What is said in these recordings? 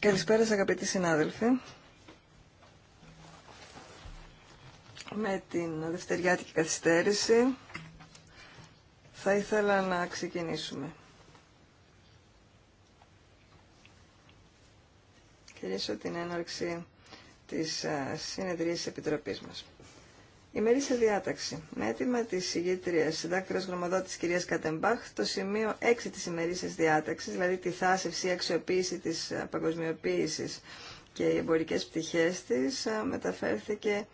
Καλησπέρα σας αγαπητοί συνάδελφοι. Με την δευτεριάτικη καθυστέρηση θα ήθελα να ξεκινήσουμε. Κυρίσω την έναρξη της ε, συνεδρίας Επιτροπής μας. Η σε διάταξη. Με αίτημα τη ηγήτρια συντάκτηρα γνωμοδότη κυρία Κατεμπάχ, το σημείο 6 τη σε διάταξη, δηλαδή τη θάσευση ή αξιοποίηση τη ε, παγκοσμιοποίηση και οι εμπορικέ πτυχέ τη, ε, μεταφέρθηκε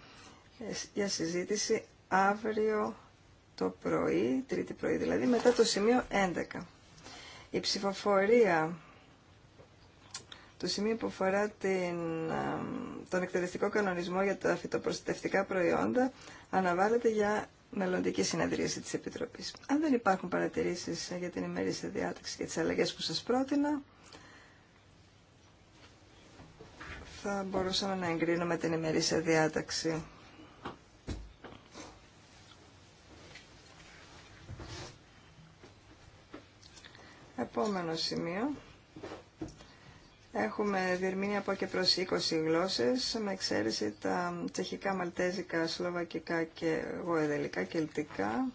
ε, για συζήτηση αύριο το πρωί, τρίτη πρωί δηλαδή, μετά το σημείο 11. Η ψηφοφορία το σημείο που αφορά τον εκτελεστικό κανονισμό για τα φυτοπροστατευτικά προϊόντα αναβάλλεται για μελλοντική συνεδρίαση της Επιτροπής. Αν δεν υπάρχουν παρατηρήσεις για την ημερήσια διάταξη και τις αλλαγές που σας πρότεινα, θα μπορούσαμε να εγκρίνουμε την ημερήσια διάταξη. Επόμενο σημείο. Έχουμε διερμήνει από και προς 20 γλώσσες, με εξαίρεση τα τσεχικά, μαλτέζικα, σλοβακικά και γοεδελικά, κελτικά.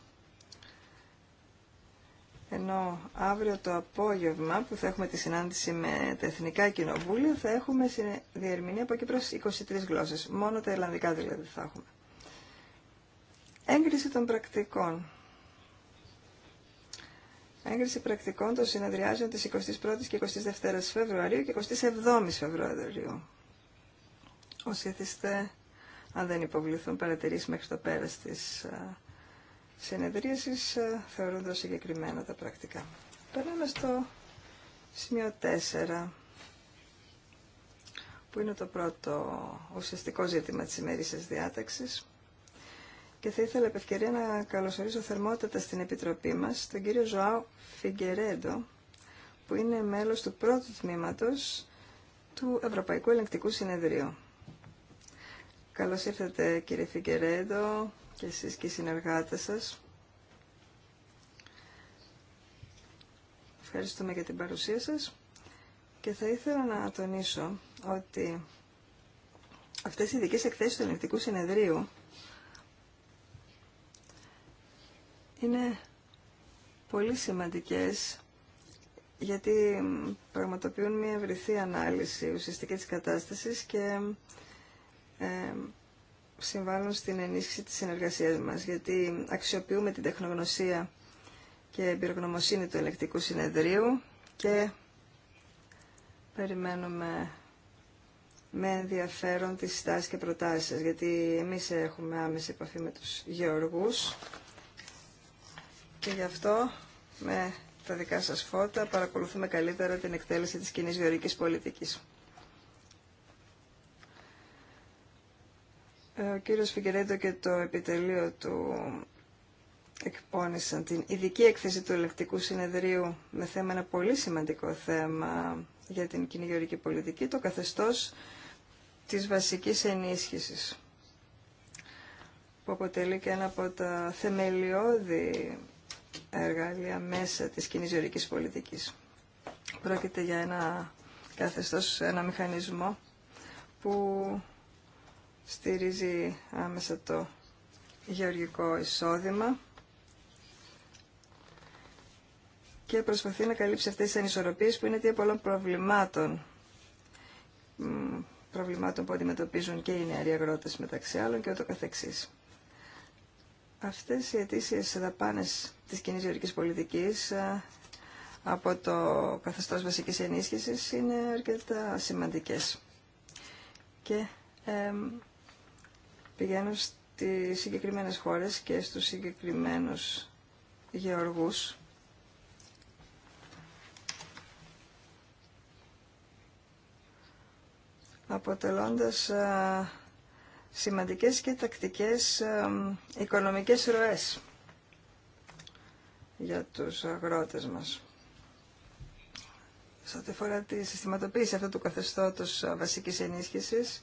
Ενώ αύριο το απόγευμα που θα έχουμε τη συνάντηση με τα Εθνικά Κοινοβούλια θα έχουμε διερμηνία από και προς 23 γλώσσες. Μόνο τα Ιρλανδικά δηλαδή θα έχουμε. Έγκριση των πρακτικών έγκριση πρακτικών των συνεδριάσεων τη 21ης και 22ης Φεβρουαρίου και 27ης Φεβρουαρίου. Όσοι αν δεν υποβληθούν παρατηρήσει μέχρι το πέρας της ε, συνεδρίαση, ε, θεωρούνται συγκεκριμένα τα πρακτικά. Περνάμε στο σημείο 4 που είναι το πρώτο ουσιαστικό ζήτημα της ημερήσιας διάταξης και θα ήθελα ευκαιρία, να καλωσορίσω θερμότατα στην Επιτροπή μας τον κύριο Ζωάου Φιγκερέντο, που είναι μέλος του πρώτου τμήματος του Ευρωπαϊκού Ελεγκτικού Συνεδρίου. Καλώς ήρθατε κύριε Φιγκερέντο και εσείς και οι συνεργάτες σας. Ευχαριστούμε για την παρουσία σας και θα ήθελα να τονίσω ότι αυτές οι ειδικές εκθέσεις του Ελεγκτικού Συνεδρίου είναι πολύ σημαντικές γιατί πραγματοποιούν μια ευρυθή ανάλυση ουσιαστική της κατάστασης και ε, συμβάλλουν στην ενίσχυση της συνεργασίας μας, γιατί αξιοποιούμε την τεχνογνωσία και εμπειρογνωμοσύνη του ελεκτικού συνεδρίου και περιμένουμε με ενδιαφέρον τις στάσεις και προτάσεις γιατί εμείς έχουμε άμεση επαφή με τους γεωργούς και γι' αυτό με τα δικά σας φώτα παρακολουθούμε καλύτερα την εκτέλεση της κοινή γεωρικής πολιτικής. Ε, ο κύριος Φιγκερέντο και το επιτελείο του εκπώνησαν την ειδική έκθεση του ελεκτικού συνεδρίου με θέμα ένα πολύ σημαντικό θέμα για την κοινή γεωρική πολιτική, το καθεστώς της βασικής ενίσχυσης που αποτελεί και ένα από τα θεμελιώδη εργαλεία μέσα της κοινή γεωρικής πολιτικής. Πρόκειται για ένα καθεστώς, ένα μηχανισμό που στηρίζει άμεσα το γεωργικό εισόδημα και προσπαθεί να καλύψει αυτές τις ανισορροπίες που είναι αιτία πολλών προβλημάτων προβλημάτων που αντιμετωπίζουν και οι νεαροί αγρότες μεταξύ άλλων και ούτω καθεξής. Αυτές οι αιτήσεις δαπάνες της κοινή γεωρικής πολιτικής ε, από το καθεστώς βασικής ενίσχυσης είναι αρκετά σημαντικές. Και ε, πηγαίνουν στις συγκεκριμένες χώρες και στους συγκεκριμένους γεωργούς. αποτελώντας ε, σημαντικές και τακτικές οικονομικές ροές για τους αγρότες μας. Σε ό,τι αφορά τη συστηματοποίηση αυτού του καθεστώτος ε, βασικής ενίσχυσης,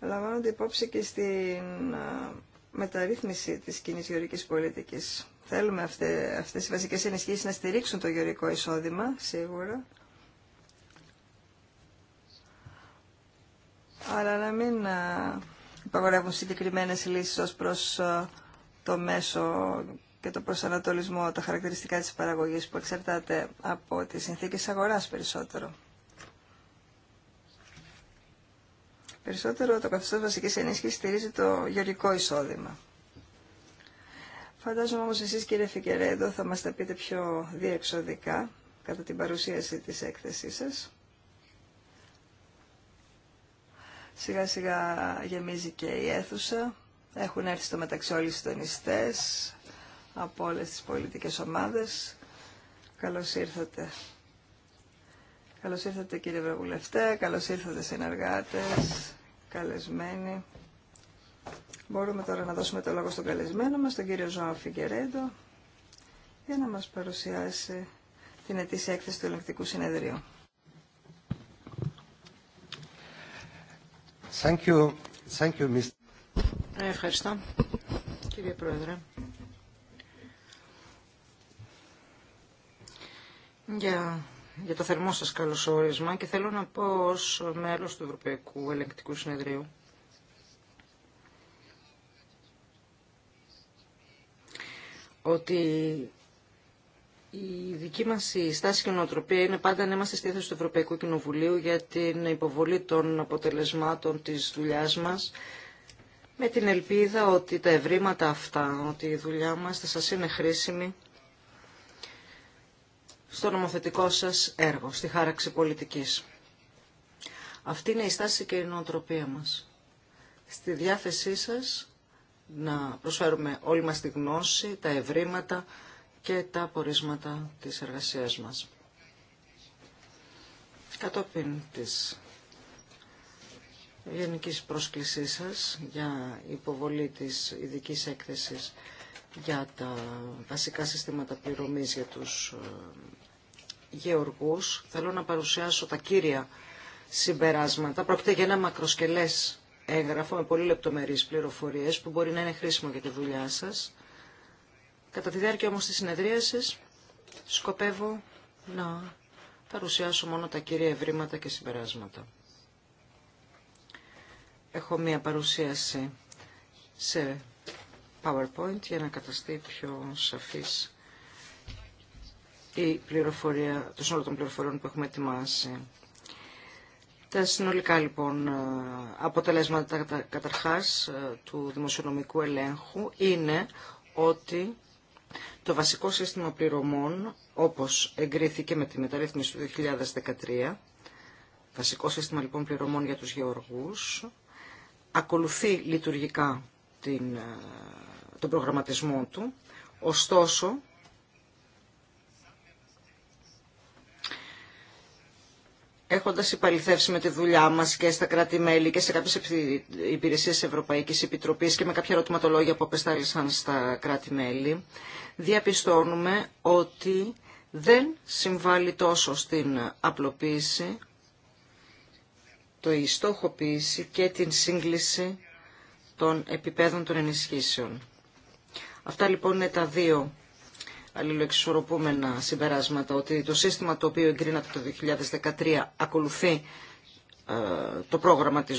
λαμβάνονται υπόψη και στην ε, μεταρρύθμιση της κοινή γεωρικής πολιτικής. Θέλουμε αυτές, αυτές οι βασικές ενισχύσεις να στηρίξουν το γεωρικό εισόδημα, σίγουρα, αλλά να μην ε, υπαγορεύουν συγκεκριμένες λύσεις ως προς ε, το μέσο και το προσανατολισμό, τα χαρακτηριστικά της παραγωγής που εξαρτάται από τις συνθήκες αγοράς περισσότερο. Περισσότερο το καθεστώς βασικής ενίσχυσης στηρίζει το γεωργικό εισόδημα. Φαντάζομαι όμως εσείς κύριε Φικερέντο θα μας τα πείτε πιο διεξοδικά κατά την παρουσίαση της έκθεσής σας. Σιγά σιγά γεμίζει και η αίθουσα. Έχουν έρθει στο μεταξύ όλοι οι συντονιστές από όλες τις πολιτικές ομάδες. Καλώς ήρθατε. Καλώς ήρθατε κύριε Βραβουλευτέ, καλώς ήρθατε συνεργάτες, καλεσμένοι. Μπορούμε τώρα να δώσουμε το λόγο στον καλεσμένο μας, τον κύριο Ζωάν Φιγκερέντο, για να μας παρουσιάσει την ετήσια έκθεση του Ελεγκτικού Συνεδρίου. Ε, ευχαριστώ, κύριε Πρόεδρε. Για, το θερμό σας καλωσόρισμα και θέλω να πω ως μέλος του Ευρωπαϊκού Ελεγκτικού Συνεδρίου ότι η δική μα στάση και νοοτροπία είναι πάντα να είμαστε στη θέση του Ευρωπαϊκού Κοινοβουλίου για την υποβολή των αποτελεσμάτων τη δουλειά μα. Με την ελπίδα ότι τα ευρήματα αυτά, ότι η δουλειά μας θα σας είναι χρήσιμη στο νομοθετικό σας έργο, στη χάραξη πολιτικής. Αυτή είναι η στάση και η νοοτροπία μας. Στη διάθεσή σας να προσφέρουμε όλη μας τη γνώση, τα ευρήματα, και τα απορίσματα της εργασίας μας. Κατόπιν της γενικής πρόσκλησής σας για υποβολή της ειδική έκθεσης για τα βασικά συστήματα πληρωμής για τους ε, γεωργούς, θέλω να παρουσιάσω τα κύρια συμπεράσματα. Πρόκειται για ένα μακροσκελές έγγραφο με πολύ λεπτομερείς πληροφορίες που μπορεί να είναι χρήσιμο για τη δουλειά σας. Κατά τη διάρκεια όμως της συνεδρίασης σκοπεύω να παρουσιάσω μόνο τα κύρια ευρήματα και συμπεράσματα. Έχω μία παρουσίαση σε PowerPoint για να καταστεί πιο σαφής η πληροφορία, το σύνολο των πληροφοριών που έχουμε ετοιμάσει. Τα συνολικά λοιπόν αποτελέσματα καταρχάς ε, του δημοσιονομικού ελέγχου είναι ότι το βασικό σύστημα πληρωμών, όπως εγκρίθηκε με τη μεταρρύθμιση του 2013, βασικό σύστημα λοιπόν πληρωμών για τους γεωργούς, ακολουθεί λειτουργικά ε, τον προγραμματισμό του, ωστόσο έχοντας υπαλληθεύσει με τη δουλειά μας και στα κράτη-μέλη και σε κάποιες υπηρεσίες Ευρωπαϊκής Επιτροπής και με κάποια ερωτηματολόγια που απεστάλησαν στα κράτη-μέλη, διαπιστώνουμε ότι δεν συμβάλλει τόσο στην απλοποίηση, το ιστόχοποίηση και την σύγκληση των επιπέδων των ενισχύσεων. Αυτά λοιπόν είναι τα δύο αλληλοεξισορροπούμενα συμπεράσματα ότι το σύστημα το οποίο εγκρίνατε το 2013 ακολουθεί ε, το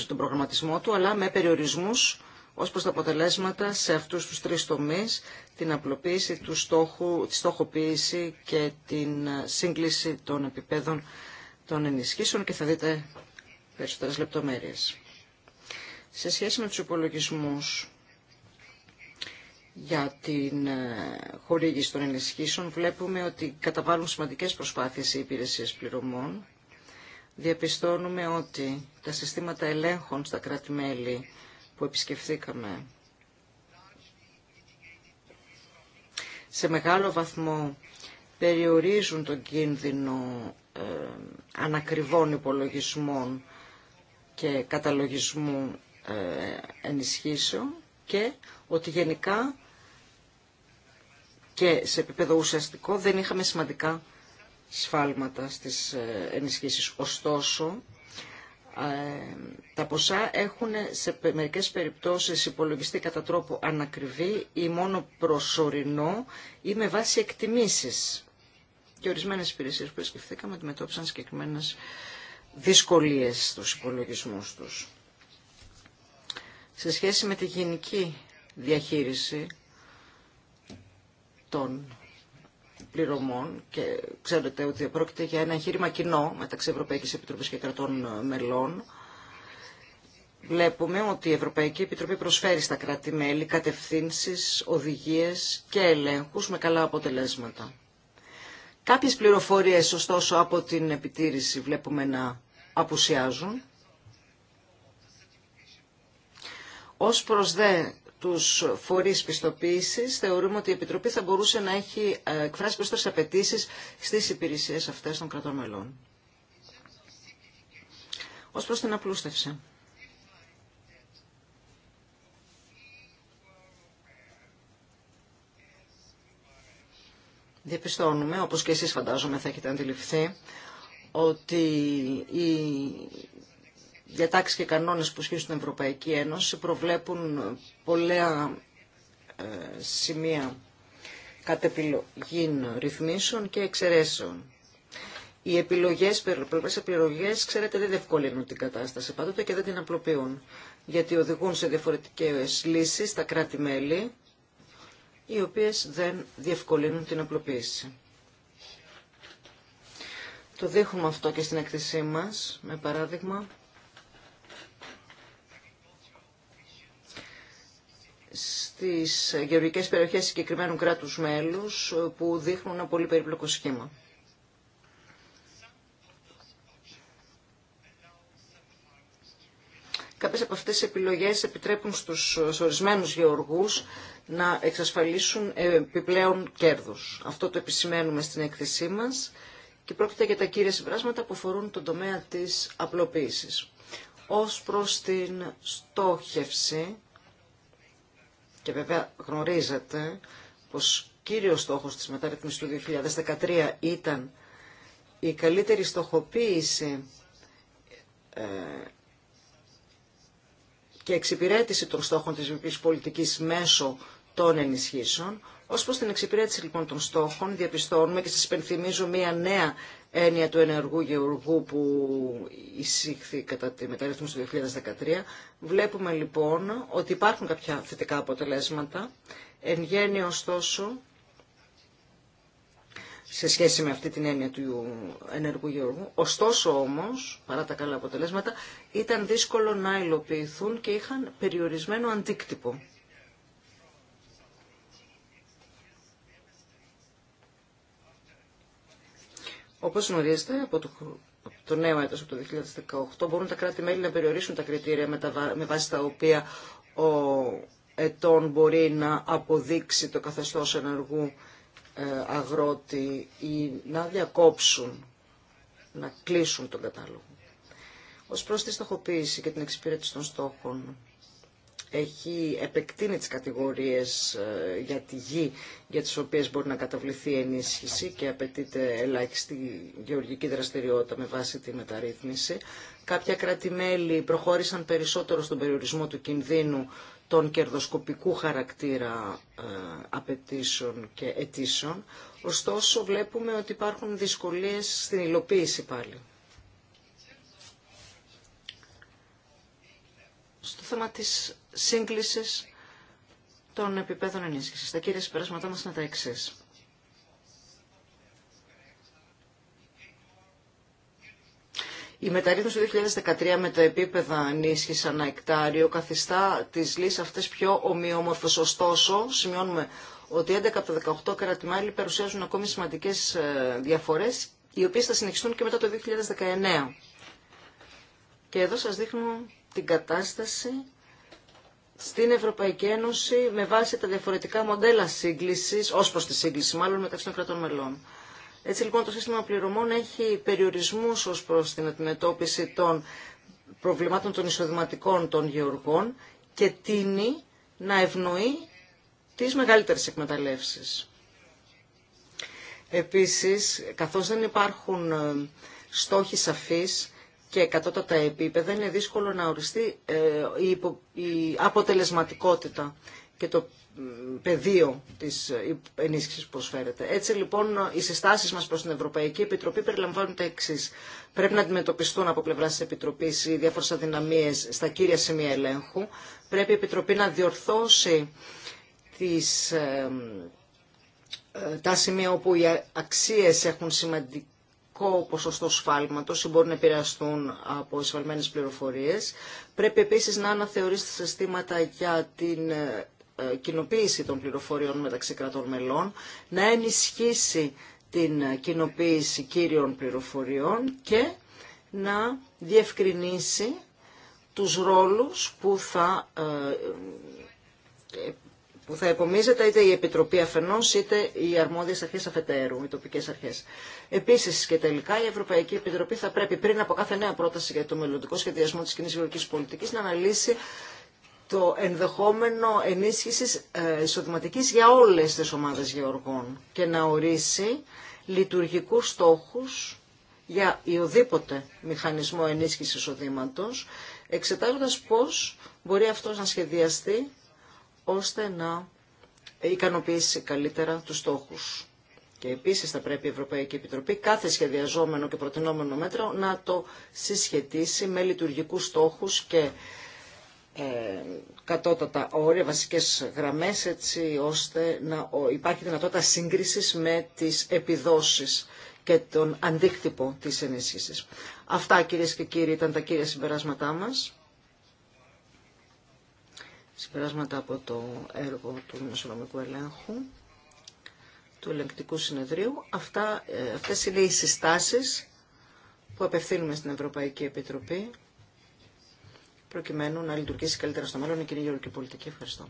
τον προγραμματισμό του, αλλά με περιορισμούς ως προς τα αποτελέσματα σε αυτούς τους τρεις τομείς, την απλοποίηση του στόχου, τη στόχοποίηση και την ε, σύγκληση των επιπέδων των ενισχύσεων και θα δείτε περισσότερες λεπτομέρειες. Σε σχέση με τους υπολογισμούς, για την ε, χορήγηση των ενισχύσεων βλέπουμε ότι καταβάλουν σημαντικές προσπάθειες οι υπηρεσίες πληρωμών. Διαπιστώνουμε ότι τα συστήματα ελέγχων στα κράτη-μέλη που επισκεφθήκαμε σε μεγάλο βαθμό περιορίζουν τον κίνδυνο ε, ανακριβών υπολογισμών και καταλογισμού ε, ενισχύσεων και ότι γενικά και σε επίπεδο ουσιαστικό δεν είχαμε σημαντικά σφάλματα στις ε, ενισχύσεις. Ωστόσο, ε, τα ποσά έχουν σε μερικές περιπτώσεις υπολογιστεί κατά τρόπο ανακριβή ή μόνο προσωρινό ή με βάση εκτιμήσεις. Και ορισμένες υπηρεσίες που επισκεφθήκαμε αντιμετώπισαν συγκεκριμένε δυσκολίες στους υπολογισμούς τους. Σε σχέση με τη γενική διαχείριση των πληρωμών και ξέρετε ότι πρόκειται για ένα εγχείρημα κοινό μεταξύ Ευρωπαϊκής Επιτροπής και κρατών μελών. Βλέπουμε ότι η Ευρωπαϊκή Επιτροπή προσφέρει στα κράτη-μέλη κατευθύνσεις, οδηγίες και ελέγχους με καλά αποτελέσματα. Κάποιες πληροφορίες, ωστόσο, από την επιτήρηση βλέπουμε να απουσιάζουν. Ως προς δε τους φορείς πιστοποίησης, θεωρούμε ότι η Επιτροπή θα μπορούσε να έχει ε, εκφράσει περισσότερες απαιτήσει στις υπηρεσίες αυτές των κρατών μελών. Ως προς την απλούστευση. Διαπιστώνουμε, όπως και εσείς φαντάζομαι θα έχετε αντιληφθεί, ότι η Διατάξει και κανόνε που ισχύουν στην Ευρωπαϊκή Ένωση προβλέπουν πολλά ε, σημεία κατ' επιλογή ρυθμίσεων και εξαιρέσεων. Οι επιλογέ, πολλές επιλογές, ξέρετε, δεν διευκολύνουν την κατάσταση πάντοτε και δεν την απλοποιούν, γιατί οδηγούν σε διαφορετικέ λύσει τα κράτη-μέλη, οι οποίε δεν διευκολύνουν την απλοποίηση. Το δείχνουμε αυτό και στην έκθεσή μας, με παράδειγμα, στις γεωργικές περιοχές συγκεκριμένου κράτους μέλους που δείχνουν ένα πολύ περίπλοκο σχήμα. Κάποιες από αυτές τις επιλογές επιτρέπουν στους ορισμένους γεωργούς να εξασφαλίσουν επιπλέον κέρδους. Αυτό το επισημαίνουμε στην έκθεσή μας και πρόκειται για τα κύρια συμβράσματα που αφορούν τον τομέα της απλοποίησης. Ως προς την στόχευση, και βέβαια γνωρίζετε πως κύριος στόχος της μεταρρύθμισης του 2013 ήταν η καλύτερη στοχοποίηση ε, και εξυπηρέτηση των στόχων της πολιτικής μέσω των ενισχύσεων. Ω προ την εξυπηρέτηση λοιπόν των στόχων, διαπιστώνουμε και σας υπενθυμίζω μία νέα έννοια του ενεργού γεωργού που εισήχθη κατά τη μεταρρύθμιση του 2013. Βλέπουμε λοιπόν ότι υπάρχουν κάποια θετικά αποτελέσματα. Εν γένει ωστόσο, σε σχέση με αυτή την έννοια του ενεργού γεωργού. Ωστόσο όμως, παρά τα καλά αποτελέσματα, ήταν δύσκολο να υλοποιηθούν και είχαν περιορισμένο αντίκτυπο. Όπως γνωρίζετε, από το, το νέο έτος, από το 2018, μπορούν τα κράτη-μέλη να περιορίσουν τα κριτήρια με, με βάση τα οποία ο ετών μπορεί να αποδείξει το καθεστώς ενεργού ε, αγρότη ή να διακόψουν, να κλείσουν τον κατάλογο. Ως προς τη στοχοποίηση και την εξυπηρέτηση των στόχων, έχει επεκτείνει τις κατηγορίες ε, για τη γη για τις οποίες μπορεί να καταβληθεί ενίσχυση και απαιτείται ελάχιστη γεωργική δραστηριότητα με βάση τη μεταρρύθμιση. Κάποια προχώρησαν περισσότερο στον περιορισμό του κινδύνου των κερδοσκοπικού χαρακτήρα ε, απαιτήσεων και αιτήσεων. Ωστόσο βλέπουμε ότι υπάρχουν δυσκολίες στην υλοποίηση πάλι. στο θέμα της σύγκλησης των επιπέδων ενίσχυσης. Τα κύρια συμπεράσματά μας είναι τα εξή. Η μεταρρύθμιση του 2013 με τα επίπεδα ενίσχυση ανά εκτάριο καθιστά τις λύσει αυτές πιο ομοιόμορφες. Ωστόσο, σημειώνουμε ότι 11 από τα 18 κρατημάλη παρουσιάζουν ακόμη σημαντικέ ε, διαφορές, οι οποίες θα συνεχιστούν και μετά το 2019. Και εδώ σας δείχνω την κατάσταση στην Ευρωπαϊκή Ένωση με βάση τα διαφορετικά μοντέλα σύγκλησης, ως προς τη σύγκληση μάλλον μεταξύ των κρατών μελών. Έτσι λοιπόν το σύστημα πληρωμών έχει περιορισμούς ως προς την αντιμετώπιση των προβλημάτων των εισοδηματικών των γεωργών και τίνει να ευνοεί τις μεγαλύτερες εκμεταλλεύσεις. Επίσης, καθώς δεν υπάρχουν ε, στόχοι σαφείς, και τα επίπεδα είναι δύσκολο να οριστεί ε, η αποτελεσματικότητα και το πεδίο της ε, ενίσχυσης που προσφέρεται. Έτσι λοιπόν οι συστάσεις μας προς την Ευρωπαϊκή Επιτροπή περιλαμβάνουν τα εξή. Πρέπει να αντιμετωπιστούν από πλευρά της Επιτροπής οι διάφορες αδυναμίες στα κύρια σημεία ελέγχου. Πρέπει η Επιτροπή να διορθώσει τις, ε, τα σημεία όπου οι αξίες έχουν σημαντική σημαντικό ποσοστό σφάλματο ή μπορούν να επηρεαστούν από εσφαλμένες πληροφορίες. Πρέπει επίσης να αναθεωρήσει τα συστήματα για την ε, ε, κοινοποίηση των πληροφοριών μεταξύ κρατών μελών, να ενισχύσει την ε, κοινοποίηση κύριων πληροφοριών και να διευκρινίσει τους ρόλους που θα που θα επομίζεται είτε η Επιτροπή αφενός είτε οι αρμόδιες αρχές αφετέρου, οι τοπικές αρχές. Επίσης και τελικά η Ευρωπαϊκή Επιτροπή θα πρέπει πριν από κάθε νέα πρόταση για το μελλοντικό σχεδιασμό της κοινή γεωργική πολιτικής να αναλύσει το ενδεχόμενο ενίσχυσης ε, εισοδηματικής για όλες τις ομάδες γεωργών και να ορίσει λειτουργικούς στόχους για οδήποτε μηχανισμό ενίσχυσης εισοδήματος, εξετάζοντας πώς μπορεί αυτός να σχεδιαστεί ώστε να ικανοποιήσει καλύτερα τους στόχους. Και επίσης θα πρέπει η Ευρωπαϊκή Επιτροπή κάθε σχεδιαζόμενο και προτεινόμενο μέτρο να το συσχετίσει με λειτουργικούς στόχους και ε, κατώτατα όρια, βασικές γραμμές, έτσι ώστε να υπάρχει δυνατότητα σύγκριση με τις επιδόσεις και τον αντίκτυπο της ενίσχυσης. Αυτά κυρίες και κύριοι ήταν τα κύρια συμπεράσματά μας συμπεράσματα από το έργο του Μεσονομικού Ελέγχου του Ελεγκτικού Συνεδρίου. Αυτά, ε, αυτές είναι οι συστάσεις που απευθύνουμε στην Ευρωπαϊκή Επιτροπή προκειμένου να λειτουργήσει καλύτερα στο μέλλον η κοινή γεωργική πολιτική. Ευχαριστώ.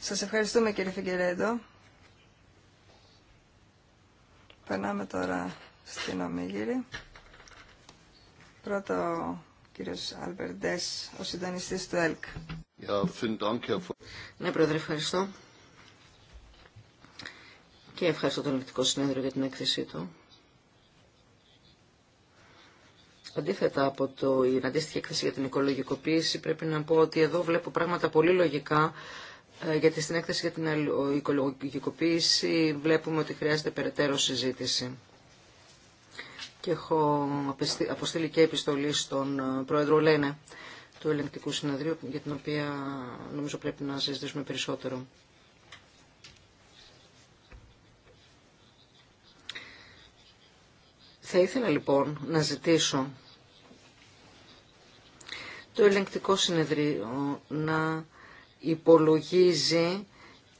Σας ευχαριστούμε κύριε Φιγκερέντο. Περνάμε τώρα στην Ομίγυρη. Πρώτο ο κύριος Αλμπερντές, ο συντονιστής του ΕΛΚ. Ναι, Πρόεδρε, ευχαριστώ. Και ευχαριστώ τον Ελληνικό Συνέδριο για την έκθεσή του. Αντίθετα από το, η αντίστοιχη έκθεση για την οικολογικοποίηση, πρέπει να πω ότι εδώ βλέπω πράγματα πολύ λογικά, ε, γιατί στην έκθεση για την ε, οικολογικοποίηση βλέπουμε ότι χρειάζεται περαιτέρω συζήτηση και έχω αποστείλει και επιστολή στον ε, πρόεδρο Λένε του ελεγκτικού συνεδρίου για την οποία νομίζω πρέπει να συζητήσουμε περισσότερο. Θα ήθελα λοιπόν να ζητήσω το ελεγκτικό συνεδρίο να υπολογίζει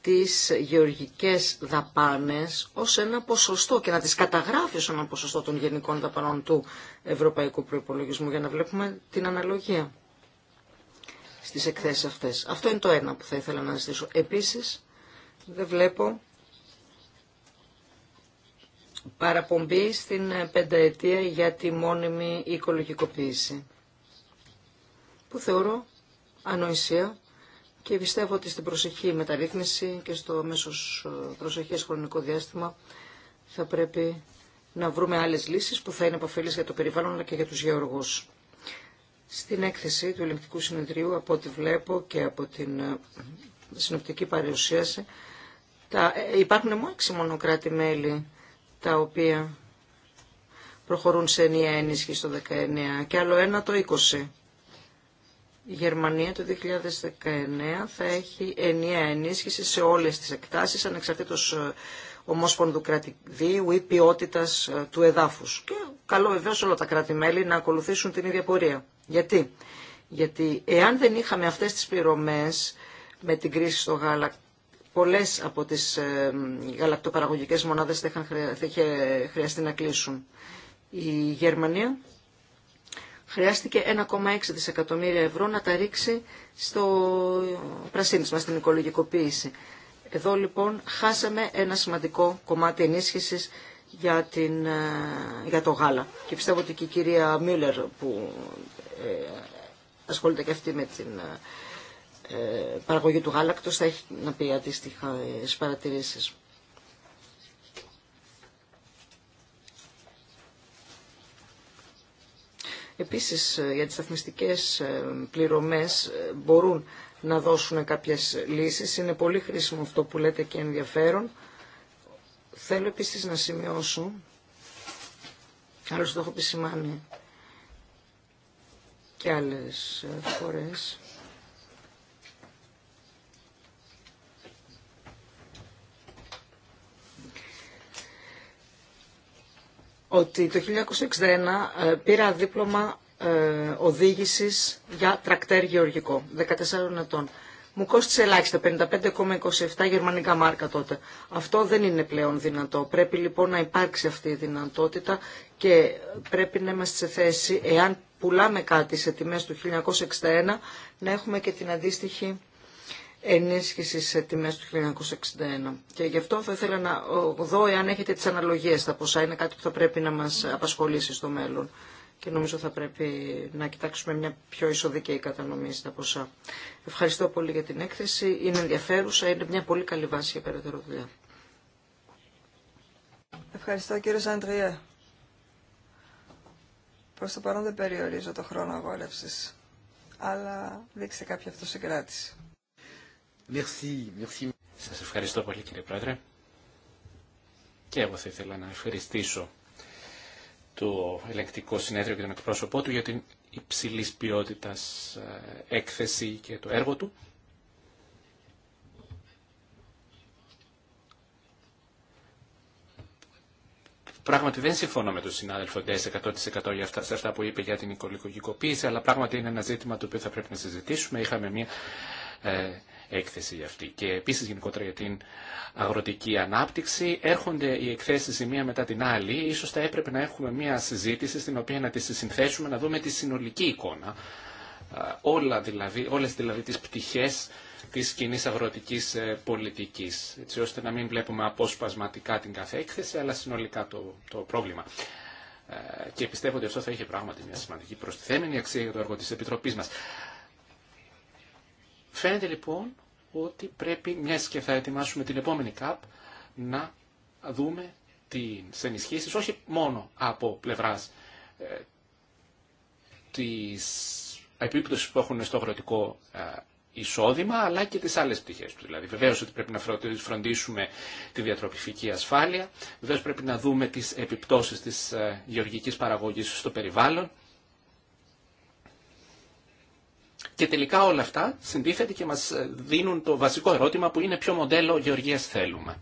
τις γεωργικές δαπάνες ως ένα ποσοστό και να τις καταγράφει ως ένα ποσοστό των γενικών δαπανών του Ευρωπαϊκού Προϋπολογισμού για να βλέπουμε την αναλογία στις εκθέσεις αυτές. Αυτό είναι το ένα που θα ήθελα να ζητήσω. Επίσης, δεν βλέπω παραπομπή στην πενταετία για τη μόνιμη οικολογικοποίηση, που θεωρώ ανοησία και πιστεύω ότι στην προσεχή μεταρρύθμιση και στο μέσο ε, προσεχές χρονικό διάστημα θα πρέπει να βρούμε άλλες λύσεις που θα είναι επαφέλεις για το περιβάλλον αλλά και για τους γεωργούς. Στην έκθεση του Ελληνικού Συνεδρίου, από ό,τι βλέπω και από την ε, συνοπτική παρουσίαση, τα, ε, υπάρχουν μόνο μονοκράτη κράτη-μέλη τα οποία προχωρούν σε ενιαία ενίσχυση το 19 και άλλο ένα το 20 η Γερμανία το 2019 θα έχει ενιαία ενίσχυση σε όλες τις εκτάσεις ανεξαρτήτως ε, ομόσπονδου κρατηδίου ή ποιότητα ε, του εδάφους. Και καλό βεβαίω όλα τα κράτη-μέλη να ακολουθήσουν την ίδια πορεία. Γιατί? Γιατί εάν δεν είχαμε αυτές τις πληρωμές με την κρίση στο γάλα, πολλές από τις ε, γαλακτοπαραγωγικές μονάδες θα είχε χρειαστεί να κλείσουν. Η Γερμανία χρειάστηκε 1,6 δισεκατομμύρια ευρώ να τα ρίξει στο πρασίνισμα, στην οικολογικοποίηση. Εδώ λοιπόν χάσαμε ένα σημαντικό κομμάτι ενίσχυσης για, την, ε, για το γάλα. Και πιστεύω ότι και η κυρία Μίλλερ που ε, ασχολείται και αυτή με την ε, παραγωγή του γάλακτος θα έχει να πει αντίστοιχα παρατηρήσεις. Επίσης, για ε, τις αθμιστικές ε, πληρωμές ε, μπορούν να δώσουν κάποιες λύσεις. Είναι πολύ χρήσιμο αυτό που λέτε και ενδιαφέρον. Θέλω επίσης να σημειώσω, άλλωστε το έχω επισημάνει και άλλες φορές, ότι το 1961 ε, πήρα δίπλωμα ε, οδήγησης για τρακτέρ γεωργικό, 14 ετών. Μου κόστησε ελάχιστα, 55,27 γερμανικά μάρκα τότε. Αυτό δεν είναι πλέον δυνατό. Πρέπει λοιπόν να υπάρξει αυτή η δυνατότητα και πρέπει να είμαστε σε θέση, εάν πουλάμε κάτι σε τιμές του 1961, να έχουμε και την αντίστοιχη ενίσχυση σε τιμές του 1961. Και γι' αυτό θα ήθελα να δω εάν έχετε τις αναλογίες στα ποσά. Είναι κάτι που θα πρέπει να μας απασχολήσει στο μέλλον. Και νομίζω θα πρέπει να κοιτάξουμε μια πιο ισοδική κατανομή στα ποσά. Ευχαριστώ πολύ για την έκθεση. Είναι ενδιαφέρουσα. Είναι μια πολύ καλή βάση για περαιτέρω δουλειά. Ευχαριστώ κύριο Σαντρία. Προς το παρόν δεν περιορίζω το χρόνο αγόρευσης, αλλά δείξτε κάποια αυτοσυγκράτηση. Σας ευχαριστώ πολύ κύριε Πρόεδρε. Και εγώ θα ήθελα να ευχαριστήσω το ελεγκτικό συνέδριο και τον εκπρόσωπό του για την υψηλή ποιότητα ε, έκθεση και το έργο του. Πράγματι δεν συμφωνώ με τον συνάδελφο Ντέ 100% για αυτά, σε αυτά που είπε για την οικολογικοποίηση, αλλά πράγματι είναι ένα ζήτημα το οποίο θα πρέπει να συζητήσουμε. Είχαμε μια ε, έκθεση αυτή. Και επίσης γενικότερα για την αγροτική ανάπτυξη έρχονται οι εκθέσεις η μία μετά την άλλη. Ίσως θα έπρεπε να έχουμε μία συζήτηση στην οποία να τη συνθέσουμε, να δούμε τη συνολική εικόνα. Όλα δηλαδή, όλες δηλαδή τις πτυχές της κοινή αγροτικής ε, πολιτικής, έτσι ώστε να μην βλέπουμε αποσπασματικά την κάθε έκθεση, αλλά συνολικά το, το πρόβλημα. Ε, και πιστεύω ότι αυτό θα είχε πράγματι μια σημαντική προστιθέμενη αξία για το έργο της Επιτροπής μας. Φαίνεται λοιπόν ότι πρέπει, μια και θα ετοιμάσουμε την επόμενη ΚΑΠ, να δούμε τι ενισχύσει όχι μόνο από πλευρά ε, τη επίπτωση που έχουν στο αγροτικό ε, εισόδημα, αλλά και τι άλλε πτυχέ του. Δηλαδή, βεβαίω ότι πρέπει να φροντίσουμε τη διατροπιφική ασφάλεια, βεβαίω πρέπει να δούμε τι επιπτώσει τη ε, γεωργικής γεωργική παραγωγή στο περιβάλλον, Και τελικά όλα αυτά συντίθεται και μας ε, δίνουν το βασικό ερώτημα που είναι ποιο μοντέλο γεωργίας θέλουμε.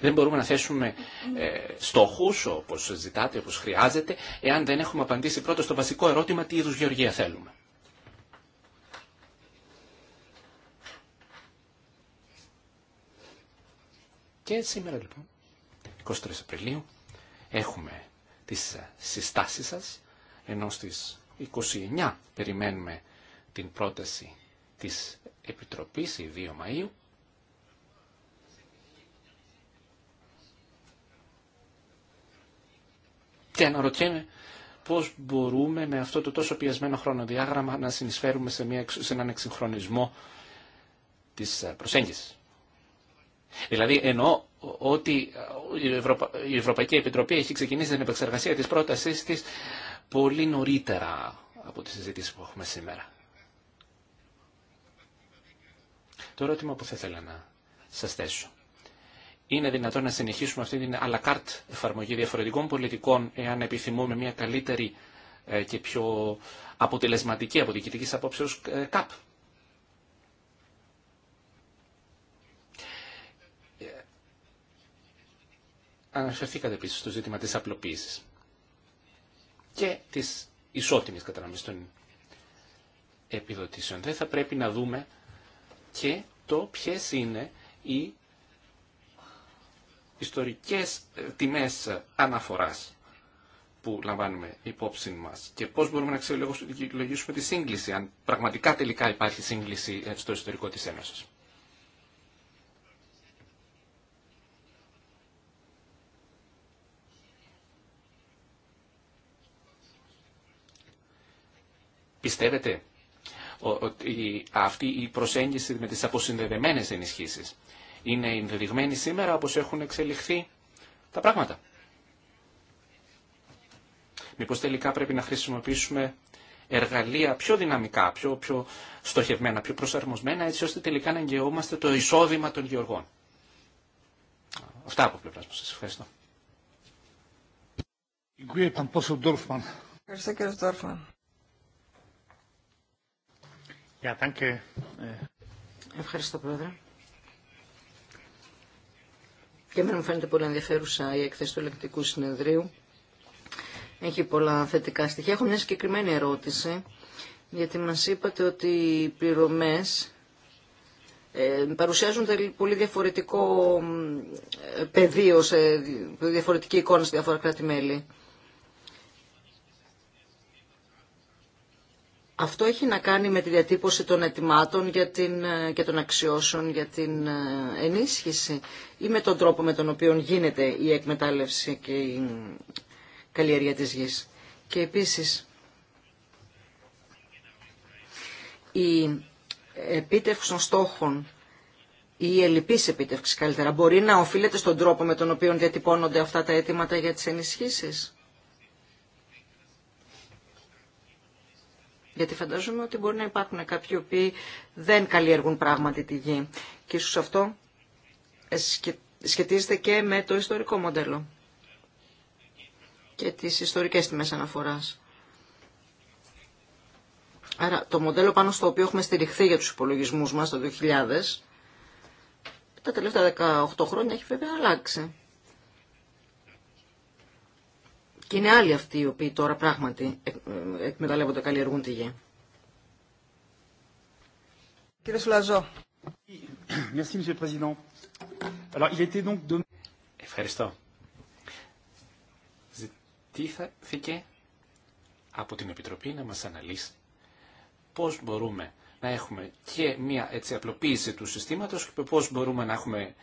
Δεν μπορούμε να θέσουμε ε, στόχους όπως ζητάτε, όπως χρειάζεται, εάν δεν έχουμε απαντήσει πρώτα στο βασικό ερώτημα τι είδους γεωργία θέλουμε. Και σήμερα λοιπόν, 23 Απριλίου, έχουμε τις ε, συστάσεις σας ενώ στις 29 περιμένουμε την πρόταση της Επιτροπής, η 2 Μαΐου, και αναρωτιέμαι πώς μπορούμε με αυτό το τόσο πιασμένο χρονοδιάγραμμα να συνεισφέρουμε σε, μια, σε έναν εξυγχρονισμό της ε, προσέγγισης. Δηλαδή εννοώ ότι ε, η, η Ευρωπαϊκή Επιτροπή έχει ξεκινήσει την επεξεργασία της πρότασής της πολύ νωρίτερα από τη συζήτηση που έχουμε σήμερα. Το ερώτημα που θα ήθελα να σας θέσω. Είναι δυνατόν να συνεχίσουμε αυτή την αλακάρτ εφαρμογή διαφορετικών πολιτικών εάν επιθυμούμε μια καλύτερη ε, και πιο αποτελεσματική από διοικητικής απόψεως ε, ΚΑΠ. Ε, αναφερθήκατε επίσης στο ζήτημα της απλοποίησης και της ισότιμης κατανομής των επιδοτήσεων. Δεν θα πρέπει να δούμε και το ποιες είναι οι ιστορικές τιμές αναφοράς που λαμβάνουμε υπόψη μας και πώς μπορούμε να αξιολογήσουμε τη σύγκληση, αν πραγματικά τελικά υπάρχει σύγκληση στο ιστορικό της Ένωσης. Πιστεύετε ότι αυτή η προσέγγιση με τις αποσυνδεδεμένες ενισχύσεις είναι ενδεδειγμένη σήμερα όπως έχουν εξελιχθεί τα πράγματα. Μήπως τελικά πρέπει να χρησιμοποιήσουμε εργαλεία πιο δυναμικά, πιο, πιο στοχευμένα, πιο προσαρμοσμένα, έτσι ώστε τελικά να εγγεώμαστε το εισόδημα των γεωργών. Αυτά από πλευρά μου. Σας ευχαριστώ. Ευχαριστώ, Πρόεδρε. Και εμένα μου φαίνεται πολύ ενδιαφέρουσα η έκθεση του Ελεκτικού Συνεδρίου. Έχει πολλά θετικά στοιχεία. Έχω μια συγκεκριμένη ερώτηση, γιατί μας είπατε ότι οι πληρωμές ε, παρουσιάζουν πολύ διαφορετικό ε, πεδίο, σε διαφορετική εικόνα σε διάφορα κράτη-μέλη. Αυτό έχει να κάνει με τη διατύπωση των αιτημάτων για την, ε, και των αξιώσεων για την ε, ενίσχυση ή με τον τρόπο με τον οποίο γίνεται η εκμετάλλευση και η καλλιέργεια της γης. Και επίσης η επίτευξη των στόχων ή η ελλειπής επίτευξη καλύτερα μπορεί να οφείλεται στον τρόπο με τον οποίο διατυπώνονται αυτά τα αιτήματα για τις ενισχύσεις. Γιατί φαντάζομαι ότι μπορεί να υπάρχουν κάποιοι οποίοι δεν καλλιεργούν πράγματι τη γη. Και ίσως αυτό σχετίζεται και με το ιστορικό μοντέλο και τις ιστορικές τιμές αναφοράς. Άρα το μοντέλο πάνω στο οποίο έχουμε στηριχθεί για τους υπολογισμούς μας το 2000, τα τελευταία 18 χρόνια έχει βέβαια αλλάξει. Και είναι άλλοι αυτοί οι οποίοι τώρα πράγματι ε, εκμεταλλεύονται, καλλιεργούν τη γη. Κύριε Σουλαζό. Ευχαριστώ. Ζητήθηκε από την Επιτροπή να μας αναλύσει πώς μπορούμε να έχουμε και μία έτσι απλοποίηση του συστήματος και πώς μπορούμε να έχουμε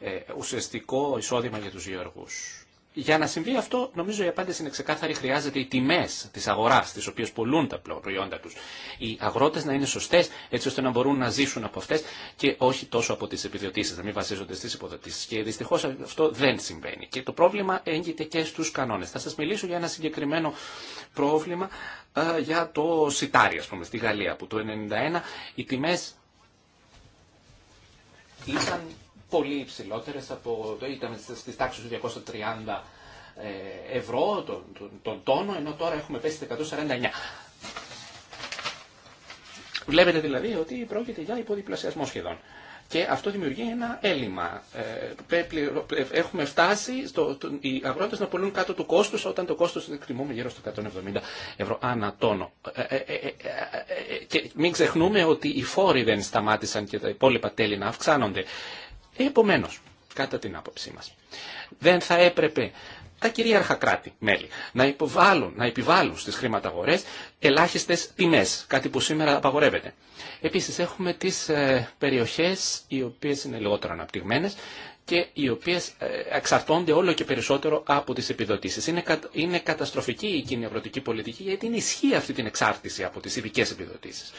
ε, ουσιαστικό εισόδημα για τους γεωργούς για να συμβεί αυτό, νομίζω η απάντηση είναι ξεκάθαρη. Χρειάζεται οι τιμέ τη αγορά, τι οποίε πολλούν τα προϊόντα του, οι αγρότε να είναι σωστέ, έτσι ώστε να μπορούν να ζήσουν από αυτέ και όχι τόσο από τι επιδιωτήσει, να μην βασίζονται στι υποδοτήσει. Και δυστυχώ αυτό δεν συμβαίνει. Και το πρόβλημα έγκυται και στου κανόνε. Θα σα μιλήσω για ένα συγκεκριμένο πρόβλημα ε, για το σιτάρι, α πούμε, στη Γαλλία, που το 1991 οι τιμέ ήταν πολύ υψηλότερε από, το ήταν στι τάξεις του 230 ε, ευρώ τον, τον, τόνο, ενώ τώρα έχουμε πέσει 149. Βλέπετε δηλαδή ότι πρόκειται για υποδιπλασιασμό σχεδόν. Και αυτό δημιουργεί ένα έλλειμμα. Ε, ε, έχουμε φτάσει, στο, οι αγρότες να πουλούν κάτω του κόστους, όταν το κόστος εκτιμούμε γύρω στο 170 ευρώ ανά τόνο. Και μην ξεχνούμε ότι οι φόροι δεν σταμάτησαν και τα υπόλοιπα τέλη να αυξάνονται. Επομένω, κατά την άποψή μα. δεν θα έπρεπε τα κυρίαρχα κράτη, μέλη, να, υποβάλουν, να επιβάλλουν στις χρηματαγορές ελάχιστες τιμές, κάτι που σήμερα απαγορεύεται. Επίσης έχουμε τις ε, περιοχές οι οποίες είναι λιγότερο αναπτυγμένες και οι οποίες ε, εξαρτώνται όλο και περισσότερο από τις επιδοτήσεις. Είναι, είναι καταστροφική η αγροτική πολιτική γιατί είναι ισχύ αυτή την εξάρτηση από τις ειδικέ επιδοτήσεις.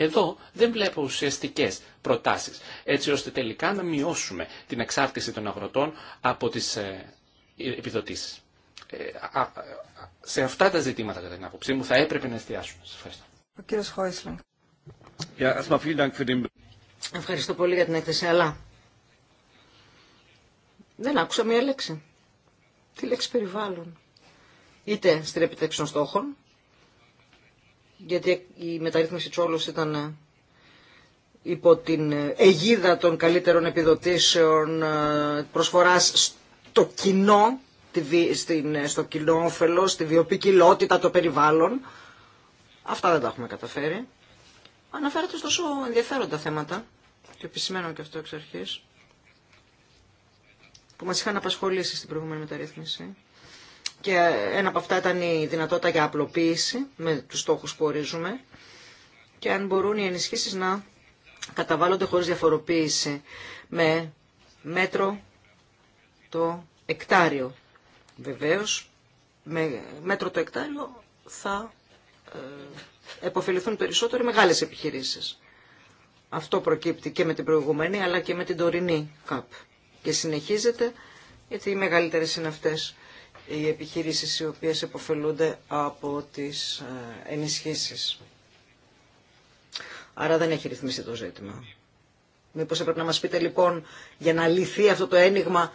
Εδώ δεν βλέπω ουσιαστικέ προτάσεις, έτσι ώστε τελικά να μειώσουμε την εξάρτηση των αγροτών από τις ε, επιδοτήσεις. Ε, σε αυτά τα ζητήματα, κατά την άποψή μου, θα έπρεπε να εστιάσουμε. Σας ευχαριστώ. Ο Χόισλινγκ. Ευχαριστώ πολύ για την έκθεση, αλλά δεν άκουσα μία λέξη. Τη λέξη περιβάλλον. Είτε στην επιτέξη των στόχων, γιατί η μεταρρύθμιση Τσόλος ήταν ε, υπό την ε, αιγίδα των καλύτερων επιδοτήσεων ε, προσφοράς στο κοινό, στο κοινό όφελο, στη βιοποικιλότητα το περιβάλλον. Αυτά δεν τα έχουμε καταφέρει. Αναφέρατε ωστόσο ενδιαφέροντα θέματα και επισημαίνω και αυτό εξ αρχής που μας είχαν απασχολήσει στην προηγούμενη μεταρρύθμιση και ένα από αυτά ήταν η δυνατότητα για απλοποίηση με τους στόχους που ορίζουμε και αν μπορούν οι ενισχύσεις να καταβάλλονται χωρίς διαφοροποίηση με μέτρο το εκτάριο. Βεβαίως, με μέτρο το εκτάριο θα ε, εποφεληθούν περισσότερο μεγάλες επιχειρήσεις. Αυτό προκύπτει και με την προηγούμενη αλλά και με την τωρινή ΚΑΠ. Και συνεχίζεται γιατί οι μεγαλύτερες είναι αυτές οι επιχειρήσεις οι οποίες επωφελούνται από τις ε, ενισχύσεις. Άρα δεν έχει ρυθμίσει το ζήτημα. Μήπως έπρεπε να μας πείτε λοιπόν για να λυθεί αυτό το ένιγμα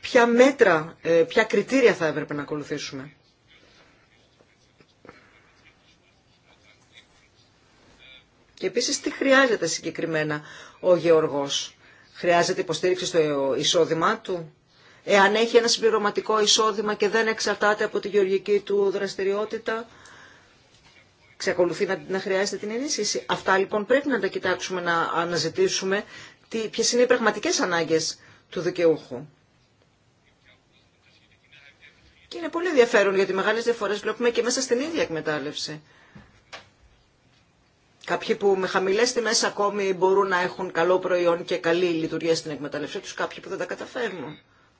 ποια μέτρα, ε, ποια κριτήρια θα έπρεπε να ακολουθήσουμε. Και επίσης τι χρειάζεται συγκεκριμένα ο Γεωργός. Χρειάζεται υποστήριξη στο εισόδημά του εάν έχει ένα συμπληρωματικό εισόδημα και δεν εξαρτάται από τη γεωργική του δραστηριότητα, ξεκολουθεί να, χρειάζεται την ενίσχυση. Αυτά λοιπόν πρέπει να τα κοιτάξουμε, να αναζητήσουμε τι, ποιες είναι οι πραγματικές ανάγκες του δικαιούχου. Και είναι πολύ ενδιαφέρον γιατί μεγάλες διαφορές βλέπουμε και μέσα στην ίδια εκμετάλλευση. Κάποιοι που με χαμηλές τιμές ακόμη μπορούν να έχουν καλό προϊόν και καλή λειτουργία στην εκμετάλλευσή τους, κάποιοι που δεν τα καταφέρνουν.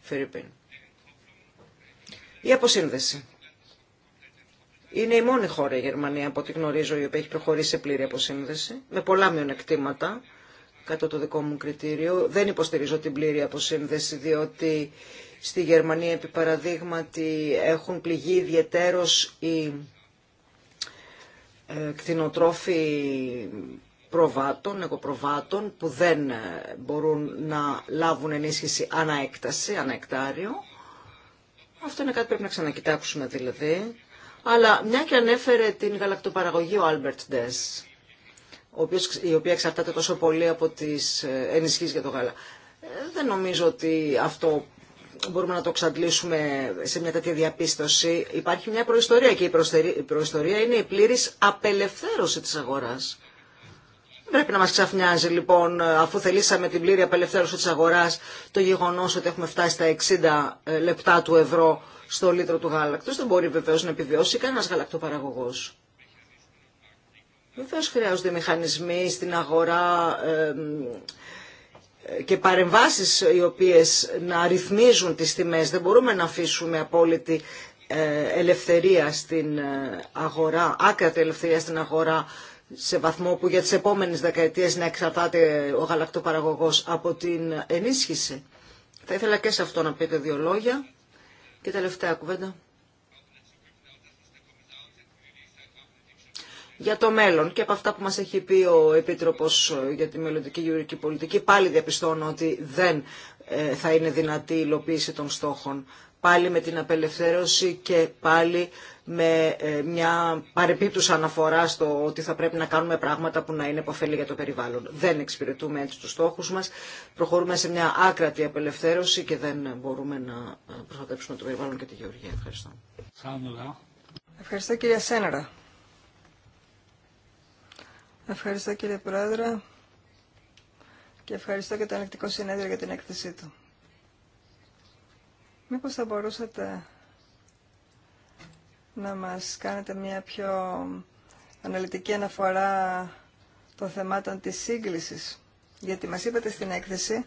Φερρυπίν. Η αποσύνδεση. Είναι η μόνη χώρα η Γερμανία, από ό,τι γνωρίζω, η οποία έχει προχωρήσει σε πλήρη αποσύνδεση, με πολλά μειονεκτήματα, κατά το δικό μου κριτήριο. Δεν υποστηρίζω την πλήρη αποσύνδεση, διότι στη Γερμανία, επί παραδείγματι, έχουν πληγεί ιδιαιτέρως οι ε, κτηνοτρόφοι προβάτων, εγωπροβάτων που δεν ε, μπορούν να λάβουν ενίσχυση αναέκταση, αναεκτάριο. Αυτό είναι κάτι που πρέπει να ξανακοιτάξουμε δηλαδή. Αλλά μια και ανέφερε την γαλακτοπαραγωγή ο Άλμπερτ Ντες, η οποία εξαρτάται τόσο πολύ από τις ε, ενισχύσεις για το γάλα. Ε, δεν νομίζω ότι αυτό μπορούμε να το εξαντλήσουμε σε μια τέτοια διαπίστωση. Υπάρχει μια προϊστορία και η προϊστορία είναι η πλήρης απελευθέρωση της αγοράς πρέπει να μα ξαφνιάζει λοιπόν, αφού θελήσαμε την πλήρη απελευθέρωση της αγοράς, το γεγονός ότι έχουμε φτάσει στα 60 ε, λεπτά του ευρώ στο λίτρο του γάλακτος. Δεν μπορεί βεβαίω να επιβιώσει κανένα γαλακτοπαραγωγό. Βεβαίω χρειάζονται μηχανισμοί στην αγορά και παρεμβάσει οι οποίε να ρυθμίζουν τι τιμέ. Δεν μπορούμε να αφήσουμε απόλυτη ε, ελευθερία στην ε, αγορά, άκρατη ελευθερία στην αγορά σε βαθμό που για τις επόμενες δεκαετίες να εξαρτάται ο γαλακτοπαραγωγός από την ενίσχυση. Θα ήθελα και σε αυτό να πείτε δύο λόγια. Και τελευταία κουβέντα. Για το μέλλον και από αυτά που μας έχει πει ο Επίτροπος για τη μελλοντική γεωργική πολιτική πάλι διαπιστώνω ότι δεν ε, θα είναι δυνατή η υλοποίηση των στόχων πάλι με την απελευθέρωση και πάλι με ε, μια παρεπίπτουσα αναφορά στο ότι θα πρέπει να κάνουμε πράγματα που να είναι υποφέλη για το περιβάλλον. Δεν εξυπηρετούμε έτσι τους στόχους μας, προχωρούμε σε μια άκρατη απελευθέρωση και δεν μπορούμε να προστατεύσουμε το περιβάλλον και τη γεωργία. Ευχαριστώ. Ευχαριστώ κύριε Σένερα. Ευχαριστώ κύριε Πρόεδρε και ευχαριστώ και το Ανεκτικό Συνέδριο για την έκθεσή του. Μήπως θα μπορούσατε να μας κάνετε μια πιο αναλυτική αναφορά των θεμάτων της σύγκλησης. Γιατί μας είπατε στην έκθεση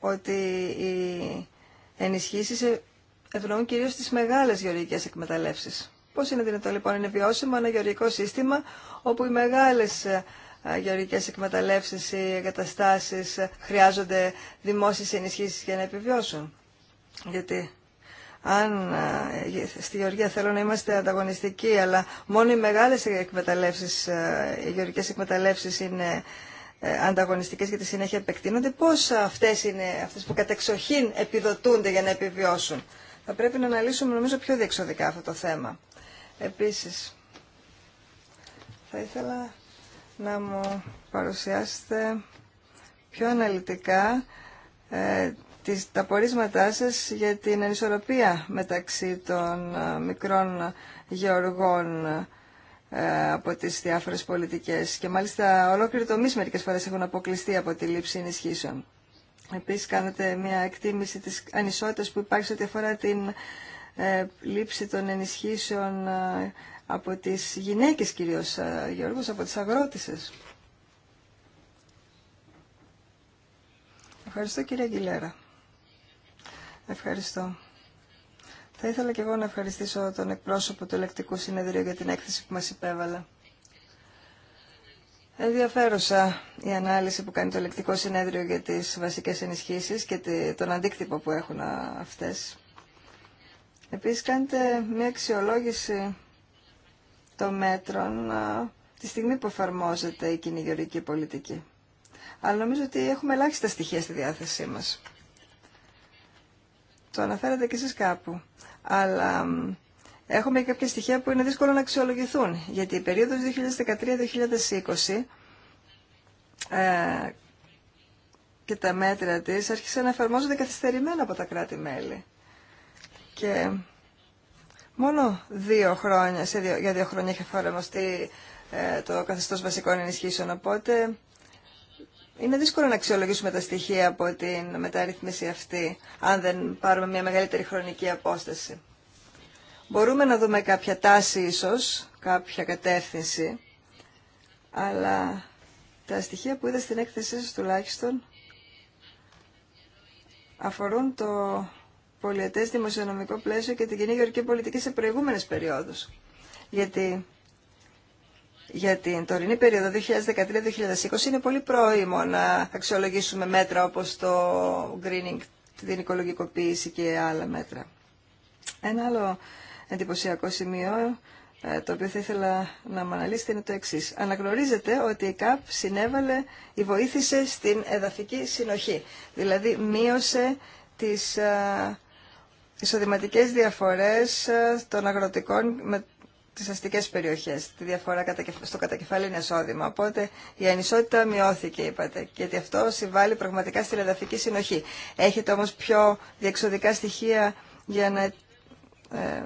ότι οι ενισχύσεις ε, ευνοούν κυρίως τις μεγάλες γεωργικές εκμεταλλεύσεις. Πώς είναι δυνατόν λοιπόν, είναι βιώσιμο ένα γεωργικό σύστημα όπου οι μεγάλες ε, γεωργικές εκμεταλλεύσεις ή εγκαταστάσεις ε, χρειάζονται δημόσιες ενισχύσεις για να επιβιώσουν. Γιατί αν ε, ε, στη Γεωργία θέλω να είμαστε ανταγωνιστικοί, αλλά μόνο οι μεγάλες εκμεταλλεύσεις, ε, οι γεωργικές εκμεταλλεύσεις είναι ανταγωνιστικές και τη συνέχεια επεκτείνονται, πώς αυτές είναι, αυτές που κατεξοχήν επιδοτούνται για να επιβιώσουν. Θα πρέπει να αναλύσουμε νομίζω πιο διεξοδικά αυτό το θέμα. Επίσης, θα ήθελα να μου παρουσιάσετε πιο αναλυτικά τα πορίσματά σας για την ανισορροπία μεταξύ των ε, μικρών γεωργών ε, από τις διάφορες πολιτικές και μάλιστα ολόκληρο τομείς μερικές φορές έχουν αποκλειστεί από τη λήψη ενισχύσεων. Επίσης κάνετε μια εκτίμηση της ανισότητας που υπάρχει σε ό,τι αφορά την ε, λήψη των ενισχύσεων από τις γυναίκες κυρίως, Γιώργος, από τις αγρότησες. Ευχαριστώ κύριε Αγγιλέρα. Ευχαριστώ. Θα ήθελα και εγώ να ευχαριστήσω τον εκπρόσωπο του Ελεκτικού Συνεδρίου για την έκθεση που μας υπέβαλε. Ενδιαφέρουσα η ανάλυση που κάνει το Ελεκτικό Συνέδριο για τις βασικές ενισχύσεις και τον αντίκτυπο που έχουν αυτές. Επίσης κάνετε μια αξιολόγηση των μέτρων τη στιγμή που εφαρμόζεται η κυνηγιορική πολιτική. Αλλά νομίζω ότι έχουμε ελάχιστα στοιχεία στη διάθεσή μας. Το αναφέρατε και εσείς κάπου. Αλλά έχουμε και κάποια στοιχεία που είναι δύσκολο να αξιολογηθούν. Γιατί η περίοδος 2013-2020 ε, και τα μέτρα της άρχισαν να εφαρμόζονται καθυστερημένα από τα κράτη-μέλη. Και μόνο δύο χρόνια, σε δύο, για δύο χρόνια είχε εφαρμοστεί ε, το καθεστώς βασικών ενισχύσεων. Οπότε είναι δύσκολο να αξιολογήσουμε τα στοιχεία από την μεταρρύθμιση αυτή, αν δεν πάρουμε μια μεγαλύτερη χρονική απόσταση. Μπορούμε να δούμε κάποια τάση ίσως, κάποια κατεύθυνση, αλλά τα στοιχεία που είδα στην έκθεσή σας τουλάχιστον αφορούν το πολιετές δημοσιονομικό πλαίσιο και την κοινή γεωργική πολιτική σε προηγούμενες περιόδους. Γιατί για την τωρινή περίοδο 2013-2020 είναι πολύ πρόημο να αξιολογήσουμε μέτρα όπως το greening, την οικολογικοποίηση και άλλα μέτρα. Ένα άλλο εντυπωσιακό σημείο ε, το οποίο θα ήθελα να μου αναλύσετε είναι το εξή. Αναγνωρίζετε ότι η ΚΑΠ συνέβαλε ή βοήθησε στην εδαφική συνοχή. Δηλαδή μείωσε τις ε, εισοδηματικές διαφορές ε, των αγροτικών τι αστικές περιοχές, τη διαφορά στο κατακεφάλαιο εισόδημα. Οπότε η ανισότητα μειώθηκε, είπατε, γιατί αυτό συμβάλλει πραγματικά στην εδαφική συνοχή. Έχετε όμω πιο διεξοδικά στοιχεία για να ε,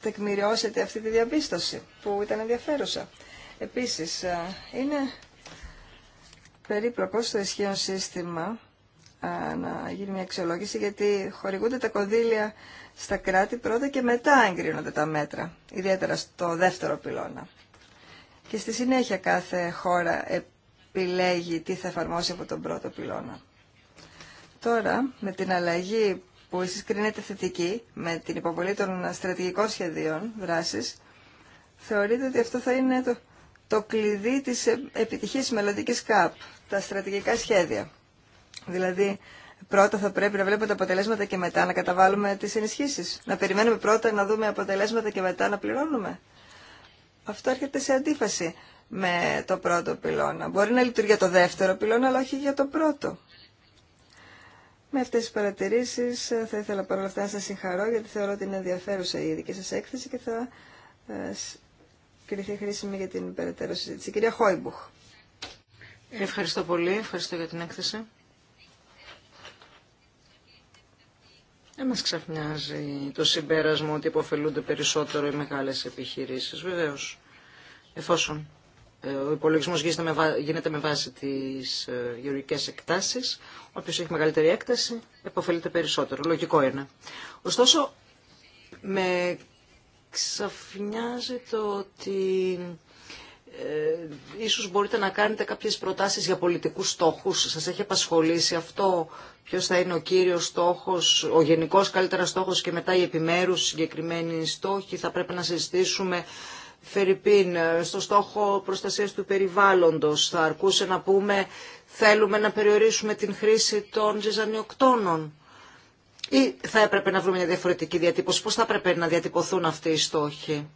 τεκμηριώσετε αυτή τη διαπίστωση που ήταν ενδιαφέρουσα. Επίσης, ε, είναι περίπλοκο στο ισχύον σύστημα ε, να γίνει μια αξιολόγηση γιατί χορηγούνται τα κονδύλια στα κράτη πρώτα και μετά εγκρίνονται τα μέτρα, ιδιαίτερα στο δεύτερο πυλώνα. Και στη συνέχεια κάθε χώρα επιλέγει τι θα εφαρμόσει από τον πρώτο πυλώνα. Τώρα, με την αλλαγή που εσείς κρίνετε θετική, με την υποβολή των στρατηγικών σχεδίων δράσης, θεωρείτε ότι αυτό θα είναι το, το κλειδί της ε, επιτυχής μελλοντικής ΚΑΠ, τα στρατηγικά σχέδια. Δηλαδή, πρώτα θα πρέπει να βλέπουμε τα αποτελέσματα και μετά να καταβάλουμε τι ενισχύσει. Να περιμένουμε πρώτα να δούμε αποτελέσματα και μετά να πληρώνουμε. Αυτό έρχεται σε αντίφαση με το πρώτο πυλώνα. Μπορεί να λειτουργεί για το δεύτερο πυλώνα, αλλά όχι για το πρώτο. Με αυτέ τι παρατηρήσει ε, θα ήθελα παρόλα αυτά να σα συγχαρώ, γιατί θεωρώ ότι είναι ενδιαφέρουσα η δική σα έκθεση και θα ε, κριθεί χρήσιμη για την περαιτέρω συζήτηση. Κυρία Χόιμπουχ. Ευχαριστώ πολύ. Ευχαριστώ για την έκθεση. Δεν μας ξαφνιάζει το συμπέρασμα ότι υποφελούνται περισσότερο οι μεγάλες επιχειρήσεις, βεβαίως. Εφόσον ε, ο υπολογισμός γίνεται με βάση τις ε, γεωργικές εκτάσεις, όποιος έχει μεγαλύτερη έκταση υποφελείται περισσότερο. Λογικό είναι. Ωστόσο, με ξαφνιάζει το ότι ε, ίσως μπορείτε να κάνετε κάποιες προτάσεις για πολιτικούς στόχους. Σας έχει απασχολήσει αυτό, ποιος θα είναι ο κύριος στόχος, ο γενικός καλύτερα στόχος και μετά οι επιμέρους συγκεκριμένοι στόχοι. Θα πρέπει να συζητήσουμε Φερρυπίν, στο στόχο προστασίας του περιβάλλοντος. Θα αρκούσε να πούμε θέλουμε να περιορίσουμε την χρήση των ζεζανιοκτώνων Ή θα έπρεπε να βρούμε μια διαφορετική διατύπωση. Πώς θα έπρεπε να διατυπωθούν αυτοί οι στόχοι.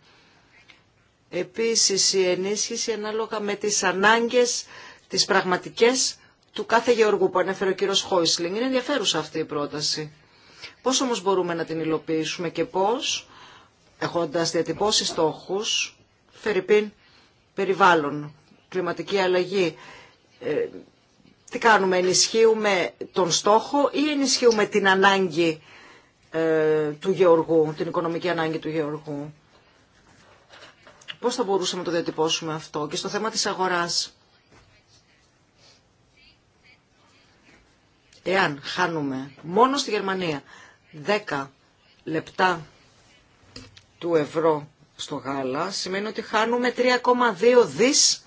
Επίσης η ενίσχυση ανάλογα με τις ανάγκες, τις πραγματικές του κάθε γεωργού που ανέφερε ο κύριος Χόισλινγκ. Είναι ενδιαφέρουσα αυτή η πρόταση. Πώς όμως μπορούμε να την υλοποιήσουμε και πώς, έχοντας διατυπώσει στόχους, φερρυπίν περιβάλλον, κλιματική αλλαγή, ε, τι κάνουμε, ενισχύουμε τον στόχο ή ενισχύουμε την ανάγκη ε, του γεωργού, την οικονομική ανάγκη του γεωργού. Πώς θα μπορούσαμε να το διατυπώσουμε αυτό και στο θέμα της αγοράς. Εάν χάνουμε μόνο στη Γερμανία 10 λεπτά του ευρώ στο γάλα, σημαίνει ότι χάνουμε 3,2 δις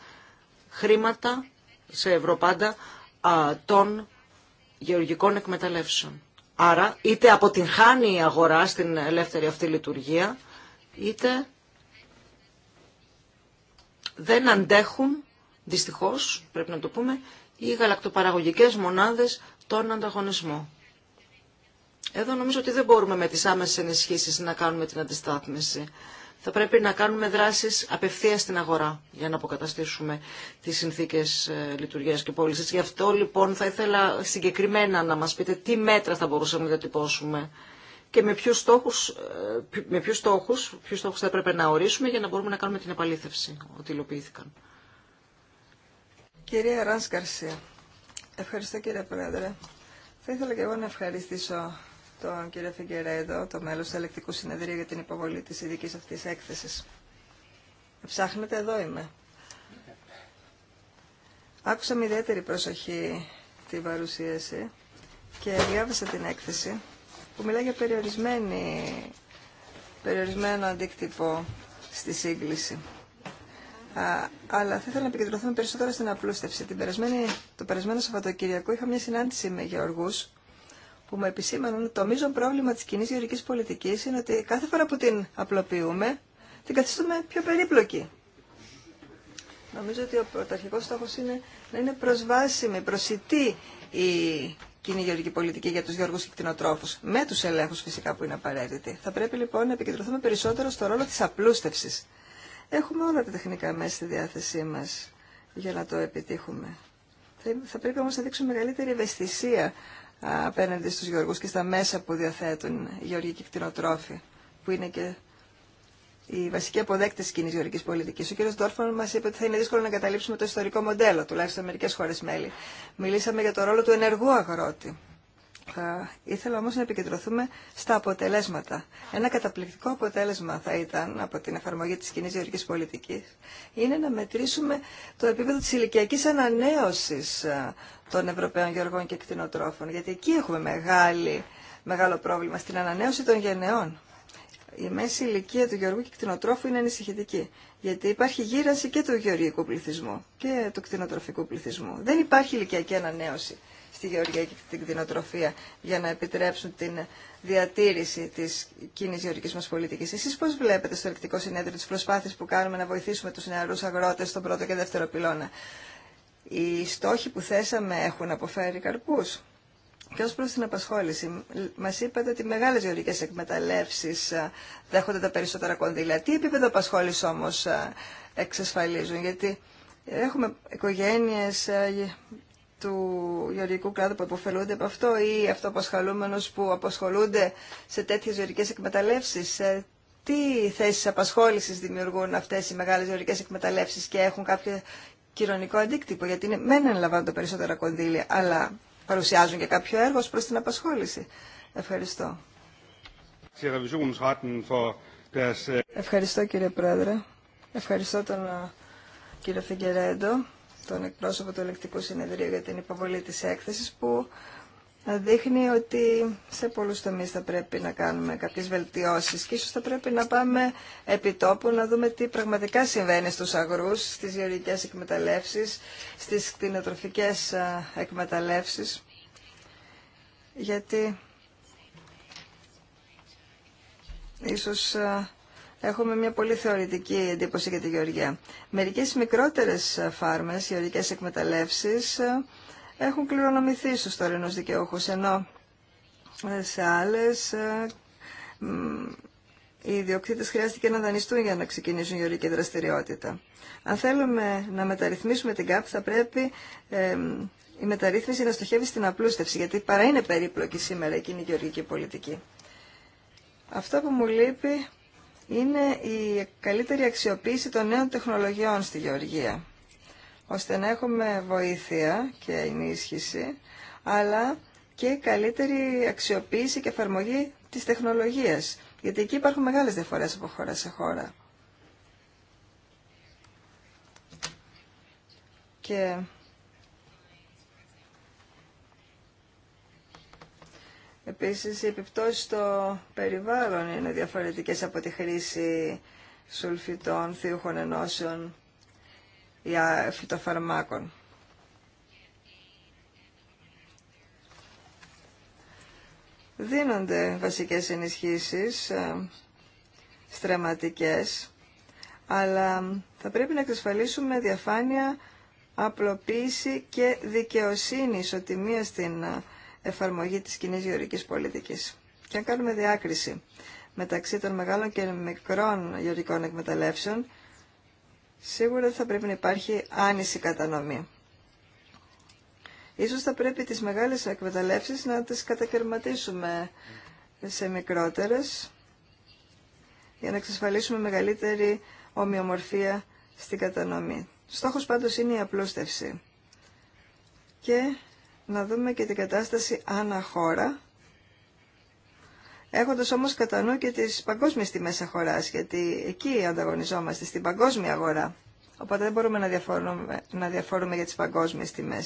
χρήματα σε ευρώ πάντα των γεωργικών εκμεταλλεύσεων. Άρα είτε αποτυγχάνει η αγορά στην ελεύθερη αυτή λειτουργία, είτε δεν αντέχουν, δυστυχώς πρέπει να το πούμε, οι γαλακτοπαραγωγικές μονάδες τον ανταγωνισμό. Εδώ νομίζω ότι δεν μπορούμε με τις άμεσες ενισχύσεις να κάνουμε την αντιστάθμιση. Θα πρέπει να κάνουμε δράσεις απευθείας στην αγορά για να αποκαταστήσουμε τις συνθήκες ε, λειτουργίας και πώλησης. Γι' αυτό λοιπόν θα ήθελα συγκεκριμένα να μας πείτε τι μέτρα θα μπορούσαμε να διατυπώσουμε και με ποιους στόχους, ε, με ποιους στόχους, ποιους στόχους θα έπρεπε να ορίσουμε για να μπορούμε να κάνουμε την επαλήθευση ότι υλοποιήθηκαν. Κυρία Ράνς Καρσία, ευχαριστώ κύριε Πρόεδρε. Θα ήθελα και εγώ να ευχαριστήσω τον κύριο Φιγκερέδο, το μέλος του Ελεκτικού Συνεδρίου για την υποβολή της ειδική αυτής έκθεσης. Ψάχνετε, εδώ είμαι. Άκουσα με ιδιαίτερη προσοχή την παρουσίαση και διάβασα την έκθεση που μιλάει για περιορισμένη, περιορισμένο αντίκτυπο στη σύγκληση. αλλά θα ήθελα να επικεντρωθούμε περισσότερο στην απλούστευση. Την περασμένη, το περασμένο Σαββατοκυριακό είχα μια συνάντηση με γεωργού που μου επισήμαναν ότι το μείζον πρόβλημα τη κοινή γεωργική πολιτική είναι ότι κάθε φορά που την απλοποιούμε, την καθιστούμε πιο περίπλοκη. Νομίζω ότι ο πρωταρχικό στόχος είναι να είναι προσβάσιμη, προσιτή η κοινή γεωργική πολιτική για τους γεωργού και με τους ελέγχους φυσικά που είναι απαραίτητοι. Θα πρέπει λοιπόν να επικεντρωθούμε περισσότερο στο ρόλο της απλούστευσης. Έχουμε όλα τα τεχνικά μέσα στη διάθεσή μας για να το επιτύχουμε. Θα πρέπει όμως να δείξουμε μεγαλύτερη ευαισθησία απέναντι στου γεωργού και στα μέσα που διαθέτουν οι γεωργικοί κτηνοτρόφοι, που είναι και οι βασικοί αποδέκτε τη κοινή γεωργική πολιτική. Ο κ. Ντόρφμαν μα είπε ότι θα είναι δύσκολο να καταλήψουμε το ιστορικό μοντέλο, τουλάχιστον μερικέ χώρε μέλη. Μιλήσαμε για το ρόλο του ενεργού αγρότη. Θα ε, ήθελα όμω να επικεντρωθούμε στα αποτελέσματα. Ένα καταπληκτικό αποτέλεσμα θα ήταν από την εφαρμογή τη κοινή γεωργική πολιτική είναι να μετρήσουμε το επίπεδο τη ηλικιακή ανανέωση ε, των Ευρωπαίων Γεωργών και Κτηνοτρόφων, γιατί εκεί έχουμε μεγάλη, μεγάλο πρόβλημα στην ανανέωση των γενεών η μέση ηλικία του γεωργού και κτηνοτρόφου είναι ανησυχητική. Γιατί υπάρχει γύρανση και του γεωργικού πληθυσμού και του κτηνοτροφικού πληθυσμού. Δεν υπάρχει ηλικιακή ανανέωση στη γεωργία και την κτηνοτροφία για να επιτρέψουν την διατήρηση τη κοινή γεωργική μα πολιτική. Εσεί πώ βλέπετε στο ελεκτικό συνέδριο τι προσπάθειε που κάνουμε να βοηθήσουμε του νεαρού αγρότε στον πρώτο και δεύτερο πυλώνα. Οι στόχοι που θέσαμε έχουν αποφέρει καρπούς. Και ω προ την απασχόληση, μα είπατε ότι μεγάλε γεωργικέ εκμεταλλεύσει ε, δέχονται τα περισσότερα κονδύλια. Τι επίπεδο απασχόληση όμω ε, εξασφαλίζουν, γιατί έχουμε οικογένειε ε, του γεωργικού κλάδου που αποφελούνται από αυτό ή αυτοαπασχολούμενους που απασχολούνται σε τέτοιες γεωργικές εκμεταλλεύσεις. Τι θέσεις απασχόλησης δημιουργούν αυτές οι μεγάλες γεωργικές εκμεταλλεύσεις και έχουν κάποιο κοινωνικό αντίκτυπο, γιατί είναι μεν λαμβάνουν τα περισσότερα κονδύλια, αλλά παρουσιάζουν και κάποιο έργο προ την απασχόληση. Ευχαριστώ. Ευχαριστώ κύριε Πρόεδρε. Ευχαριστώ τον κύριο Φιγκερέντο, τον εκπρόσωπο του Ελεκτικού Συνεδρίου για την υποβολή της έκθεσης που δείχνει ότι σε πολλούς τομείς θα πρέπει να κάνουμε κάποιες βελτιώσεις και ίσως θα πρέπει να πάμε επί τόπου να δούμε τι πραγματικά συμβαίνει στους αγρούς, στις γεωργικές εκμεταλλεύσεις, στις κτηνοτροφικές εκμεταλλεύσεις. Γιατί ίσως έχουμε μια πολύ θεωρητική εντύπωση για τη γεωργία. Μερικές μικρότερες φάρμες, γεωργικές εκμεταλλεύσεις, έχουν κληρονομηθεί στους τωρινούς δικαιούχους, ενώ ε, σε άλλες ε, οι ιδιοκτήτες χρειάστηκε να δανειστούν για να ξεκινήσουν η ορική δραστηριότητα. Αν θέλουμε να μεταρρυθμίσουμε την ΚΑΠ, θα πρέπει ε, η μεταρρύθμιση να στοχεύει στην απλούστευση, γιατί παρά είναι περίπλοκη σήμερα εκείνη η γεωργική πολιτική. Αυτό που μου λείπει είναι η καλύτερη αξιοποίηση των νέων τεχνολογιών στη γεωργία ώστε να έχουμε βοήθεια και ενίσχυση, αλλά και καλύτερη αξιοποίηση και εφαρμογή της τεχνολογίας, γιατί εκεί υπάρχουν μεγάλες διαφορές από χώρα σε χώρα. Και Επίσης, οι επιπτώσεις στο περιβάλλον είναι διαφορετικές από τη χρήση σουλφιτών, θείουχων ενώσεων φυτοφαρμάκων. Δίνονται βασικές ενισχύσεις ε, στρεματικές, αλλά θα πρέπει να εξασφαλίσουμε διαφάνεια, απλοποίηση και δικαιοσύνη ισοτιμία στην ε, εφαρμογή της κοινή γεωρικής πολιτικής. Και αν κάνουμε διάκριση μεταξύ των μεγάλων και μικρών γεωρικών εκμεταλλεύσεων, Σίγουρα θα πρέπει να υπάρχει άνηση κατανομή. Ίσως θα πρέπει τις μεγάλες εκμεταλλεύσεις να τις κατακαιρματίσουμε σε μικρότερες για να εξασφαλίσουμε μεγαλύτερη ομοιομορφία στην κατανομή. Στόχος πάντως είναι η απλούστευση. Και να δούμε και την κατάσταση ανά χώρα Έχοντα όμω κατά νου και τις παγκόσμιες τιμέ αγορά, γιατί εκεί ανταγωνιζόμαστε, στην παγκόσμια αγορά. Οπότε δεν μπορούμε να διαφορούμε, να για τις παγκόσμιες τιμέ.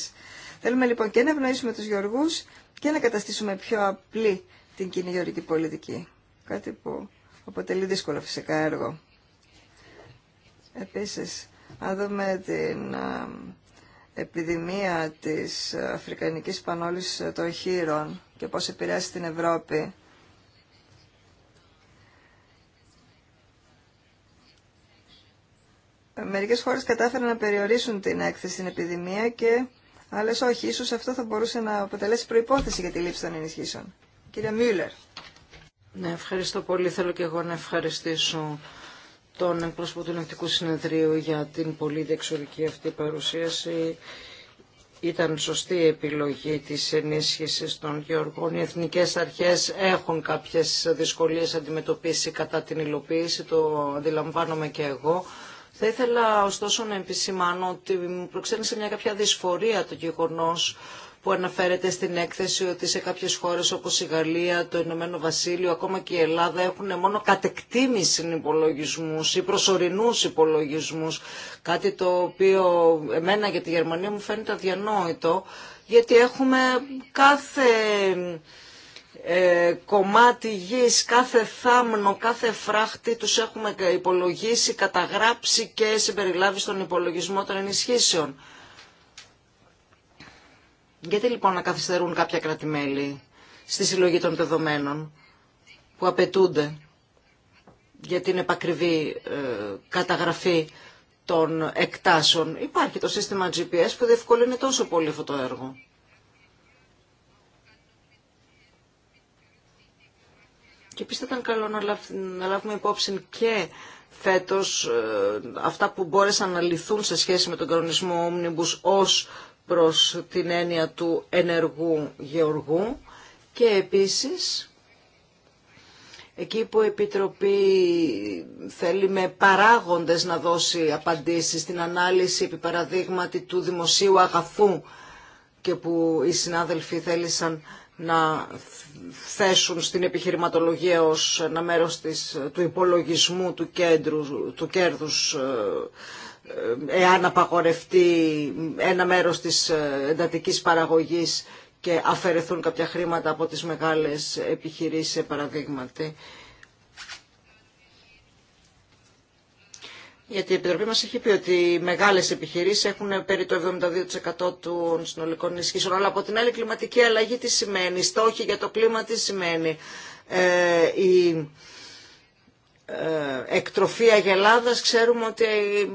Θέλουμε λοιπόν και να ευνοήσουμε τους γεωργού και να καταστήσουμε πιο απλή την κοινή γεωργική πολιτική. Κάτι που αποτελεί δύσκολο φυσικά έργο. Επίση, αν δούμε την επιδημία τη Αφρικανική Πανόλη των χείρων και πώ επηρέασε την Ευρώπη, μερικές χώρες κατάφεραν να περιορίσουν την έκθεση στην επιδημία και άλλες όχι. Ίσως αυτό θα μπορούσε να αποτελέσει προϋπόθεση για τη λήψη των ενισχύσεων. Κύριε Μιούλερ. Ναι, ευχαριστώ πολύ. Θέλω και εγώ να ευχαριστήσω τον εκπρόσωπο του Ελεκτικού Συνεδρίου για την πολύ διεξοδική αυτή παρουσίαση. Ήταν σωστή η επιλογή της ενίσχυσης των γεωργών. Οι εθνικές αρχές έχουν κάποιες δυσκολίες αντιμετωπίσει κατά την υλοποίηση, το αντιλαμβάνομαι και εγώ. Θα ήθελα ωστόσο να επισημάνω ότι μου προξένησε μια κάποια δυσφορία το γεγονός που αναφέρεται στην έκθεση ότι σε κάποιες χώρες όπως η Γαλλία, το Ηνωμένο Βασίλειο, ακόμα και η Ελλάδα έχουν μόνο κατεκτήμηση υπολογισμού ή προσωρινούς υπολογισμού, Κάτι το οποίο εμένα για τη Γερμανία μου φαίνεται αδιανόητο, γιατί έχουμε κάθε ε, κομμάτι γης, κάθε θάμνο, κάθε φράχτη τους έχουμε υπολογίσει, καταγράψει και συμπεριλάβει στον υπολογισμό των ενισχύσεων. Γιατί λοιπόν να καθυστερούν κάποια κρατημέλη στη συλλογή των δεδομένων που απαιτούνται για την επακριβή ε, καταγραφή των εκτάσεων. Υπάρχει το σύστημα GPS που διευκολύνει τόσο πολύ αυτό το έργο. Και επίσης θα ήταν καλό να λάβουμε υπόψη και φέτος ε, αυτά που μπόρεσαν να λυθούν σε σχέση με τον κανονισμό Omnibus ως προς την έννοια του ενεργού γεωργού και επίσης εκεί που η Επιτροπή θέλει με παράγοντες να δώσει απαντήσεις στην ανάλυση επί παραδείγματι του δημοσίου αγαθού και που οι συνάδελφοι θέλησαν να θέσουν στην επιχειρηματολογία ως ένα μέρος της, του υπολογισμού του, κέντρου, του κέρδους ε, ε, εάν απαγορευτεί ένα μέρος της ε, εντατικής παραγωγής και αφαιρεθούν κάποια χρήματα από τις μεγάλες επιχειρήσεις, παραδείγματι. γιατί η Επιτροπή μας έχει πει ότι οι μεγάλες επιχειρήσεις έχουν περί το 72% των συνολικών ενισχύσεων, αλλά από την άλλη κλιματική αλλαγή τι σημαίνει, οι στόχοι για το κλίμα τι σημαίνει, ε, η ε, εκτροφή αγελάδας ξέρουμε ότι ε,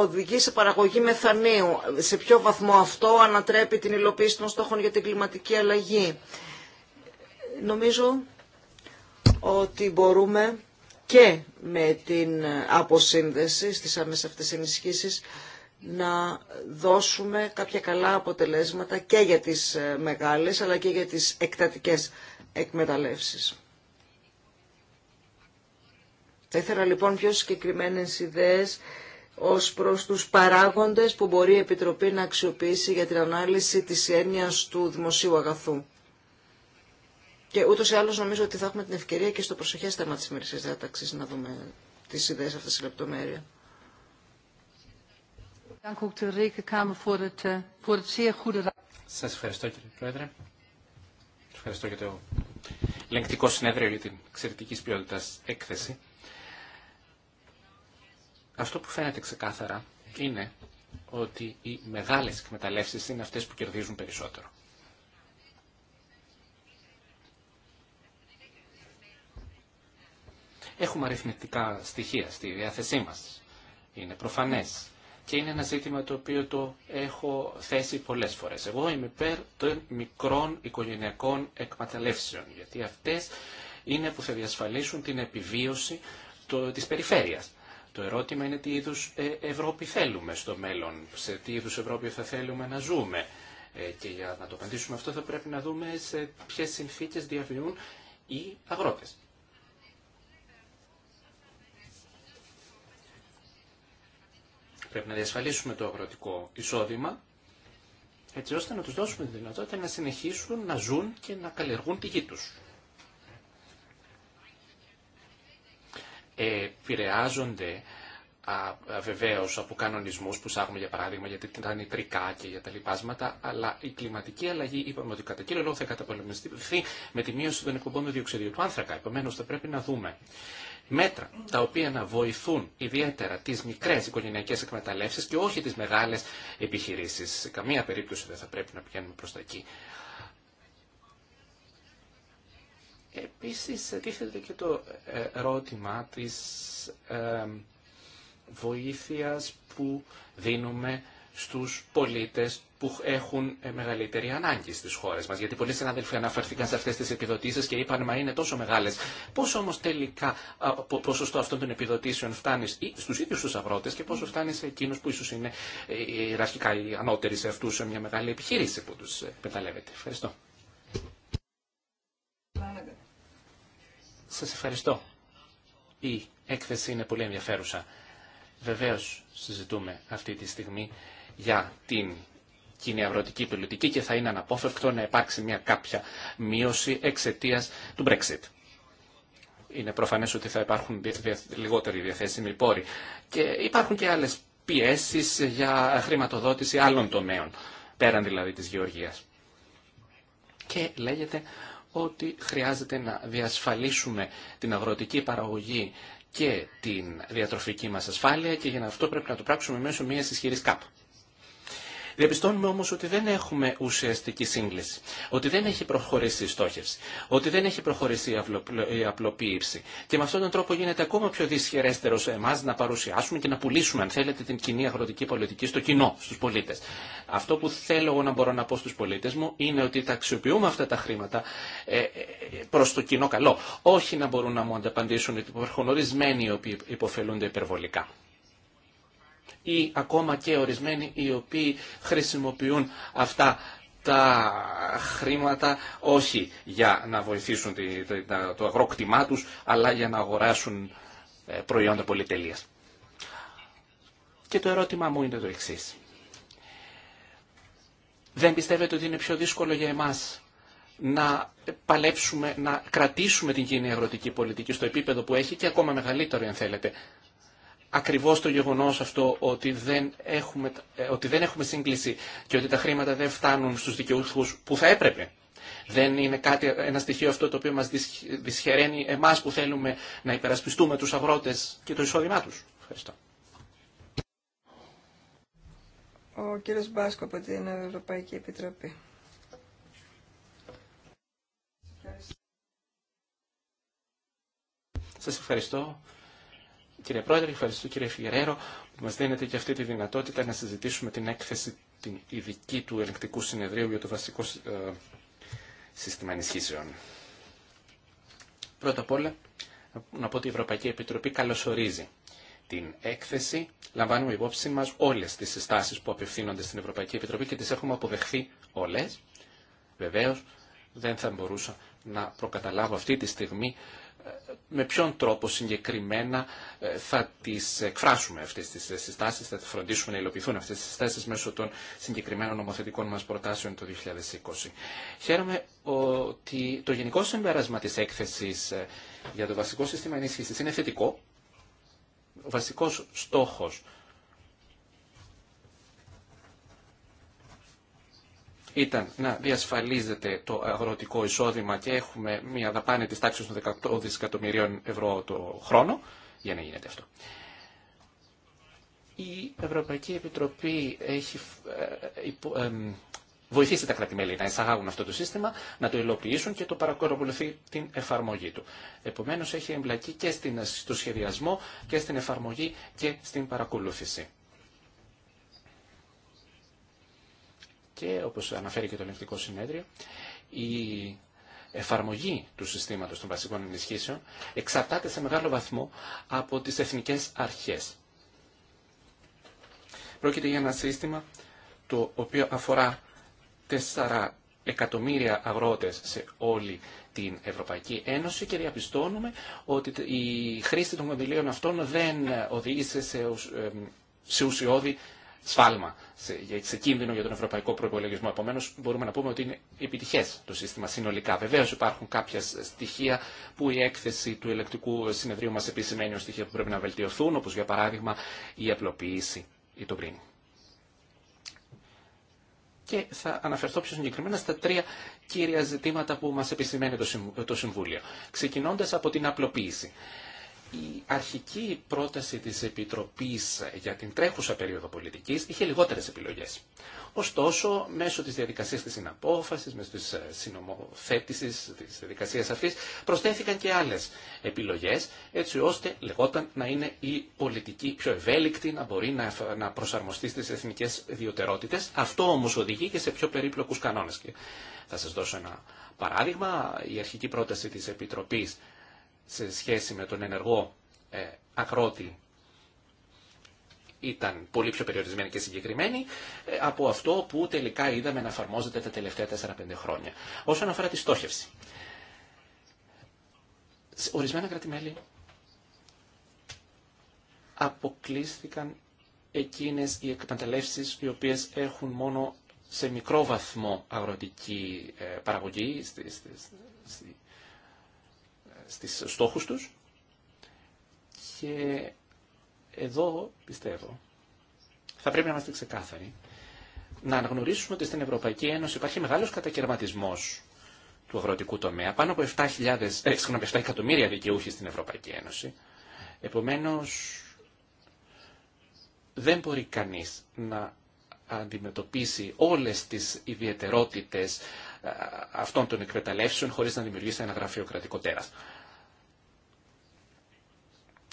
οδηγεί σε παραγωγή μεθανίου. Σε ποιο βαθμό αυτό ανατρέπει την υλοποίηση των στόχων για την κλιματική αλλαγή. Νομίζω ότι μπορούμε και με την αποσύνδεση στις άμεσες αυτές ενισχύσεις να δώσουμε κάποια καλά αποτελέσματα και για τις ε, μεγάλες αλλά και για τις εκτατικές εκμεταλλεύσεις. Θα ήθελα λοιπόν πιο συγκεκριμένες ιδέες ως προς τους παράγοντες που μπορεί η Επιτροπή να αξιοποιήσει για την ανάλυση της έννοιας του δημοσίου αγαθού. Και ούτω ή άλλω νομίζω ότι θα έχουμε την ευκαιρία και στο προσεχέ θέμα τη ημερησία διάταξη να δούμε τι ιδέε αυτέ σε λεπτομέρεια. Eh, Σα ευχαριστώ κύριε Πρόεδρε. Ευχαριστώ για το ελεγκτικό συνέδριο για την εξαιρετική ποιότητα έκθεση. Αυτό που φαίνεται ξεκάθαρα είναι ότι οι μεγάλες εκμεταλλεύσεις είναι αυτές που κερδίζουν περισσότερο. Έχουμε αριθμητικά στοιχεία στη διάθεσή μας. Είναι προφανές. Και είναι ένα ζήτημα το οποίο το έχω θέσει πολλές φορές. Εγώ είμαι υπέρ των μικρών οικογενειακών εκμεταλλεύσεων, γιατί αυτές είναι που θα διασφαλίσουν την επιβίωση το, της περιφέρειας. Το ερώτημα είναι τι είδους ε, Ευρώπη θέλουμε στο μέλλον, σε τι είδους Ευρώπη θα θέλουμε να ζούμε. Ε, και για να το απαντήσουμε αυτό θα πρέπει να δούμε σε ποιες συνθήκες διαβιούν οι αγρότες. Πρέπει να διασφαλίσουμε το αγροτικό εισόδημα, έτσι ώστε να τους δώσουμε τη δυνατότητα να συνεχίσουν να ζουν και να καλλιεργούν τη γη τους. Επηρεάζονται βεβαίω από κανονισμού που σάγουμε για παράδειγμα γιατί τα νητρικά και για τα λοιπάσματα, αλλά η κλιματική αλλαγή είπαμε ότι κατά κύριο λόγο θα καταπολεμηθεί με τη μείωση των εκπομπών του διοξιδίου του άνθρακα. Επομένω θα πρέπει να δούμε μέτρα τα οποία να βοηθούν ιδιαίτερα τις μικρές οικογενειακές εκμεταλλεύσεις και όχι τις μεγάλες επιχειρήσεις. Σε καμία περίπτωση δεν θα πρέπει να πηγαίνουμε προς τα εκεί. Επίσης, τίθεται και το ε, ερώτημα της ε, βοήθειας που δίνουμε στους πολίτες που έχουν ε, μεγαλύτερη ανάγκη στις χώρες μας. Γιατί πολλοί συνάδελφοι αναφερθήκαν σε αυτές τις επιδοτήσεις και είπαν «Μα είναι τόσο μεγάλες». Πώς όμως τελικά το ποσοστό αυτών των επιδοτήσεων φτάνει στους ίδιους τους αγρότες και πόσο φτάνει σε εκείνους που ίσως είναι ε, ιεραρχικά οι ανώτεροι σε αυτούς σε μια μεγάλη επιχείρηση που τους πεταλεύεται. Ε, ευχαριστώ. Σας ευχαριστώ. Η έκθεση είναι πολύ ενδιαφέρουσα. Βεβαίως συζητούμε αυτή τη στιγμή για την κοινή αγροτική πολιτική και θα είναι αναπόφευκτο να υπάρξει μια κάποια μείωση εξαιτία του Brexit. Είναι προφανές ότι θα υπάρχουν λιγότεροι διαθέσιμοι πόροι. Και υπάρχουν και άλλες πιέσεις για χρηματοδότηση άλλων τομέων, πέραν δηλαδή της γεωργίας. Και λέγεται ότι χρειάζεται να διασφαλίσουμε την αγροτική παραγωγή και την διατροφική μας ασφάλεια και για αυτό πρέπει να το πράξουμε μέσω μιας ισχυρής κάπου. Διαπιστώνουμε όμω ότι δεν έχουμε ουσιαστική σύγκληση. Ότι δεν έχει προχωρήσει η στόχευση. Ότι δεν έχει προχωρήσει η απλοποίηση. Και με αυτόν τον τρόπο γίνεται ακόμα πιο δυσχερέστερο σε εμά να παρουσιάσουμε και να πουλήσουμε, αν θέλετε, την κοινή αγροτική πολιτική στο κοινό, στου πολίτε. Αυτό που θέλω εγώ να μπορώ να πω στου πολίτε μου είναι ότι τα αξιοποιούμε αυτά τα χρήματα ε, ε, προ το κοινό καλό. Όχι να μπορούν να μου ανταπαντήσουν ότι υπάρχουν οι οποίοι υποφελούνται υπερβολικά ή ακόμα και ορισμένοι οι οποίοι χρησιμοποιούν αυτά τα χρήματα όχι για να βοηθήσουν το αγρόκτημά τους, αλλά για να αγοράσουν ε, προϊόντα πολυτελείας. Και το ερώτημά μου είναι το εξής. Δεν πιστεύετε ότι είναι πιο δύσκολο για εμάς να παλέψουμε, να κρατήσουμε την κοινή αγροτική πολιτική στο επίπεδο που έχει και ακόμα μεγαλύτερο, αν θέλετε, ακριβώς το γεγονός αυτό ότι δεν, έχουμε, ε, ότι δεν έχουμε σύγκληση και ότι τα χρήματα δεν φτάνουν στους δικαιούχους που θα έπρεπε. Δεν είναι κάτι, ένα στοιχείο αυτό το οποίο μας δυσχεραίνει εμάς που θέλουμε να υπερασπιστούμε τους αγρότες και το εισόδημά τους. Ευχαριστώ. Ο κύριος Μπάσκο από την Ευρωπαϊκή Επιτροπή. Σας ευχαριστώ. Κύριε Πρόεδρε, ευχαριστώ κύριε Φιγερέρο που μας δίνετε και αυτή τη δυνατότητα να συζητήσουμε την έκθεση την ειδική του ελεκτικού συνεδρίου για το βασικό ε, σύστημα ενισχύσεων. Πρώτα απ' όλα, να πω ότι η Ευρωπαϊκή Επιτροπή καλωσορίζει την έκθεση. Λαμβάνουμε υπόψη μας όλες τις συστάσεις που απευθύνονται στην Ευρωπαϊκή Επιτροπή και τις έχουμε αποδεχθεί όλες. Βεβαίως, δεν θα μπορούσα να προκαταλάβω αυτή τη στιγμή με ποιον τρόπο συγκεκριμένα ε, θα τις εκφράσουμε αυτές τις ε, συστάσεις, θα φροντίσουμε να υλοποιηθούν αυτές τις συστάσεις μέσω των συγκεκριμένων νομοθετικών μας προτάσεων το 2020. Χαίρομαι ότι το γενικό συμπέρασμα της έκθεσης ε, για το βασικό σύστημα ενίσχυσης είναι θετικό. Ο βασικός στόχος ήταν να διασφαλίζεται το αγροτικό εισόδημα και έχουμε μια δαπάνη της τάξης των 18 δισεκατομμυρίων ευρώ το χρόνο για να γίνεται αυτό. Η Ευρωπαϊκή Επιτροπή έχει ε, ε, βοηθήσει τα κράτη-μέλη να εισαγάγουν αυτό το σύστημα, να το υλοποιήσουν και το παρακολουθεί την εφαρμογή του. Επομένως έχει εμπλακεί και στο σχεδιασμό και στην εφαρμογή και στην παρακολούθηση. και όπως αναφέρει και το ελεγκτικό συνέδριο, η εφαρμογή του συστήματος των βασικών ενισχύσεων εξαρτάται σε μεγάλο βαθμό από τις εθνικές αρχές. Πρόκειται για ένα σύστημα το οποίο αφορά 4 εκατομμύρια αγρότες σε όλη την Ευρωπαϊκή Ένωση και διαπιστώνουμε ότι η χρήση των κονδυλίων αυτών δεν οδήγησε σε ουσιώδη σφάλμα, σε κίνδυνο για τον ευρωπαϊκό προπολογισμό. Επομένω, μπορούμε να πούμε ότι είναι επιτυχέ το σύστημα συνολικά. Βεβαίω, υπάρχουν κάποια στοιχεία που η έκθεση του ελεκτικού συνεδρίου μα επισημαίνει ω στοιχεία που πρέπει να βελτιωθούν, όπω για παράδειγμα η απλοποίηση ή το πριν. Και θα αναφερθώ πιο συγκεκριμένα στα τρία κύρια ζητήματα που μα επισημαίνει το Συμβούλιο. Ξεκινώντα από την απλοποίηση η αρχική πρόταση της Επιτροπής για την τρέχουσα περίοδο πολιτικής είχε λιγότερες επιλογές. Ωστόσο, μέσω της διαδικασίας της συναπόφασης, μέσω της ε, συνομοθέτησης της διαδικασίας αυτής, προσθέθηκαν και άλλες επιλογές, έτσι ώστε λεγόταν να είναι η πολιτική πιο ευέλικτη, να μπορεί να προσαρμοστεί στις εθνικές ιδιωτερότητες. Αυτό όμως οδηγεί και σε πιο περίπλοκους κανόνες. θα σας δώσω ένα παράδειγμα. Η αρχική πρόταση της Επιτροπής σε σχέση με τον ενεργό ε, ακρότη ήταν πολύ πιο περιορισμένη και συγκεκριμένη ε, από αυτό που τελικά είδαμε να εφαρμόζεται τα τελευταία 4-5 χρόνια. Όσον αφορά τη στόχευση. Σε ορισμένα κρατημέλη αποκλείστηκαν εκείνες οι εκμεταλλεύσεις οι οποίες έχουν μόνο σε μικρό βαθμό αγροτική ε, παραγωγή, στις στόχους τους και εδώ πιστεύω θα πρέπει να είμαστε ξεκάθαροι να αναγνωρίσουμε ότι στην Ευρωπαϊκή Ένωση υπάρχει μεγάλος κατακαιρματισμός του αγροτικού τομέα, πάνω από 7.000, 7 ε, εκατομμύρια δικαιούχοι στην Ευρωπαϊκή Ένωση. Επομένως, δεν μπορεί κανείς να αντιμετωπίσει όλες τις ιδιαιτερότητες ε, αυτών των εκμεταλλεύσεων χωρίς να δημιουργήσει ένα γραφειοκρατικό τέρας.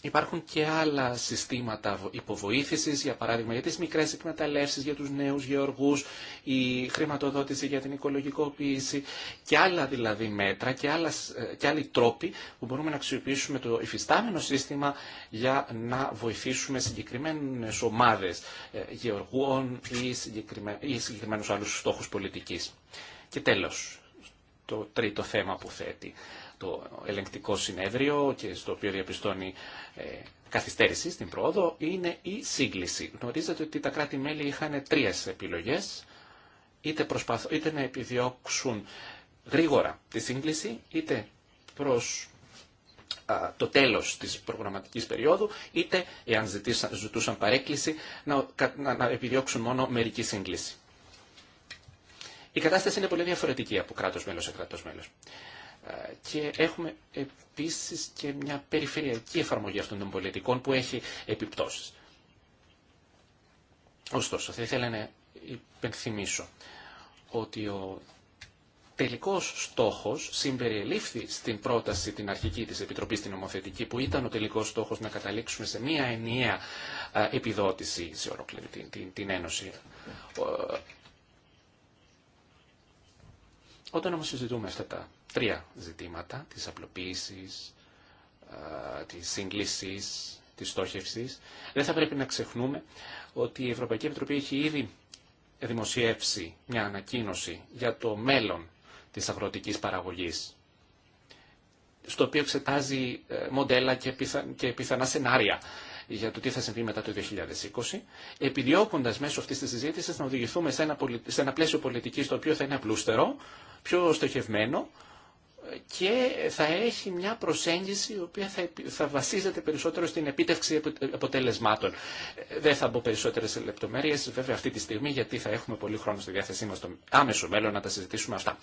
Υπάρχουν και άλλα συστήματα υποβοήθησης, για παράδειγμα για τις μικρές εκμεταλλεύσεις, για τους νέους γεωργούς, η χρηματοδότηση για την οικολογικοποίηση και άλλα δηλαδή μέτρα και, άλλα, ε, και άλλοι τρόποι που μπορούμε να αξιοποιήσουμε το υφιστάμενο σύστημα για να βοηθήσουμε συγκεκριμένες ομάδες ε, γεωργών ή, συγκεκριμένου ή συγκεκριμένους άλλους στόχους πολιτικής. Και τέλος, το τρίτο θέμα που θέτει το ελεγκτικό συνέδριο και στο οποίο διαπιστώνει ε, καθυστέρηση στην πρόοδο είναι η σύγκληση. Γνωρίζετε ότι τα κράτη-μέλη είχαν τρει επιλογές, είτε, προσπαθ... είτε να επιδιώξουν γρήγορα τη σύγκληση, είτε προς το τέλος της προγραμματικής περίοδου, είτε, εάν ζητούσαν παρέκκληση, να επιδιώξουν μόνο μερική σύγκληση. Η κατάσταση είναι πολύ διαφορετική από κράτος μέλος σε κράτος μέλος και έχουμε επίσης και μια περιφερειακή εφαρμογή αυτών των πολιτικών που έχει επιπτώσεις. Ωστόσο, θα ήθελα να υπενθυμίσω ότι ο τελικός στόχος συμπεριελήφθη στην πρόταση την αρχική της Επιτροπής την Ομοθετική που ήταν ο τελικός στόχος να καταλήξουμε σε μία ενιαία επιδότηση σε ολόκληρη την, την, Ένωση. Όταν όμως συζητούμε αυτά τα τρία ζητήματα, της απλοποίησης, της σύγκλησης, της στόχευσης. Δεν θα πρέπει να ξεχνούμε ότι η Ευρωπαϊκή Επιτροπή έχει ήδη δημοσιεύσει μια ανακοίνωση για το μέλλον της αγροτικής παραγωγής, στο οποίο εξετάζει ε, μοντέλα και, και πιθανά σενάρια για το τι θα συμβεί μετά το 2020, επιδιώκοντας μέσω αυτής της συζήτησης να οδηγηθούμε σε ένα, σε ένα πλαίσιο πολιτικής το οποίο θα είναι απλούστερο, πιο στοχευμένο, και θα έχει μια προσέγγιση η οποία θα, θα βασίζεται περισσότερο στην επίτευξη αποτελεσμάτων. Δεν θα μπω περισσότερε λεπτομέρειε βέβαια αυτή τη στιγμή γιατί θα έχουμε πολύ χρόνο στη διάθεσή μα στο άμεσο μέλλον να τα συζητήσουμε αυτά.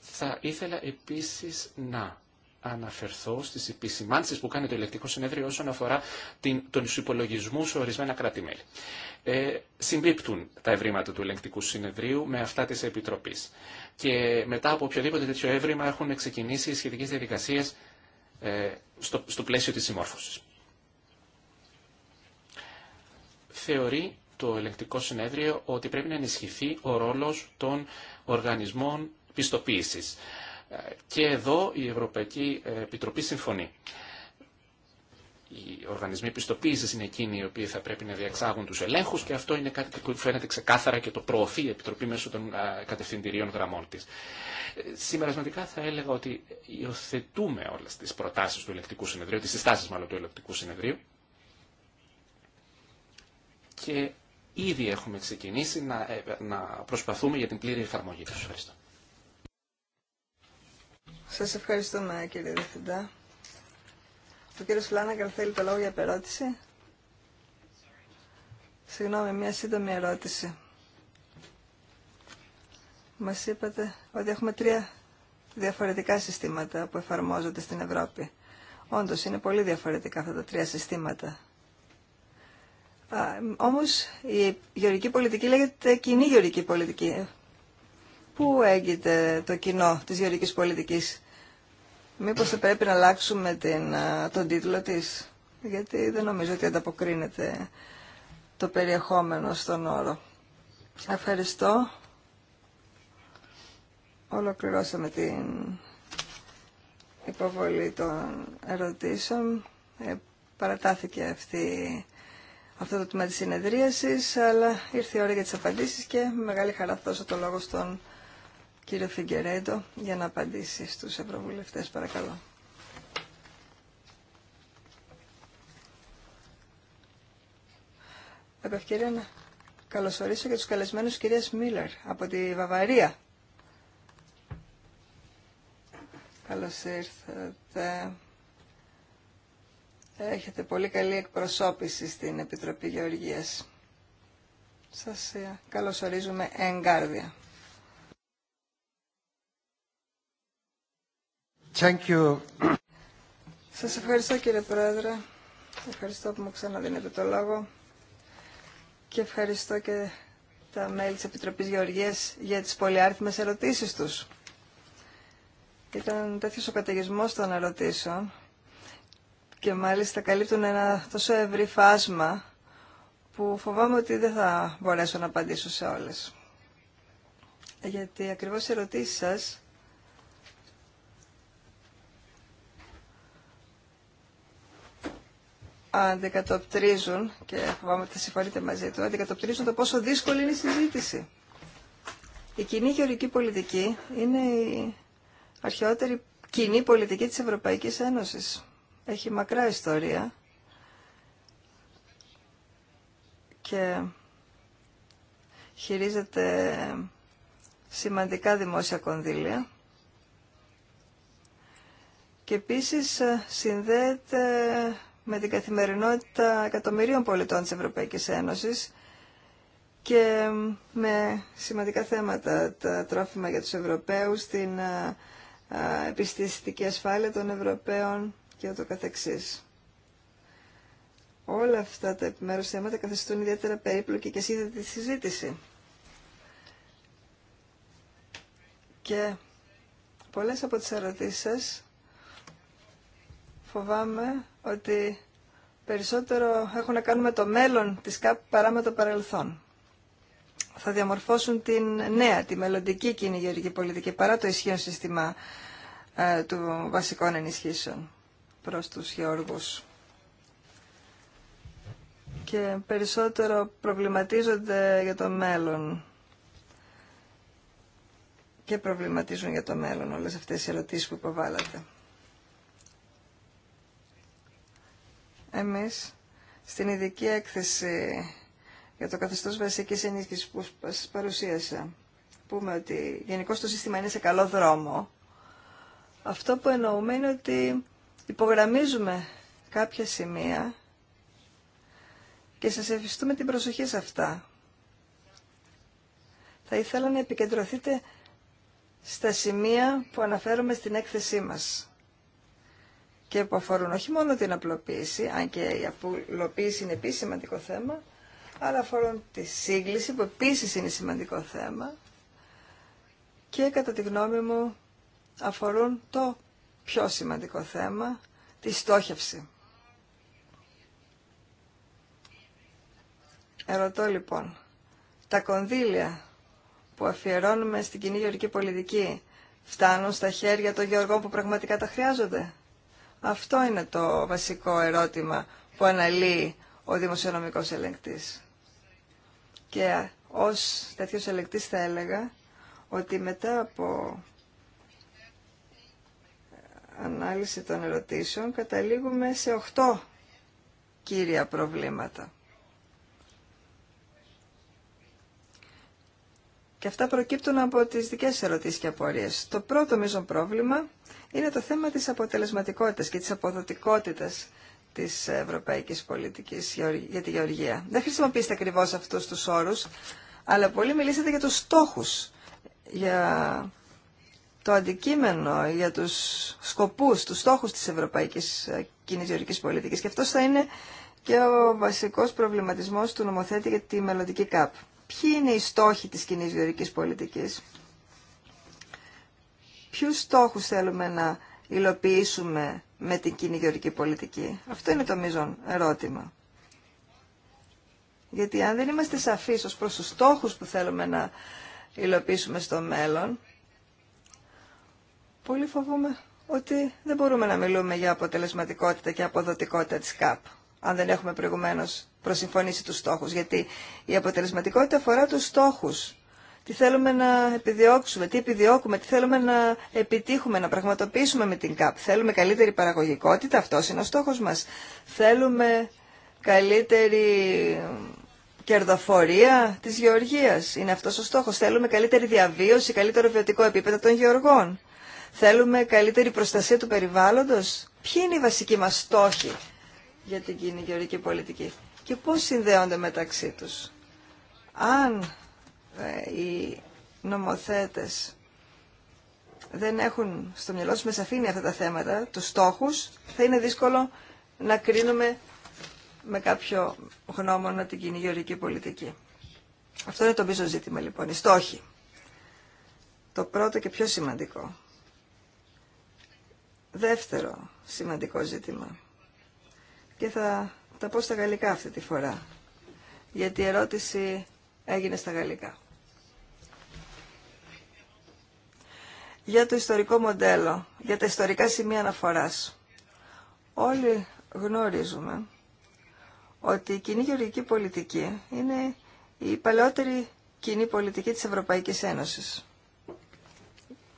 Θα ήθελα επίσης να αναφερθώ στις επισημάνσεις που κάνει το Ελεκτικό συνέδριο όσον αφορά την, τον υπολογισμού σε ορισμένα κράτη-μέλη. Ε, συμπίπτουν τα ευρήματα του Ελεκτικού συνεδρίου με αυτά τη επιτροπή. Και μετά από οποιοδήποτε τέτοιο εύρημα έχουν ξεκινήσει οι σχετικές διαδικασίε ε, στο, στο πλαίσιο της συμμόρφωση. Θεωρεί το Ελεκτικό συνέδριο ότι πρέπει να ενισχυθεί ο ρόλος των οργανισμών πιστοποίησης. Και εδώ η Ευρωπαϊκή Επιτροπή συμφωνεί. Οι οργανισμοί πιστοποίηση είναι εκείνοι οι οποίοι θα πρέπει να διεξάγουν του ελέγχου και αυτό είναι κάτι που φαίνεται ξεκάθαρα και το προωθεί η Επιτροπή μέσω των κατευθυντηρίων γραμμών τη. Ε, Σημερασματικά θα έλεγα ότι υιοθετούμε όλε τι προτάσει του ελεκτικού συνεδρίου, τι συστάσει μάλλον του ελεκτικού συνεδρίου και ήδη έχουμε ξεκινήσει να, ε, να προσπαθούμε για την πλήρη εφαρμογή του. Ευχαριστώ. Σας ευχαριστούμε κύριε Διευθυντά. Ο κύριος Φλάναγκαλ θέλει το λόγο για περώτηση. Συγγνώμη, μια σύντομη ερώτηση. Μας είπατε ότι έχουμε τρία διαφορετικά συστήματα που εφαρμόζονται στην Ευρώπη. Όντως, είναι πολύ διαφορετικά αυτά τα τρία συστήματα. Α, όμως, η γεωρική πολιτική λέγεται κοινή γεωρική πολιτική πού έγινε το κοινό της γεωργικής πολιτικής. Μήπως θα πρέπει να αλλάξουμε την, τον τίτλο της, γιατί δεν νομίζω ότι ανταποκρίνεται το περιεχόμενο στον όρο. Ευχαριστώ. Ολοκληρώσαμε την υποβολή των ερωτήσεων. Ε, παρατάθηκε αυτή, αυτό το τμήμα της συνεδρίασης, αλλά ήρθε η ώρα για τις απαντήσεις και με μεγάλη χαρά θα δώσω το λόγο στον κύριο Φιγκερέντο για να απαντήσει στους ευρωβουλευτές, παρακαλώ. Επ' ευκαιρία να καλωσορίσω και τους καλεσμένους κυρίας Μίλλερ από τη Βαβαρία. Καλώς ήρθατε. Έχετε πολύ καλή εκπροσώπηση στην Επιτροπή Γεωργίας. Σας ε, καλωσορίζουμε εγκάρδια. Thank Σας ευχαριστώ κύριε Πρόεδρε. Ευχαριστώ που μου ξαναδίνετε το λόγο. Και ευχαριστώ και τα μέλη της Επιτροπής Γεωργίας για τις πολυάριθμες ερωτήσεις τους. Ήταν τέτοιος ο καταιγισμός των ερωτήσεων και μάλιστα καλύπτουν ένα τόσο ευρύ φάσμα που φοβάμαι ότι δεν θα μπορέσω να απαντήσω σε όλες. Γιατί ακριβώς οι ερωτήσεις σας αντικατοπτρίζουν, και φοβάμαι ότι θα συμφωνείτε μαζί του, αντικατοπτρίζουν το πόσο δύσκολη είναι η συζήτηση. Η κοινή γεωρική πολιτική είναι η αρχαιότερη κοινή πολιτική της Ευρωπαϊκής Ένωσης. Έχει μακρά ιστορία και χειρίζεται σημαντικά δημόσια κονδύλια και επίσης ε, συνδέεται με την καθημερινότητα εκατομμυρίων πολιτών της Ευρωπαϊκής Ένωσης και με σημαντικά θέματα τα τρόφιμα για τους Ευρωπαίους, την επιστηστική ασφάλεια των Ευρωπαίων και ούτω καθεξής. Όλα αυτά τα επιμέρους θέματα καθιστούν ιδιαίτερα περίπλοκη και σύνδετη συζήτηση. Και πολλές από τις ερωτήσεις σας φοβάμαι ότι περισσότερο έχουν να κάνουν με το μέλλον της ΚΑΠ παρά με το παρελθόν. Θα διαμορφώσουν την νέα, τη μελλοντική κοινή γεωργική πολιτική παρά το ισχύον σύστημα ε, του βασικών ενισχύσεων προς τους γεωργούς. Και περισσότερο προβληματίζονται για το μέλλον και προβληματίζουν για το μέλλον όλες αυτές οι ερωτήσεις που υποβάλλατε. Εμείς στην ειδική έκθεση για το καθεστώς βασικής ενίσχυσης που σας παρουσίασα, πούμε ότι γενικώ το σύστημα είναι σε καλό δρόμο, αυτό που εννοούμε είναι ότι υπογραμμίζουμε κάποια σημεία και σας ευχηστούμε την προσοχή σε αυτά. Θα ήθελα να επικεντρωθείτε στα σημεία που αναφέρομαι στην έκθεσή μας και που αφορούν όχι μόνο την απλοποίηση, αν και η απλοποίηση είναι επίσης σημαντικό θέμα, αλλά αφορούν τη σύγκληση που επίσης είναι σημαντικό θέμα και κατά τη γνώμη μου αφορούν το πιο σημαντικό θέμα, τη στόχευση. Ερωτώ λοιπόν, τα κονδύλια που αφιερώνουμε στην κοινή γεωργική πολιτική φτάνουν στα χέρια των γεωργών που πραγματικά τα χρειάζονται. Αυτό είναι το βασικό ερώτημα που αναλύει ο δημοσιονομικός ελεγκτής. Και ως τέτοιος ελεγκτής θα έλεγα ότι μετά από ανάλυση των ερωτήσεων καταλήγουμε σε 8 κύρια προβλήματα. Και αυτά προκύπτουν από τις δικές ερωτήσεις και απορίες. Το πρώτο μείζον πρόβλημα είναι το θέμα της αποτελεσματικότητας και της αποδοτικότητας της ευρωπαϊκής πολιτικής για τη γεωργία. Δεν χρησιμοποιήσετε ακριβώ αυτούς τους όρους, αλλά πολύ μιλήσατε για τους στόχους, για το αντικείμενο, για τους σκοπούς, τους στόχους της ευρωπαϊκής ε, κοινής γεωργικής πολιτικής. Και αυτός θα είναι και ο βασικός προβληματισμός του νομοθέτη για τη μελλοντική ΚΑΠ. Ποιοι είναι οι στόχοι της κοινή γεωργικής πολιτικής ποιους στόχους θέλουμε να υλοποιήσουμε με την κοινή πολιτική. Αυτό είναι το μείζον ερώτημα. Γιατί αν δεν είμαστε σαφείς ως προς τους στόχους που θέλουμε να υλοποιήσουμε στο μέλλον, πολύ φοβούμε ότι δεν μπορούμε να μιλούμε για αποτελεσματικότητα και αποδοτικότητα της ΚΑΠ, αν δεν έχουμε προηγουμένως προσυμφωνήσει τους στόχους. Γιατί η αποτελεσματικότητα αφορά τους στόχους τι θέλουμε να επιδιώξουμε, τι επιδιώκουμε, τι θέλουμε να επιτύχουμε, να πραγματοποιήσουμε με την ΚΑΠ. Θέλουμε καλύτερη παραγωγικότητα, αυτό είναι ο στόχος μας. Θέλουμε καλύτερη κερδοφορία της γεωργίας, είναι αυτός ο στόχος. Θέλουμε καλύτερη διαβίωση, καλύτερο βιωτικό επίπεδο των γεωργών. Θέλουμε καλύτερη προστασία του περιβάλλοντος. Ποιοι είναι οι βασικοί μας στόχοι για την κοινή γεωργική πολιτική και πώς συνδέονται μεταξύ τους. Αν ε, οι νομοθέτες δεν έχουν στο μυαλό τους με αυτά τα θέματα, τους στόχους, θα είναι δύσκολο να κρίνουμε με κάποιο γνώμονα την κοινή πολιτική. Αυτό είναι το πίσω ζήτημα λοιπόν, οι στόχοι. Το πρώτο και πιο σημαντικό. Δεύτερο σημαντικό ζήτημα. Και θα τα πω στα γαλλικά αυτή τη φορά. Γιατί η ερώτηση έγινε στα γαλλικά. Για το ιστορικό μοντέλο, για τα ιστορικά σημεία αναφοράς. Όλοι γνωρίζουμε ότι η κοινή γεωργική πολιτική είναι η παλαιότερη κοινή πολιτική της Ευρωπαϊκής Ένωσης.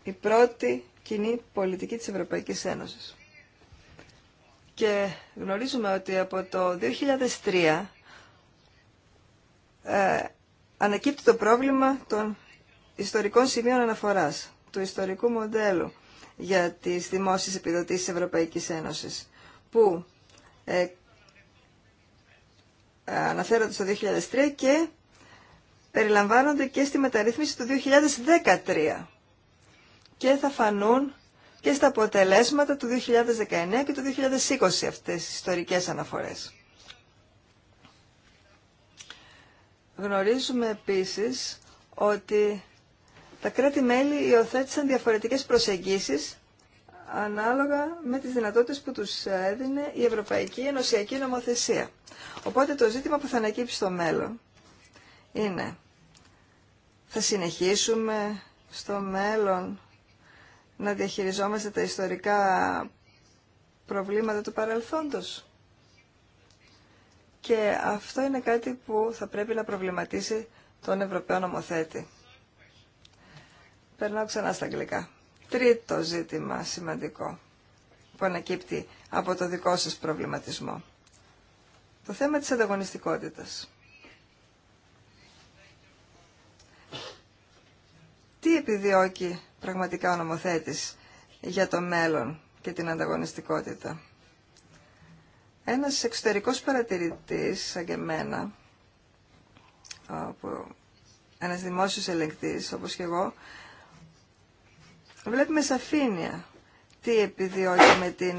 Η πρώτη κοινή πολιτική της Ευρωπαϊκής Ένωσης. Και γνωρίζουμε ότι από το 2003 ανακύπτει το πρόβλημα των ιστορικών σημείων αναφοράς, του ιστορικού μοντέλου για τις δημόσιες επιδοτήσεις Ευρωπαϊκής Ένωσης, που ε, αναφέρονται στο 2003 και περιλαμβάνονται και στη μεταρρύθμιση του 2013 και θα φανούν και στα αποτελέσματα του 2019 και του 2020 αυτές οι ιστορικές αναφορές. Γνωρίζουμε επίσης ότι τα κράτη-μέλη υιοθέτησαν διαφορετικές προσεγγίσεις ανάλογα με τις δυνατότητες που τους έδινε η Ευρωπαϊκή Ενωσιακή Νομοθεσία. Οπότε το ζήτημα που θα ανακύψει στο μέλλον είναι θα συνεχίσουμε στο μέλλον να διαχειριζόμαστε τα ιστορικά προβλήματα του παρελθόντος. Και αυτό είναι κάτι που θα πρέπει να προβληματίσει τον Ευρωπαίο νομοθέτη. Περνάω ξανά στα αγγλικά. Τρίτο ζήτημα σημαντικό που ανακύπτει από το δικό σας προβληματισμό. Το θέμα της ανταγωνιστικότητας. Τι επιδιώκει πραγματικά ο νομοθέτης για το μέλλον και την ανταγωνιστικότητα. Ένας εξωτερικός παρατηρητής, σαν και εμένα, ένας δημόσιος ελεγκτής, όπως και εγώ, βλέπει με σαφήνεια τι επιδιώκει με την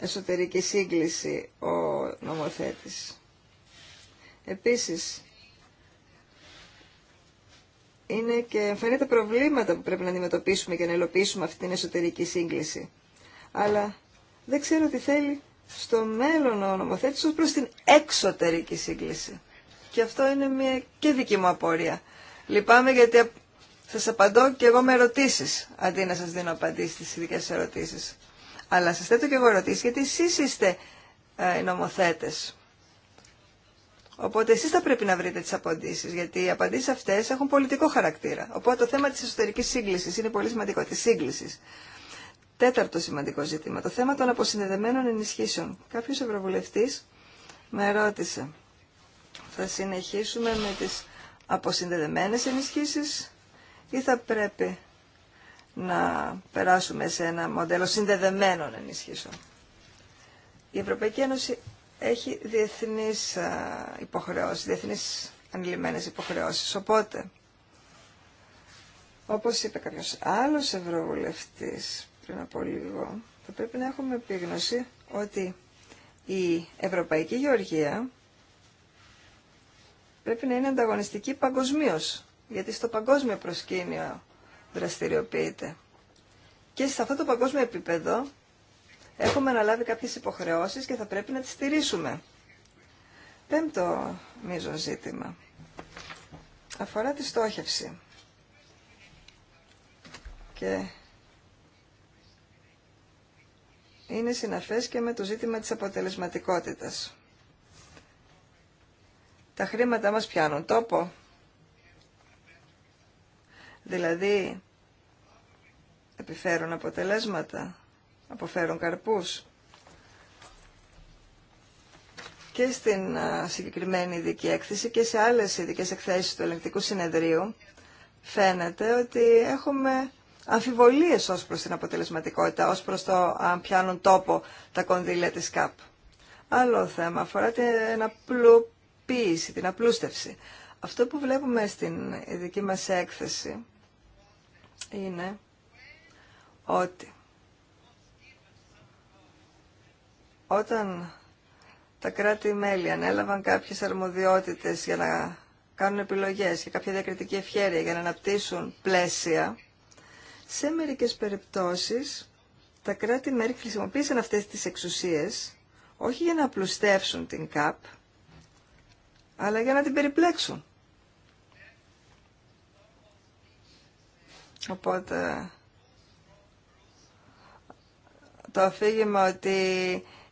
εσωτερική σύγκληση ο νομοθέτης. Επίσης, είναι και φαίνεται προβλήματα που πρέπει να αντιμετωπίσουμε και να υλοποιήσουμε αυτή την εσωτερική σύγκληση. Αλλά δεν ξέρω τι θέλει στο μέλλον ο νομοθέτης ως προς την εξωτερική σύγκληση. Και αυτό είναι μια και δική μου απορία. Λυπάμαι γιατί σας απαντώ και εγώ με ερωτήσεις, αντί να σας δίνω απαντήσεις στις ειδικές σας ερωτήσεις. Αλλά σας θέτω και εγώ ερωτήσεις, γιατί εσείς είστε ε, οι νομοθέτες. Οπότε εσείς θα πρέπει να βρείτε τις απαντήσεις, γιατί οι απαντήσεις αυτές έχουν πολιτικό χαρακτήρα. Οπότε το θέμα της εσωτερικής σύγκλησης είναι πολύ σημαντικό, της σύγκλησης. Τέταρτο σημαντικό ζήτημα, το θέμα των αποσυνδεδεμένων ενισχύσεων. Κάποιος ευρωβουλευτής με ρώτησε, θα συνεχίσουμε με τις αποσυνδεδεμένες ενισχύσεις ή θα πρέπει να περάσουμε σε ένα μοντέλο συνδεδεμένων ενισχύσεων. Η Ευρωπαϊκή Ένωση έχει διεθνείς υποχρεώσεις, διεθνείς ανηλυμένες υποχρεώσεις. Οπότε, όπως είπε κάποιος άλλος ευρωβουλευτής, πριν από λίγο, θα πρέπει να έχουμε επίγνωση ότι η Ευρωπαϊκή Γεωργία πρέπει να είναι ανταγωνιστική παγκοσμίω, γιατί στο παγκόσμιο προσκήνιο δραστηριοποιείται. Και σε αυτό το παγκόσμιο επίπεδο έχουμε αναλάβει κάποιες υποχρεώσεις και θα πρέπει να τις στηρίσουμε. Πέμπτο μείζον ζήτημα αφορά τη στόχευση. Και είναι συναφές και με το ζήτημα της αποτελεσματικότητας. Τα χρήματα μας πιάνουν τόπο. Δηλαδή, επιφέρουν αποτελέσματα, αποφέρουν καρπούς. Και στην συγκεκριμένη ειδική έκθεση και σε άλλες ειδικές εκθέσεις του ελεγκτικού συνεδρίου φαίνεται ότι έχουμε αμφιβολίες ως προς την αποτελεσματικότητα, ως προς το αν πιάνουν τόπο τα κονδύλια της ΚΑΠ. Άλλο θέμα αφορά την απλοποίηση, την απλούστευση. Αυτό που βλέπουμε στην ειδική μας έκθεση είναι ότι όταν τα κράτη-μέλη ανέλαβαν κάποιες αρμοδιότητες για να κάνουν επιλογές και κάποια διακριτική ευχέρεια για να αναπτύσσουν πλαίσια, σε μερικές περιπτώσεις τα κράτη-μέρη χρησιμοποίησαν αυτές τις εξουσίες όχι για να απλουστεύσουν την ΚΑΠ, αλλά για να την περιπλέξουν. Οπότε το αφήγημα ότι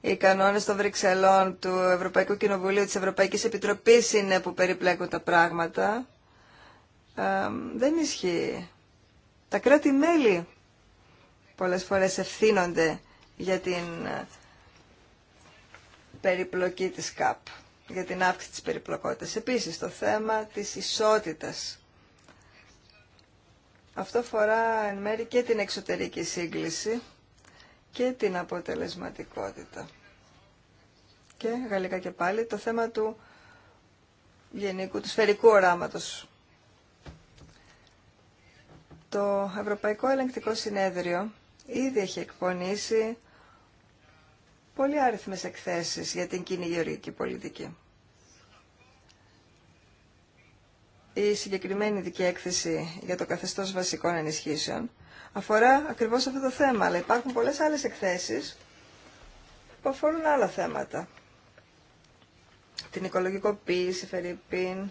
οι κανόνες των Βρυξελών του Ευρωπαϊκού Κοινοβουλίου της Ευρωπαϊκής Επιτροπής είναι που περιπλέκουν τα πράγματα, ε, δεν ισχύει. Τα κράτη-μέλη πολλές φορές ευθύνονται για την ε, περιπλοκή της ΚΑΠ, για την αύξηση της περιπλοκότητας. Επίσης, το θέμα της ισότητας. Αυτό φορά εν μέρη και την εξωτερική σύγκληση και την αποτελεσματικότητα. Και γαλλικά και πάλι το θέμα του γενικού, του σφαιρικού οράματος το Ευρωπαϊκό Ελεγκτικό Συνέδριο ήδη έχει εκπονήσει πολύ άριθμες εκθέσεις για την κοινή γεωργική πολιτική. Η συγκεκριμένη δική έκθεση για το καθεστώς βασικών ενισχύσεων αφορά ακριβώς αυτό το θέμα, αλλά υπάρχουν πολλές άλλες εκθέσεις που αφορούν άλλα θέματα. Την οικολογικοποίηση, Φερρυπίν,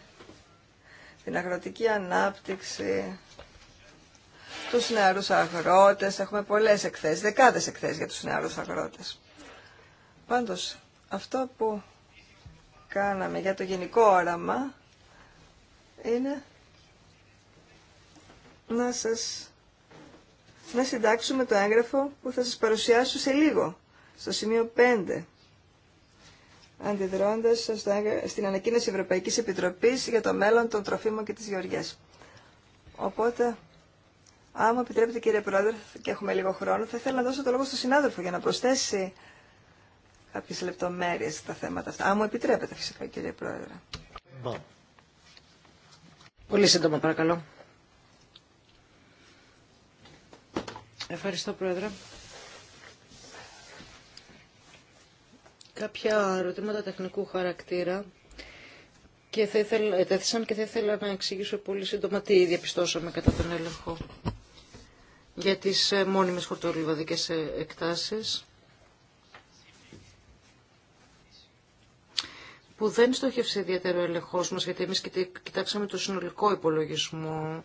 την αγροτική ανάπτυξη, τους νεαρούς αγρότες, έχουμε πολλές εκθέσεις, δεκάδες εκθέσεις για τους νεαρούς αγρότες. Πάντως, αυτό που κάναμε για το γενικό όραμα είναι να σας να συντάξουμε το έγγραφο που θα σας παρουσιάσω σε λίγο, στο σημείο 5 αντιδρώντας στην ανακοίνωση Ευρωπαϊκής Επιτροπής για το μέλλον των τροφίμων και της γεωργίας. Οπότε αν μου επιτρέπετε κύριε Πρόεδρε και έχουμε λίγο χρόνο, θα ήθελα να δώσω το λόγο στον συνάδελφο για να προσθέσει κάποιες λεπτομέρειες στα θέματα αυτά. Αν μου επιτρέπετε φυσικά κύριε Πρόεδρε. Πολύ σύντομα παρακαλώ. Ευχαριστώ Πρόεδρε. Κάποια ερωτήματα τεχνικού χαρακτήρα και θα ήθελα, και θα ήθελα να εξηγήσω πολύ σύντομα τι διαπιστώσαμε κατά τον έλεγχο για τις ε, μόνιμες χορτολιβαδικές ε, εκτάσεις που δεν στοχεύσε ιδιαίτερο ελεγχός μας γιατί εμείς κοιτάξαμε το συνολικό υπολογισμό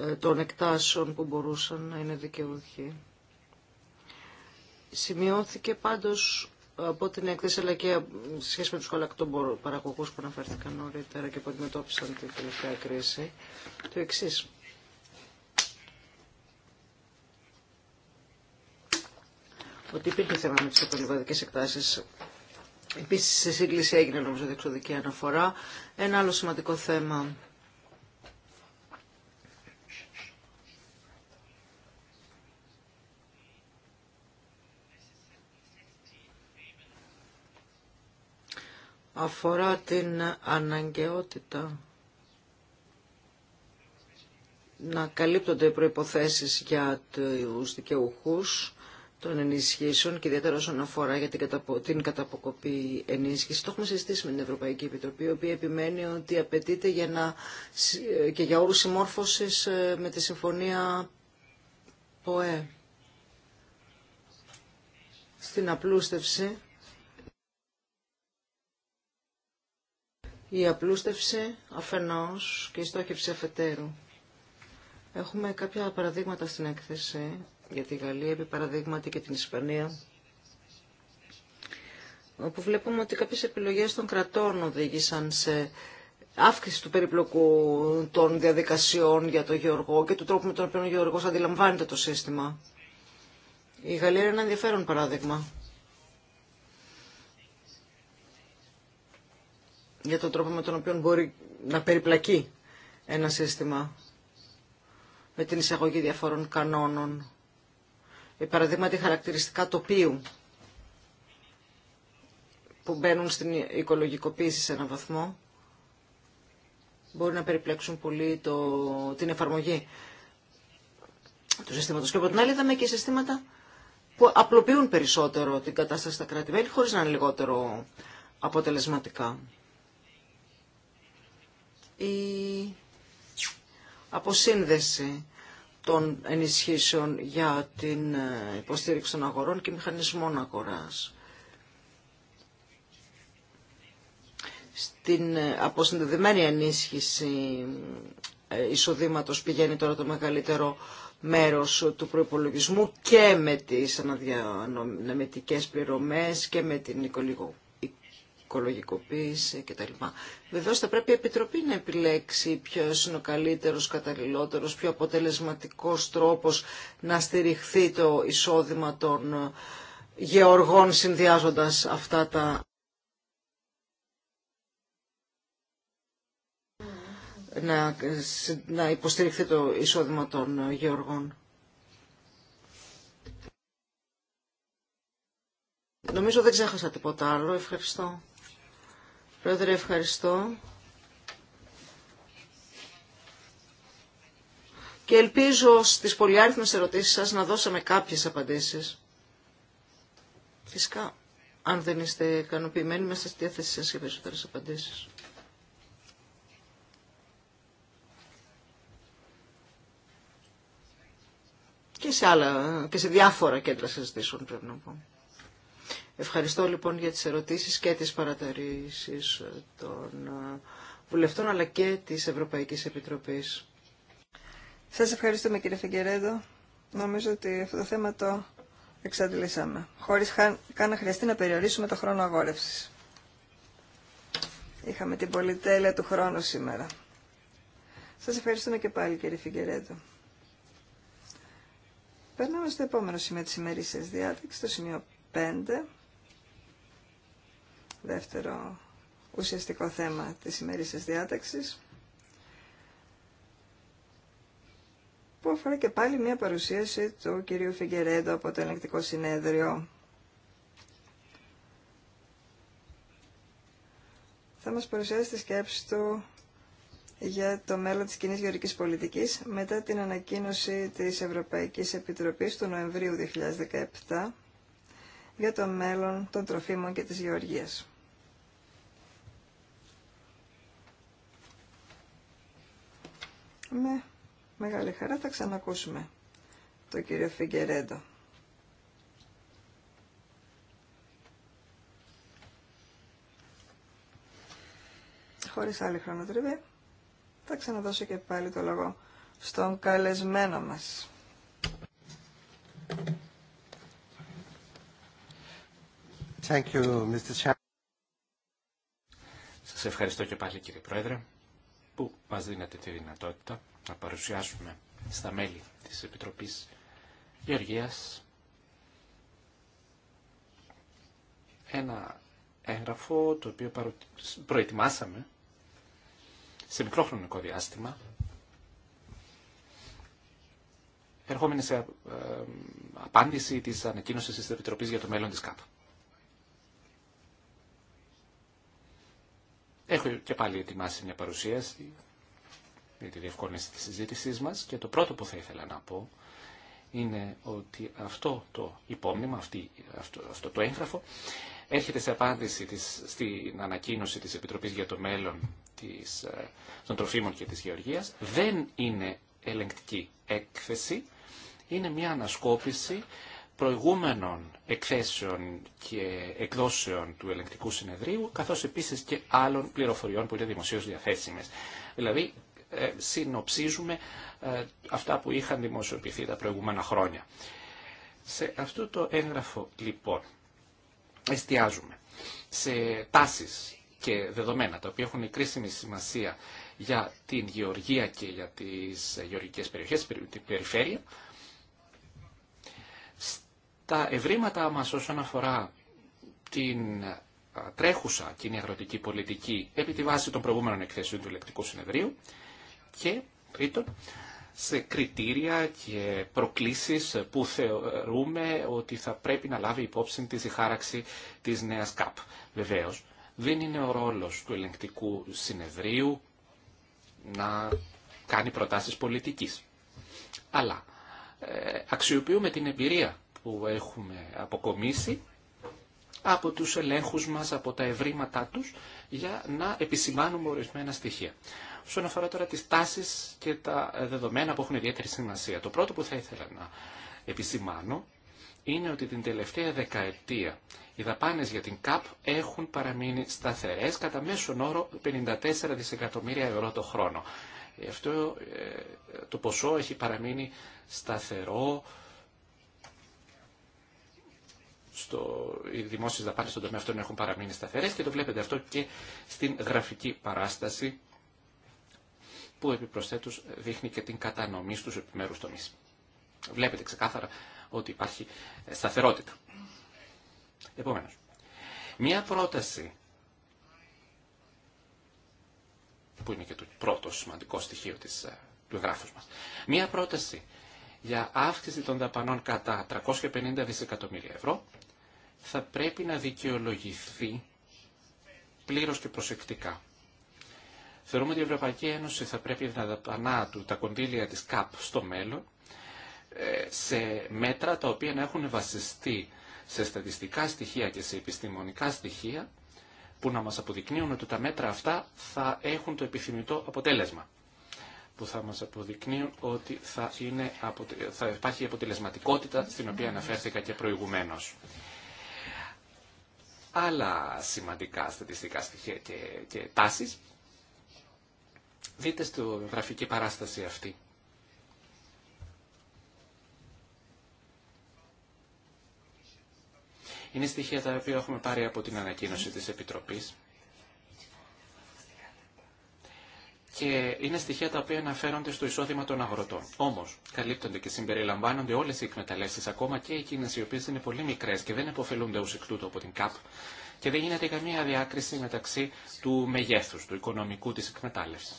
ε, των εκτάσεων που μπορούσαν να είναι δικαιούχοι. Σημειώθηκε πάντως από την έκθεση αλλά και σε σχέση με τους χαλακτών παραγωγούς που αναφέρθηκαν νωρίτερα και που αντιμετώπισαν την τελευταία κρίση το εξής. ότι υπήρχε θέμα με τι επαγγελματικέ εκτάσει. Επίση, σε σύγκληση έγινε νομίζω διεξοδική αναφορά. Ένα άλλο σημαντικό θέμα αφορά την αναγκαιότητα να καλύπτονται οι προϋποθέσεις για τους δικαιούχους των ενισχύσεων και ιδιαίτερα όσον αφορά για την, καταπο, την καταποκοπή ενίσχυση. Το έχουμε συζητήσει με την Ευρωπαϊκή Επιτροπή, η οποία επιμένει ότι απαιτείται για να, και για όρους συμμόρφωσης ε, με τη Συμφωνία ΠΟΕ. Στην απλούστευση, η απλούστευση αφενός και η στόχευση αφετέρου. Έχουμε κάποια παραδείγματα στην έκθεση για τη Γαλλία, επί παραδείγματι και την Ισπανία, όπου βλέπουμε ότι κάποιες επιλογές των κρατών οδήγησαν σε αύξηση του περιπλοκού των διαδικασιών για τον Γεωργό και του τρόπου με τον οποίο ο Γεωργός αντιλαμβάνεται το σύστημα. Η Γαλλία είναι ένα ενδιαφέρον παράδειγμα. για τον τρόπο με τον οποίο μπορεί να περιπλακεί ένα σύστημα με την εισαγωγή διαφόρων κανόνων ε, παραδείγματι χαρακτηριστικά τοπίου που μπαίνουν στην οικολογικοποίηση σε έναν βαθμό μπορεί να περιπλέξουν πολύ το, την εφαρμογή του συστήματος. Και από την άλλη είδαμε και συστήματα που απλοποιούν περισσότερο την κατάσταση στα κράτη-μέλη χωρίς να είναι λιγότερο αποτελεσματικά. Η αποσύνδεση των ενισχύσεων για την ε, υποστήριξη των αγορών και μηχανισμών αγοράς. Στην ε, αποσυνδεδεμένη ενίσχυση ε, εισοδήματος πηγαίνει τώρα το μεγαλύτερο μέρος του προϋπολογισμού και με τις αναδιανομητικές πληρωμές και με την οικολογική οικολογικοποίηση κτλ. Βεβαίω θα πρέπει η Επιτροπή να επιλέξει ποιος είναι ο καλύτερος, καταλληλότερος, πιο αποτελεσματικός τρόπος να στηριχθεί το εισόδημα των γεωργών συνδυάζοντα αυτά τα... Να, να υποστηριχθεί το εισόδημα των γεωργών. Νομίζω δεν ξέχασα τίποτα άλλο. Ευχαριστώ. Πρόεδρε, ευχαριστώ. Και ελπίζω στις πολυάριθμες ερωτήσεις σας να δώσαμε κάποιες απαντήσεις. Φυσικά, αν δεν είστε ικανοποιημένοι, μέσα στη διάθεσή σας για περισσότερες απαντήσεις. Και σε, άλλα, και σε διάφορα κέντρα συζητήσεων πρέπει να πω. Ευχαριστώ λοιπόν για τις ερωτήσεις και τις παρατηρήσεις των ε, βουλευτών αλλά και της Ευρωπαϊκής Επιτροπής. Σας ευχαριστούμε κύριε Φιγκερέντο. Νομίζω ότι αυτό το θέμα το εξαντλήσαμε. Χωρίς καν να χρειαστεί να περιορίσουμε το χρόνο αγόρευσης. Είχαμε την πολυτέλεια του χρόνου σήμερα. Σας ευχαριστούμε και πάλι κύριε Φιγκερέντο. Περνάμε στο επόμενο σημείο της ημερήσιας διάταξης, το σημείο 5 δεύτερο ουσιαστικό θέμα της σημερινής διάταξης που αφορά και πάλι μια παρουσίαση του κυρίου Φιγκερέντο από το Ελεκτικό Συνέδριο. Θα μας παρουσιάσει τη σκέψη του για το μέλλον της κοινή γεωρικής πολιτικής μετά την ανακοίνωση της Ευρωπαϊκής Επιτροπής του Νοεμβρίου 2017 για το μέλλον των τροφίμων και της γεωργίας. με μεγάλη χαρά θα ξανακούσουμε τον κύριο Φιγκερέντο. Χωρίς άλλη χρονοτριβή, θα ξαναδώσω και πάλι το λόγο στον καλεσμένο μας. Thank you, Mr. Σας ευχαριστώ και πάλι κύριε Πρόεδρε που μας δίνεται τη δυνατότητα να παρουσιάσουμε στα μέλη της Επιτροπής Γεωργίας ένα έγγραφο το οποίο προετοιμάσαμε σε μικρόχρονικό διάστημα ερχόμενη σε ε, απάντηση της ανακοίνωσης της Επιτροπής για το μέλλον της ΚΑΠΑ. Έχω και πάλι ετοιμάσει μια παρουσίαση για τη διευκόλυνση της συζήτησής μας και το πρώτο που θα ήθελα να πω είναι ότι αυτό το υπόμνημα, αυτή, αυτό, το έγγραφο έρχεται σε απάντηση της, στην ανακοίνωση της Επιτροπής για το Μέλλον της, ε, των Τροφίμων και της Γεωργίας. Δεν είναι ελεγκτική έκθεση, είναι μια ανασκόπηση προηγούμενων εκθέσεων και εκδόσεων του ελεγκτικού συνεδρίου, καθώς επίσης και άλλων πληροφοριών που είναι δημοσίως διαθέσιμες. Δηλαδή, ε, συνοψίζουμε ε, αυτά που είχαν δημοσιοποιηθεί τα προηγούμενα χρόνια. Σε αυτό το έγγραφο, λοιπόν, εστιάζουμε σε τάσεις και δεδομένα, τα οποία έχουν κρίσιμη σημασία για την γεωργία και για τις γεωργικές περιοχές, την περιφέρεια, τα ευρήματά μας όσον αφορά την τρέχουσα κοινή αγροτική πολιτική επί τη βάση των προηγούμενων εκθέσεων του Ελεκτικού Συνεδρίου και τρίτον σε κριτήρια και προκλήσεις που θεωρούμε ότι θα πρέπει να λάβει υπόψη τη χάραξη της νέας ΚΑΠ. Βεβαίως, δεν είναι ο ρόλος του Ελεκτικού συνεδρίου να κάνει προτάσεις πολιτικής. Αλλά ε, αξιοποιούμε την εμπειρία που έχουμε αποκομίσει από τους ελέγχους μας, από τα ευρήματά τους, για να επισημάνουμε ορισμένα στοιχεία. Όσον αφορά τώρα τις τάσεις και τα δεδομένα που έχουν ιδιαίτερη σημασία. Το πρώτο που θα ήθελα να επισημάνω είναι ότι την τελευταία δεκαετία οι δαπάνες για την ΚΑΠ έχουν παραμείνει σταθερές κατά μέσον όρο 54 δισεκατομμύρια ευρώ το χρόνο. Αυτό ε, το ποσό έχει παραμείνει σταθερό στο, οι δημόσιε δαπάνε στον τομέα αυτών έχουν παραμείνει σταθερέ και το βλέπετε αυτό και στην γραφική παράσταση που επιπροσθέτω δείχνει και την κατανομή στου επιμέρου τομεί. Βλέπετε ξεκάθαρα ότι υπάρχει σταθερότητα. Επομένω, μία πρόταση που είναι και το πρώτο σημαντικό στοιχείο της, ε, του εγγράφου μα, Μία πρόταση για αύξηση των δαπανών κατά 350 δισεκατομμύρια ευρώ θα πρέπει να δικαιολογηθεί πλήρως και προσεκτικά. Θεωρούμε ότι η Ευρωπαϊκή Ένωση θα πρέπει να δαπανά του τα κονδύλια της ΚΑΠ στο μέλλον ε, σε μέτρα τα οποία να έχουν βασιστεί σε στατιστικά στοιχεία και σε επιστημονικά στοιχεία που να μας αποδεικνύουν ότι τα μέτρα αυτά θα έχουν το επιθυμητό αποτέλεσμα που θα μας αποδεικνύουν ότι θα, είναι, θα υπάρχει αποτελεσματικότητα στην οποία αναφέρθηκα και προηγουμένως άλλα σημαντικά στατιστικά στοιχεία και, και τάσεις. Δείτε στο γραφική παράσταση αυτή. Είναι στοιχεία τα οποία έχουμε πάρει από την ανακοίνωση της Επιτροπής και είναι στοιχεία τα οποία αναφέρονται στο εισόδημα των αγροτών. Όμω, καλύπτονται και συμπεριλαμβάνονται όλε οι εκμεταλλεύσει, ακόμα και εκείνε οι οποίε είναι πολύ μικρέ και δεν αποφελούνται ω εκ τούτου από την ΚΑΠ και δεν γίνεται καμία διάκριση μεταξύ του μεγέθου, του οικονομικού τη εκμετάλλευση.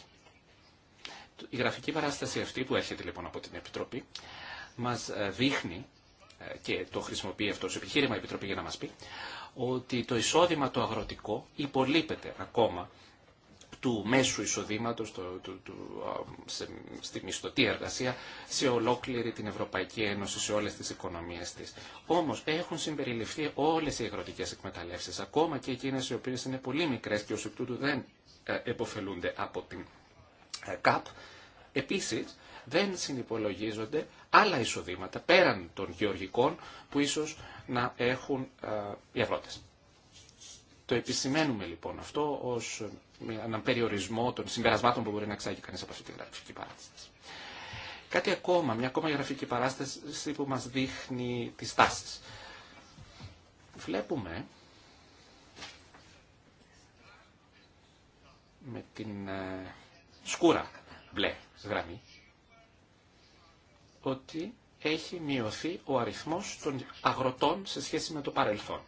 Η γραφική παράσταση αυτή που έρχεται λοιπόν από την Επιτροπή μα ε, δείχνει ε, και το χρησιμοποιεί αυτό το επιχείρημα η Επιτροπή για να μα πει ότι το εισόδημα το αγροτικό υπολείπεται ακόμα του μέσου εισοδήματο, στη μισθωτή εργασία σε ολόκληρη την Ευρωπαϊκή Ένωση, σε όλε τι οικονομίε τη. Όμω έχουν συμπεριληφθεί όλε οι αγροτικέ εκμεταλλεύσει, ακόμα και εκείνες οι οποίε είναι πολύ μικρέ και ω εκ τούτου δεν ε, εποφελούνται από την ε, ΚΑΠ. επίση δεν συνυπολογίζονται άλλα εισοδήματα πέραν των γεωργικών που ίσω να έχουν ε, οι αγρότες. Το επισημαίνουμε λοιπόν αυτό ως ε, έναν περιορισμό των συμπερασμάτων που μπορεί να εξάγει κανείς από αυτή τη γραφική παράσταση. Κάτι ακόμα, μια ακόμα γραφική παράσταση που μας δείχνει τις τάσεις. Βλέπουμε με την ε, σκούρα μπλε γραμμή ότι έχει μειωθεί ο αριθμός των αγροτών σε σχέση με το παρελθόν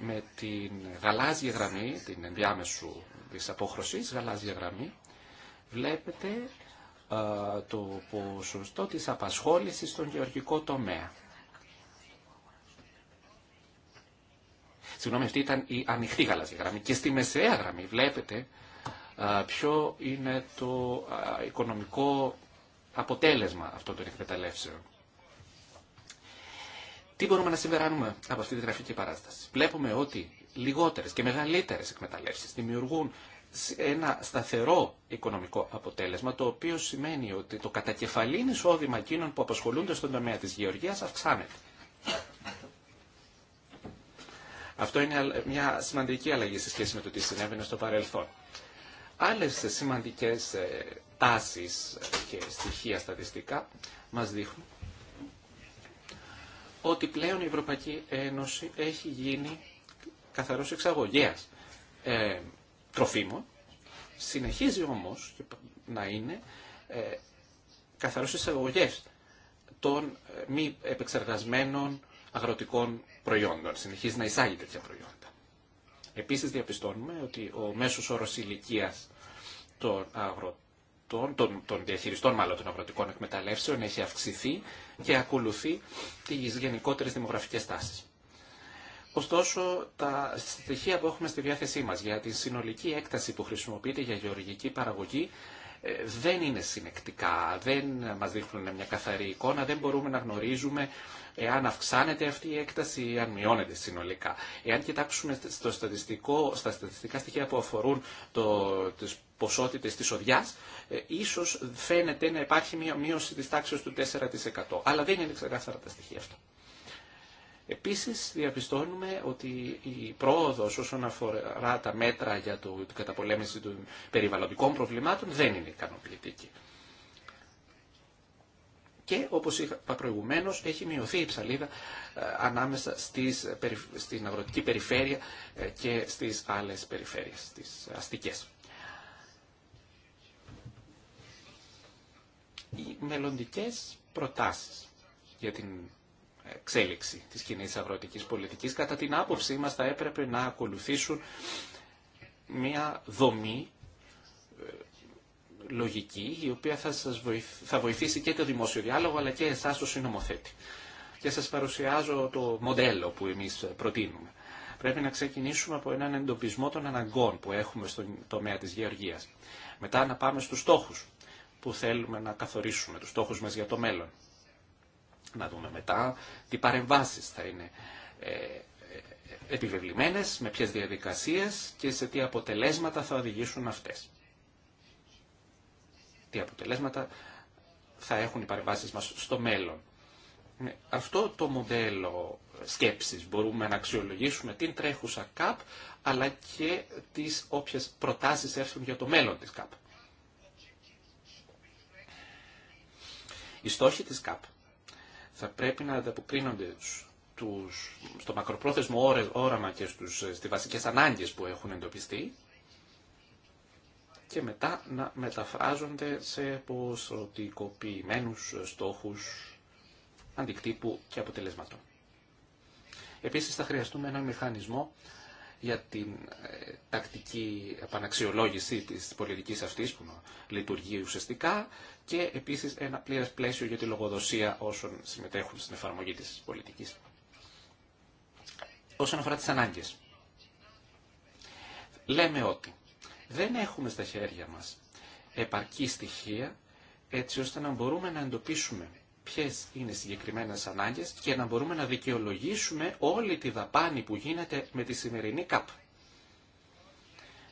με την γαλάζια γραμμή, την ενδιάμεσου της απόχρωσης, γαλάζια γραμμή, βλέπετε ε, το ποσοστό της απασχόλησης στον γεωργικό τομέα. Συγγνώμη, αυτή ήταν η ανοιχτή γαλάζια γραμμή. Και στη μεσαία γραμμή βλέπετε ε, ποιο είναι το ε, οικονομικό αποτέλεσμα αυτών των εκμεταλλεύσεων. Τι μπορούμε να συμπεράνουμε από αυτή τη γραφική παράσταση. Βλέπουμε ότι λιγότερες και μεγαλύτερες εκμεταλλεύσεις δημιουργούν ένα σταθερό οικονομικό αποτέλεσμα, το οποίο σημαίνει ότι το κατακεφαλήν εισόδημα εκείνων που απασχολούνται στον τομέα της γεωργίας αυξάνεται. Αυτό είναι μια σημαντική αλλαγή σε σχέση με το τι συνέβαινε στο παρελθόν. Άλλες σημαντικές ε, τάσεις ε, και στοιχεία στατιστικά μας δείχνουν ότι πλέον η Ευρωπαϊκή Ένωση έχει γίνει καθαρός εξαγωγέας ε, τροφίμων, συνεχίζει όμως να είναι ε, καθαρός εξαγωγές των ε, μη επεξεργασμένων αγροτικών προϊόντων. Συνεχίζει να εισάγει τέτοια προϊόντα. Επίσης διαπιστώνουμε ότι ο μέσος όρος ηλικίας των αγροτών αγροτών, των, των διαχειριστών μάλλον των αγροτικών εκμεταλλεύσεων έχει αυξηθεί και ακολουθεί τις γενικότερες δημογραφικές τάσεις. Ωστόσο, τα στοιχεία που έχουμε στη διάθεσή μας για τη συνολική έκταση που χρησιμοποιείται για γεωργική παραγωγή ε, δεν είναι συνεκτικά, δεν μας δείχνουν μια καθαρή εικόνα, δεν μπορούμε να γνωρίζουμε εάν αυξάνεται αυτή η έκταση ή αν μειώνεται συνολικά. Εάν κοιτάξουμε στο στατιστικό, στα στατιστικά στοιχεία που αφορούν το, ποσότητες της ε, ίσω φαίνεται να υπάρχει μια μείωση τη τάξη του 4%. Αλλά δεν είναι ξεκάθαρα τα στοιχεία αυτά. Επίσης διαπιστώνουμε ότι η πρόοδο όσον αφορά τα μέτρα για την καταπολέμηση των περιβαλλοντικών προβλημάτων δεν είναι ικανοποιητική. Και όπω είπα προηγουμένω, έχει μειωθεί η ψαλίδα ε, ανάμεσα στις, ε, στην αγροτική περιφέρεια ε, και στι άλλε περιφέρειε, στις αστικέ. οι μελλοντικές προτάσεις για την εξέλιξη της κοινή αγροτικής πολιτικής. Κατά την άποψή μας θα έπρεπε να ακολουθήσουν μια δομή ε, λογική η οποία θα, σας βοηθήσει, θα βοηθήσει και το δημόσιο διάλογο αλλά και εσάς το συνομοθέτη. Και σας παρουσιάζω το μοντέλο που εμείς προτείνουμε. Πρέπει να ξεκινήσουμε από έναν εντοπισμό των αναγκών που έχουμε στον τομέα της γεωργίας. Μετά να πάμε στους στόχους που θέλουμε να καθορίσουμε, τους στόχους μας για το μέλλον. Να δούμε μετά τι παρεμβάσεις θα είναι ε, ε, επιβεβλημένες, με ποιες διαδικασίες και σε τι αποτελέσματα θα οδηγήσουν αυτές. Τι αποτελέσματα θα έχουν οι παρεμβάσεις μας στο μέλλον. Ε, αυτό το μοντέλο σκέψης μπορούμε να αξιολογήσουμε την τρέχουσα ΚΑΠ αλλά και τις όποιες προτάσεις έρθουν για το μέλλον της ΚΑΠ. Οι στόχοι της ΚΑΠ θα πρέπει να ανταποκρίνονται τους, στο μακροπρόθεσμο όραμα και στους, ε, στις βασικές ανάγκες που έχουν εντοπιστεί και μετά να μεταφράζονται σε ποσοτικοποιημένους στόχους αντικτύπου και αποτελεσματών. Επίσης θα χρειαστούμε ένα μηχανισμό για την ε, τακτική επαναξιολόγηση της πολιτικής αυτής που λειτουργεί ουσιαστικά και επίσης ένα πλήρες πλαίσιο για τη λογοδοσία όσων συμμετέχουν στην εφαρμογή της πολιτικής. Όσον αφορά τις ανάγκες. Λέμε ότι δεν έχουμε στα χέρια μας επαρκή στοιχεία έτσι ώστε να μπορούμε να εντοπίσουμε Ποιε είναι συγκεκριμένε ανάγκε και να μπορούμε να δικαιολογήσουμε όλη τη δαπάνη που γίνεται με τη σημερινή ΚΑΠ.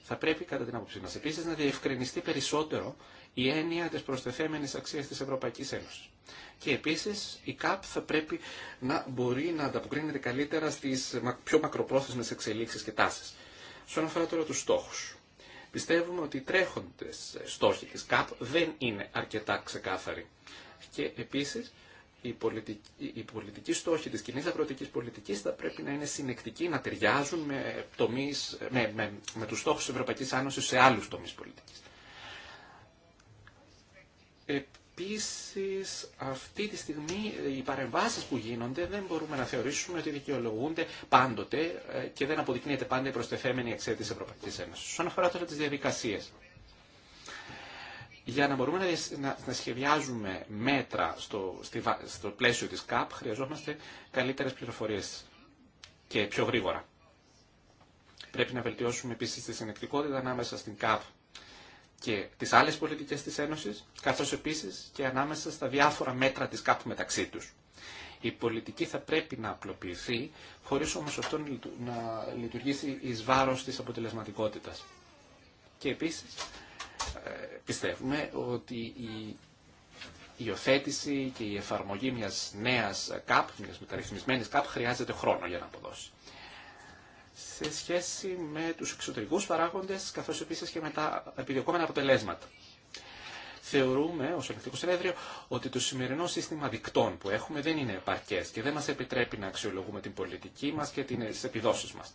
Θα πρέπει κατά την άποψή μα επίση να διευκρινιστεί περισσότερο η έννοια τη προστεθέμενη αξία τη Ευρωπαϊκή Ένωση. Και επίση, η ΚΑΠ θα πρέπει να μπορεί να ανταποκρίνεται καλύτερα στι πιο μακροπρόθεσμες εξελίξει και τάσει. Σε αφορά τώρα του στόχου. Πιστεύουμε ότι οι τρέχοντες στόχοι της ΚΑΠ δεν είναι αρκετά ξεκάθαροι και επίσης οι πολιτικοί, πολιτικοί στόχοι της κοινή αγροτικής πολιτικής θα πρέπει να είναι συνεκτικοί, να ταιριάζουν με, με, με, με τους στόχους της Ευρωπαϊκής Άνωσης σε άλλους τομείς πολιτικής. Επίσης, αυτή τη στιγμή ε, οι παρεμβάσεις που γίνονται δεν μπορούμε να θεωρήσουμε ότι δικαιολογούνται πάντοτε ε, και δεν αποδεικνύεται πάντα η προστεθέμενη εξαίτηση της Ευρωπαϊκής Ένωσης. Όσον αφορά τώρα τις διαδικασίες. Για να μπορούμε να σχεδιάζουμε μέτρα στο, στο πλαίσιο της ΚΑΠ χρειαζόμαστε καλύτερες πληροφορίες και πιο γρήγορα. Πρέπει να βελτιώσουμε επίσης τη συνεκτικότητα ανάμεσα στην ΚΑΠ και τις άλλες πολιτικές της Ένωσης, καθώς επίσης και ανάμεσα στα διάφορα μέτρα της ΚΑΠ μεταξύ τους. Η πολιτική θα πρέπει να απλοποιηθεί, χωρίς όμως αυτό να λειτουργήσει εις βάρος της αποτελεσματικότητας. Και επίσης ε, πιστεύουμε ότι η υιοθέτηση και η εφαρμογή μιας νέας ΚΑΠ, μιας μεταρρυθμισμένης ΚΑΠ, χρειάζεται χρόνο για να αποδώσει. Σε σχέση με τους εξωτερικούς παράγοντες, καθώς επίσης και με τα επιδιωκόμενα αποτελέσματα. Θεωρούμε ως ελεκτικό συνέδριο ότι το σημερινό σύστημα δικτών που έχουμε δεν είναι επαρκές και δεν μας επιτρέπει να αξιολογούμε την πολιτική μας και τις επιδόσεις μας.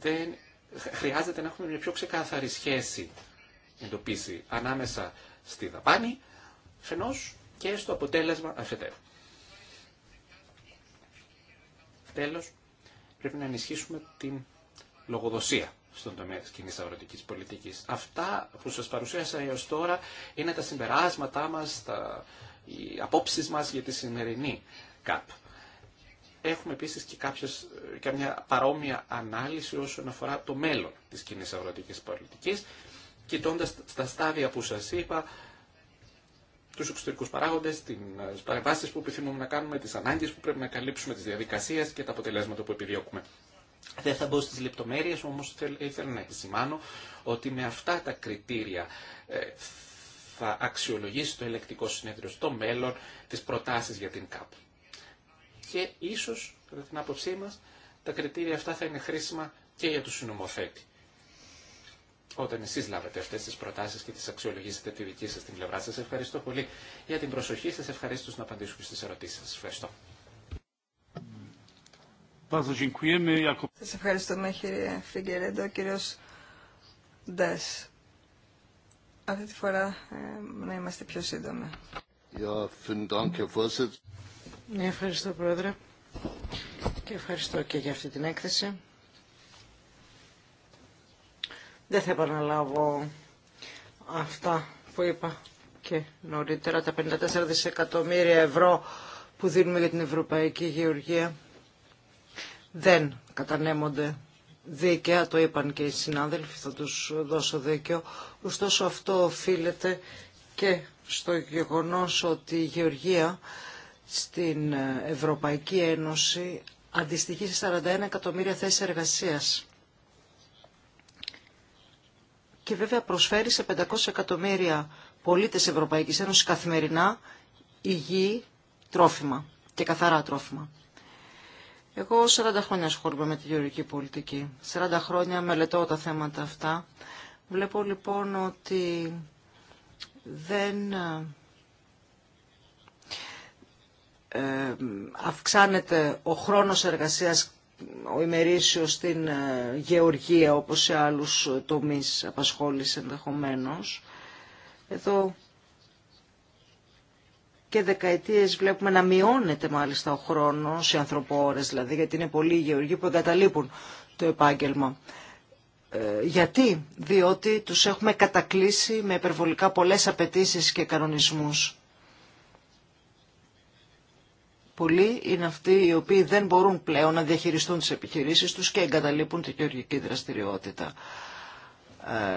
Δεν χρειάζεται να έχουμε μια πιο ξεκάθαρη σχέση εντοπίσει ανάμεσα στη δαπάνη φαινός και στο αποτέλεσμα αφετέρου. Τέλος, πρέπει να ενισχύσουμε την λογοδοσία στον τομέα της κοινής αγροτικής πολιτικής. Αυτά που σας παρουσίασα έως τώρα είναι τα συμπεράσματά μας, τα... οι απόψεις μας για τη σημερινή ΚΑΠ. Έχουμε επίσης και κάποιες, ε, καμιά παρόμοια ανάλυση όσον αφορά το μέλλον της κοινής αγροτικής πολιτικής κοιτώντας στα στάδια που σας είπα, τους εξωτερικούς παράγοντες, ε, τις παρεμβάσεις που επιθυμούμε να κάνουμε, τις ανάγκες που πρέπει να καλύψουμε, τις διαδικασίες και τα αποτελέσματα που επιδιώκουμε. Δεν θα μπω στις λεπτομέρειες, όμως ήθελα να επισημάνω ότι με αυτά τα κριτήρια ε, θα αξιολογήσει το ελεκτικό συνέδριο στο μέλλον τις προτάσεις για την ΚΑΠ. Και ίσως, κατά την άποψή μας, τα κριτήρια αυτά θα είναι χρήσιμα και για τους συνομοθέτη όταν εσείς λάβετε αυτές τις προτάσεις και τις αξιολογήσετε τη δική σας την πλευρά σας. Ευχαριστώ πολύ για την προσοχή σας. Ευχαριστώ να απαντήσουμε στις ερωτήσεις σας. Ευχαριστώ. Σας ευχαριστούμε κύριε Φιγκερέντο, κύριος Ντες. Αυτή τη φορά ε, να είμαστε πιο σύντομοι. Ναι, ευχαριστώ πρόεδρε και ευχαριστώ και για αυτή την έκθεση. Δεν θα επαναλάβω αυτά που είπα και νωρίτερα, τα 54 δισεκατομμύρια ευρώ που δίνουμε για την Ευρωπαϊκή Γεωργία δεν κατανέμονται δίκαια, το είπαν και οι συνάδελφοι, θα τους δώσω δίκαιο. Ωστόσο αυτό οφείλεται και στο γεγονός ότι η Γεωργία στην Ευρωπαϊκή Ένωση αντιστοιχεί σε 41 εκατομμύρια θέσεις εργασίας και βέβαια προσφέρει σε 500 εκατομμύρια πολίτες Ευρωπαϊκής Ένωσης καθημερινά υγιή τρόφιμα και καθαρά τρόφιμα. Εγώ 40 χρόνια ασχολούμαι με τη γεωργική πολιτική. 40 χρόνια μελετώ τα θέματα αυτά. Βλέπω λοιπόν ότι δεν ε, ε, αυξάνεται ο χρόνος εργασίας ο ημερήσιος στην ε, γεωργία όπως σε άλλους τομείς απασχόληση ενδεχομένως. Εδώ και δεκαετίες βλέπουμε να μειώνεται μάλιστα ο χρόνος, οι ανθρωπόρες δηλαδή, γιατί είναι πολλοί οι γεωργοί που εγκαταλείπουν το επάγγελμα. Ε, γιατί, διότι τους έχουμε κατακλείσει με υπερβολικά πολλές απαιτήσει και κανονισμούς πολλοί είναι αυτοί οι οποίοι δεν μπορούν πλέον να διαχειριστούν τις επιχειρήσεις τους και εγκαταλείπουν τη γεωργική δραστηριότητα.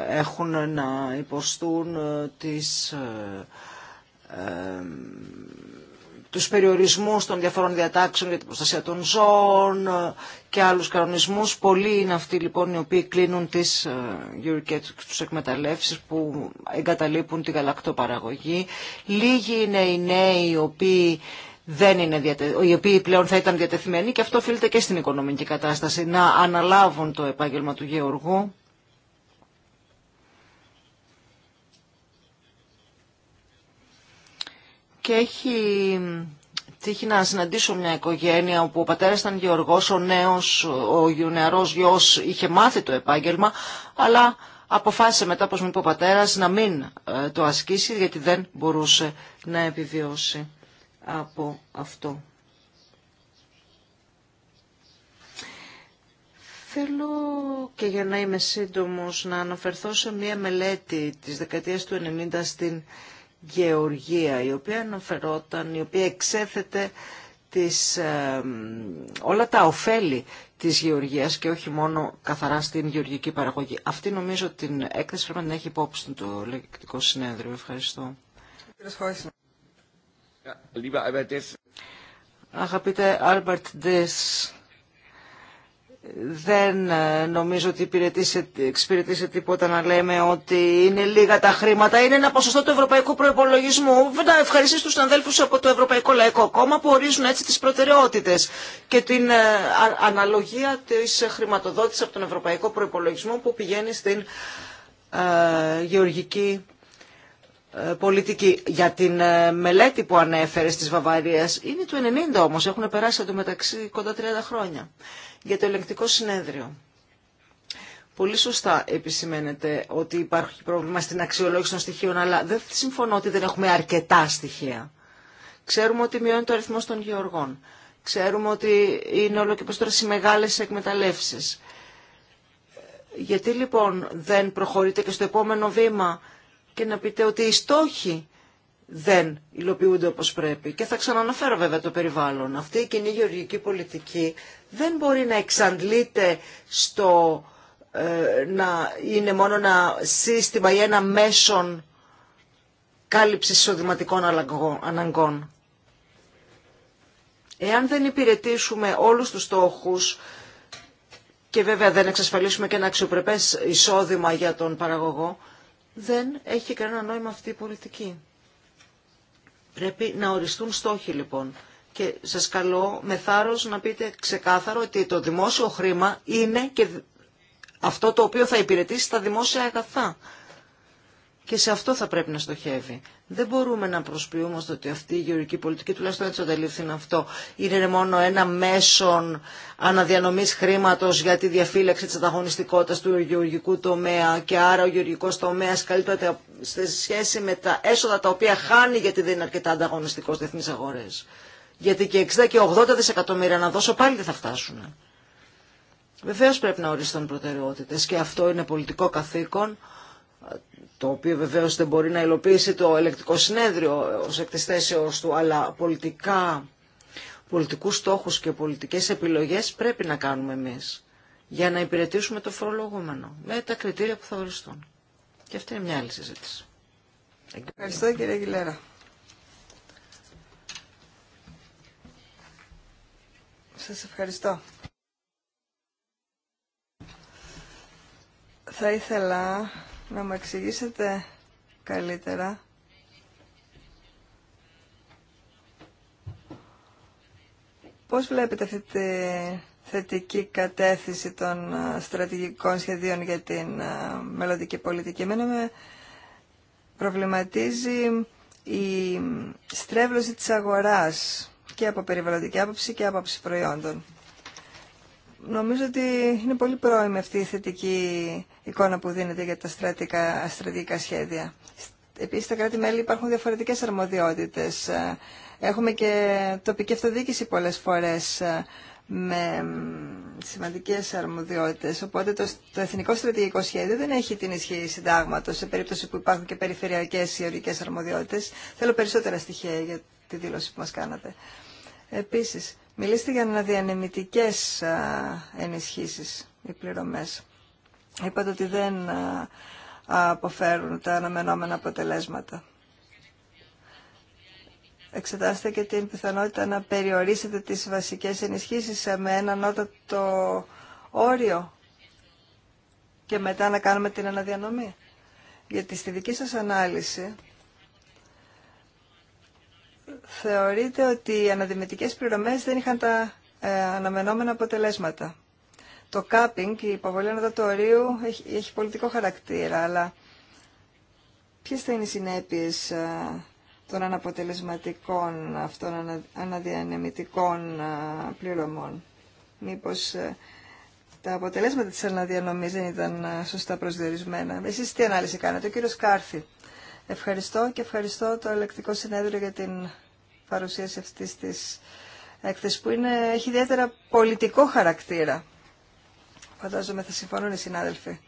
Ε, έχουν να υποστούν ε, τις ε, τους περιορισμούς των διαφορών διατάξεων για την προστασία των ζώων και άλλους κανονισμούς. Πολλοί είναι αυτοί λοιπόν οι οποίοι κλείνουν τις ε, τους εκμεταλλεύσεις που εγκαταλείπουν την γαλακτοπαραγωγή. Λίγοι είναι οι νέοι οι οποίοι δεν είναι οι οποίοι πλέον θα ήταν διατεθειμένοι και αυτό οφείλεται και στην οικονομική κατάσταση να αναλάβουν το επάγγελμα του γεωργού. Και έχει τύχει να συναντήσω μια οικογένεια όπου ο πατέρας ήταν γεωργός, ο νέος, ο νεαρός γιος είχε μάθει το επάγγελμα, αλλά αποφάσισε μετά, όπως μου είπε ο πατέρας, να μην ε, το ασκήσει γιατί δεν μπορούσε να επιβιώσει από αυτό. Θέλω και για να είμαι σύντομος να αναφερθώ σε μια μελέτη της δεκαετίας του 90 στην Γεωργία, η οποία αναφερόταν, η οποία εξέθεται τις, όλα τα ωφέλη της γεωργίας και όχι μόνο καθαρά στην γεωργική παραγωγή. Αυτή νομίζω την έκθεση πρέπει να έχει υπόψη το λεκτικό συνέδριο. Ευχαριστώ. Αγαπητέ Άλμπερτ Ντες, δεν ε, νομίζω ότι εξυπηρετήσε τίποτα να λέμε ότι είναι λίγα τα χρήματα. Είναι ένα ποσοστό του ευρωπαϊκού προπολογισμού. Να ευχαριστήσω τους συναδέλφου από το Ευρωπαϊκό Λαϊκό Κόμμα που ορίζουν έτσι τις προτεραιότητες και την ε, αναλογία της χρηματοδότηση από τον ευρωπαϊκό προπολογισμό που πηγαίνει στην ε, γεωργική ε, πολιτική. Για την ε, μελέτη που ανέφερε τη βαβαρία είναι του 90 όμω, έχουν περάσει εδώ μεταξύ κοντά 30 χρόνια. Για το ελεγκτικό συνέδριο. Πολύ σωστά επισημαίνεται ότι υπάρχει πρόβλημα στην αξιολόγηση των στοιχείων, αλλά δεν συμφωνώ ότι δεν έχουμε αρκετά στοιχεία. Ξέρουμε ότι μειώνει το αριθμό των γεωργών. Ξέρουμε ότι είναι όλο και τώρα οι μεγάλε εκμεταλλεύσει. Ε, γιατί λοιπόν δεν προχωρείτε και στο επόμενο βήμα και να πείτε ότι οι στόχοι δεν υλοποιούνται όπως πρέπει. Και θα ξαναναφέρω βέβαια το περιβάλλον. Αυτή η κοινή γεωργική πολιτική δεν μπορεί να εξαντλείται στο ε, να είναι μόνο ένα σύστημα ή ένα μέσον κάλυψης εισοδηματικών αναγκών. Εάν δεν υπηρετήσουμε όλους τους στόχους και βέβαια δεν εξασφαλίσουμε και ένα αξιοπρεπές εισόδημα για τον παραγωγό, δεν έχει κανένα νόημα αυτή η πολιτική. Πρέπει να οριστούν στόχοι λοιπόν. Και σας καλώ με θάρρος να πείτε ξεκάθαρο ότι το δημόσιο χρήμα είναι και αυτό το οποίο θα υπηρετήσει τα δημόσια αγαθά. Και σε αυτό θα πρέπει να στοχεύει. Δεν μπορούμε να προσποιούμε ότι αυτή η γεωργική πολιτική, τουλάχιστον έτσι είναι αυτό, είναι μόνο ένα μέσον αναδιανομής χρήματος για τη διαφύλαξη της ανταγωνιστικότητα του γεωργικού τομέα και άρα ο γεωργικός τομέας καλύπτεται σε σχέση με τα έσοδα τα οποία χάνει γιατί δεν είναι αρκετά ανταγωνιστικό στις διεθνείς αγορές. Γιατί και 60 και 80 δισεκατομμύρια να δώσω πάλι δεν θα φτάσουν. Βεβαίω πρέπει να οριστούν προτεραιότητε. και αυτό είναι πολιτικό καθήκον το οποίο βεβαίως δεν μπορεί να υλοποιήσει το ελεκτικό συνέδριο ως εκ του, αλλά πολιτικά, πολιτικούς στόχους και πολιτικές επιλογές πρέπει να κάνουμε εμείς για να υπηρετήσουμε το φορολογούμενο με τα κριτήρια που θα οριστούν. Και αυτή είναι μια άλλη συζήτηση. Ευχαριστώ κύριε Γιλέρα. Σας ευχαριστώ. Θα ήθελα να μου εξηγήσετε καλύτερα πώς βλέπετε αυτή τη θετική κατέθεση των ε, στρατηγικών σχεδίων για την ε, μελλοντική πολιτική. Εμένα με προβληματίζει η στρέβλωση της αγοράς και από περιβαλλοντική άποψη και από άποψη προϊόντων. Νομίζω ότι είναι πολύ πρόημη αυτή η θετική εικόνα που δίνεται για τα στρατικά, στρατηγικά σχέδια. Επίσης, στα κράτη-μέλη υπάρχουν διαφορετικές αρμοδιότητες. Έχουμε και τοπική αυτοδιοίκηση πολλές φορές ε, με σημαντικές αρμοδιότητες. Οπότε το, το Εθνικό Στρατηγικό Σχέδιο δεν έχει την ισχύ συντάγματο σε περίπτωση που υπάρχουν και περιφερειακές ή ορικές αρμοδιότητες. Θέλω περισσότερα στοιχεία για τη δήλωση που μας κάνατε. Επίσης, μιλήστε για αναδιανεμητικές ε, ενισχύσεις ή πληρωμέ είπατε ότι δεν αποφέρουν τα αναμενόμενα αποτελέσματα. Εξετάστε και την πιθανότητα να περιορίσετε τις βασικές ενισχύσεις με ένα νότατο όριο και μετά να κάνουμε την αναδιανομή. Γιατί στη δική σας ανάλυση θεωρείτε ότι οι αναδημητικές πληρωμές δεν είχαν τα ε, αναμενόμενα αποτελέσματα. Το κάπινγκ, η υποβολή έχει, έχει πολιτικό χαρακτήρα, αλλά ποιες θα είναι οι συνέπειες ε, των αναποτελεσματικών αυτών αναδιανεμητικών ε, πληρωμών. Μήπως ε, τα αποτελέσματα της αναδιανομής δεν ήταν σωστά προσδιορισμένα. Εσείς τι ανάλυση κάνατε, ο κύριος Κάρθη. Ευχαριστώ και ευχαριστώ το Ελεκτικό Συνέδριο για την παρουσίαση αυτής της έκθεσης που είναι, έχει ιδιαίτερα πολιτικό χαρακτήρα. Φαντάζομαι θα συμφωνούν οι συνάδελφοι.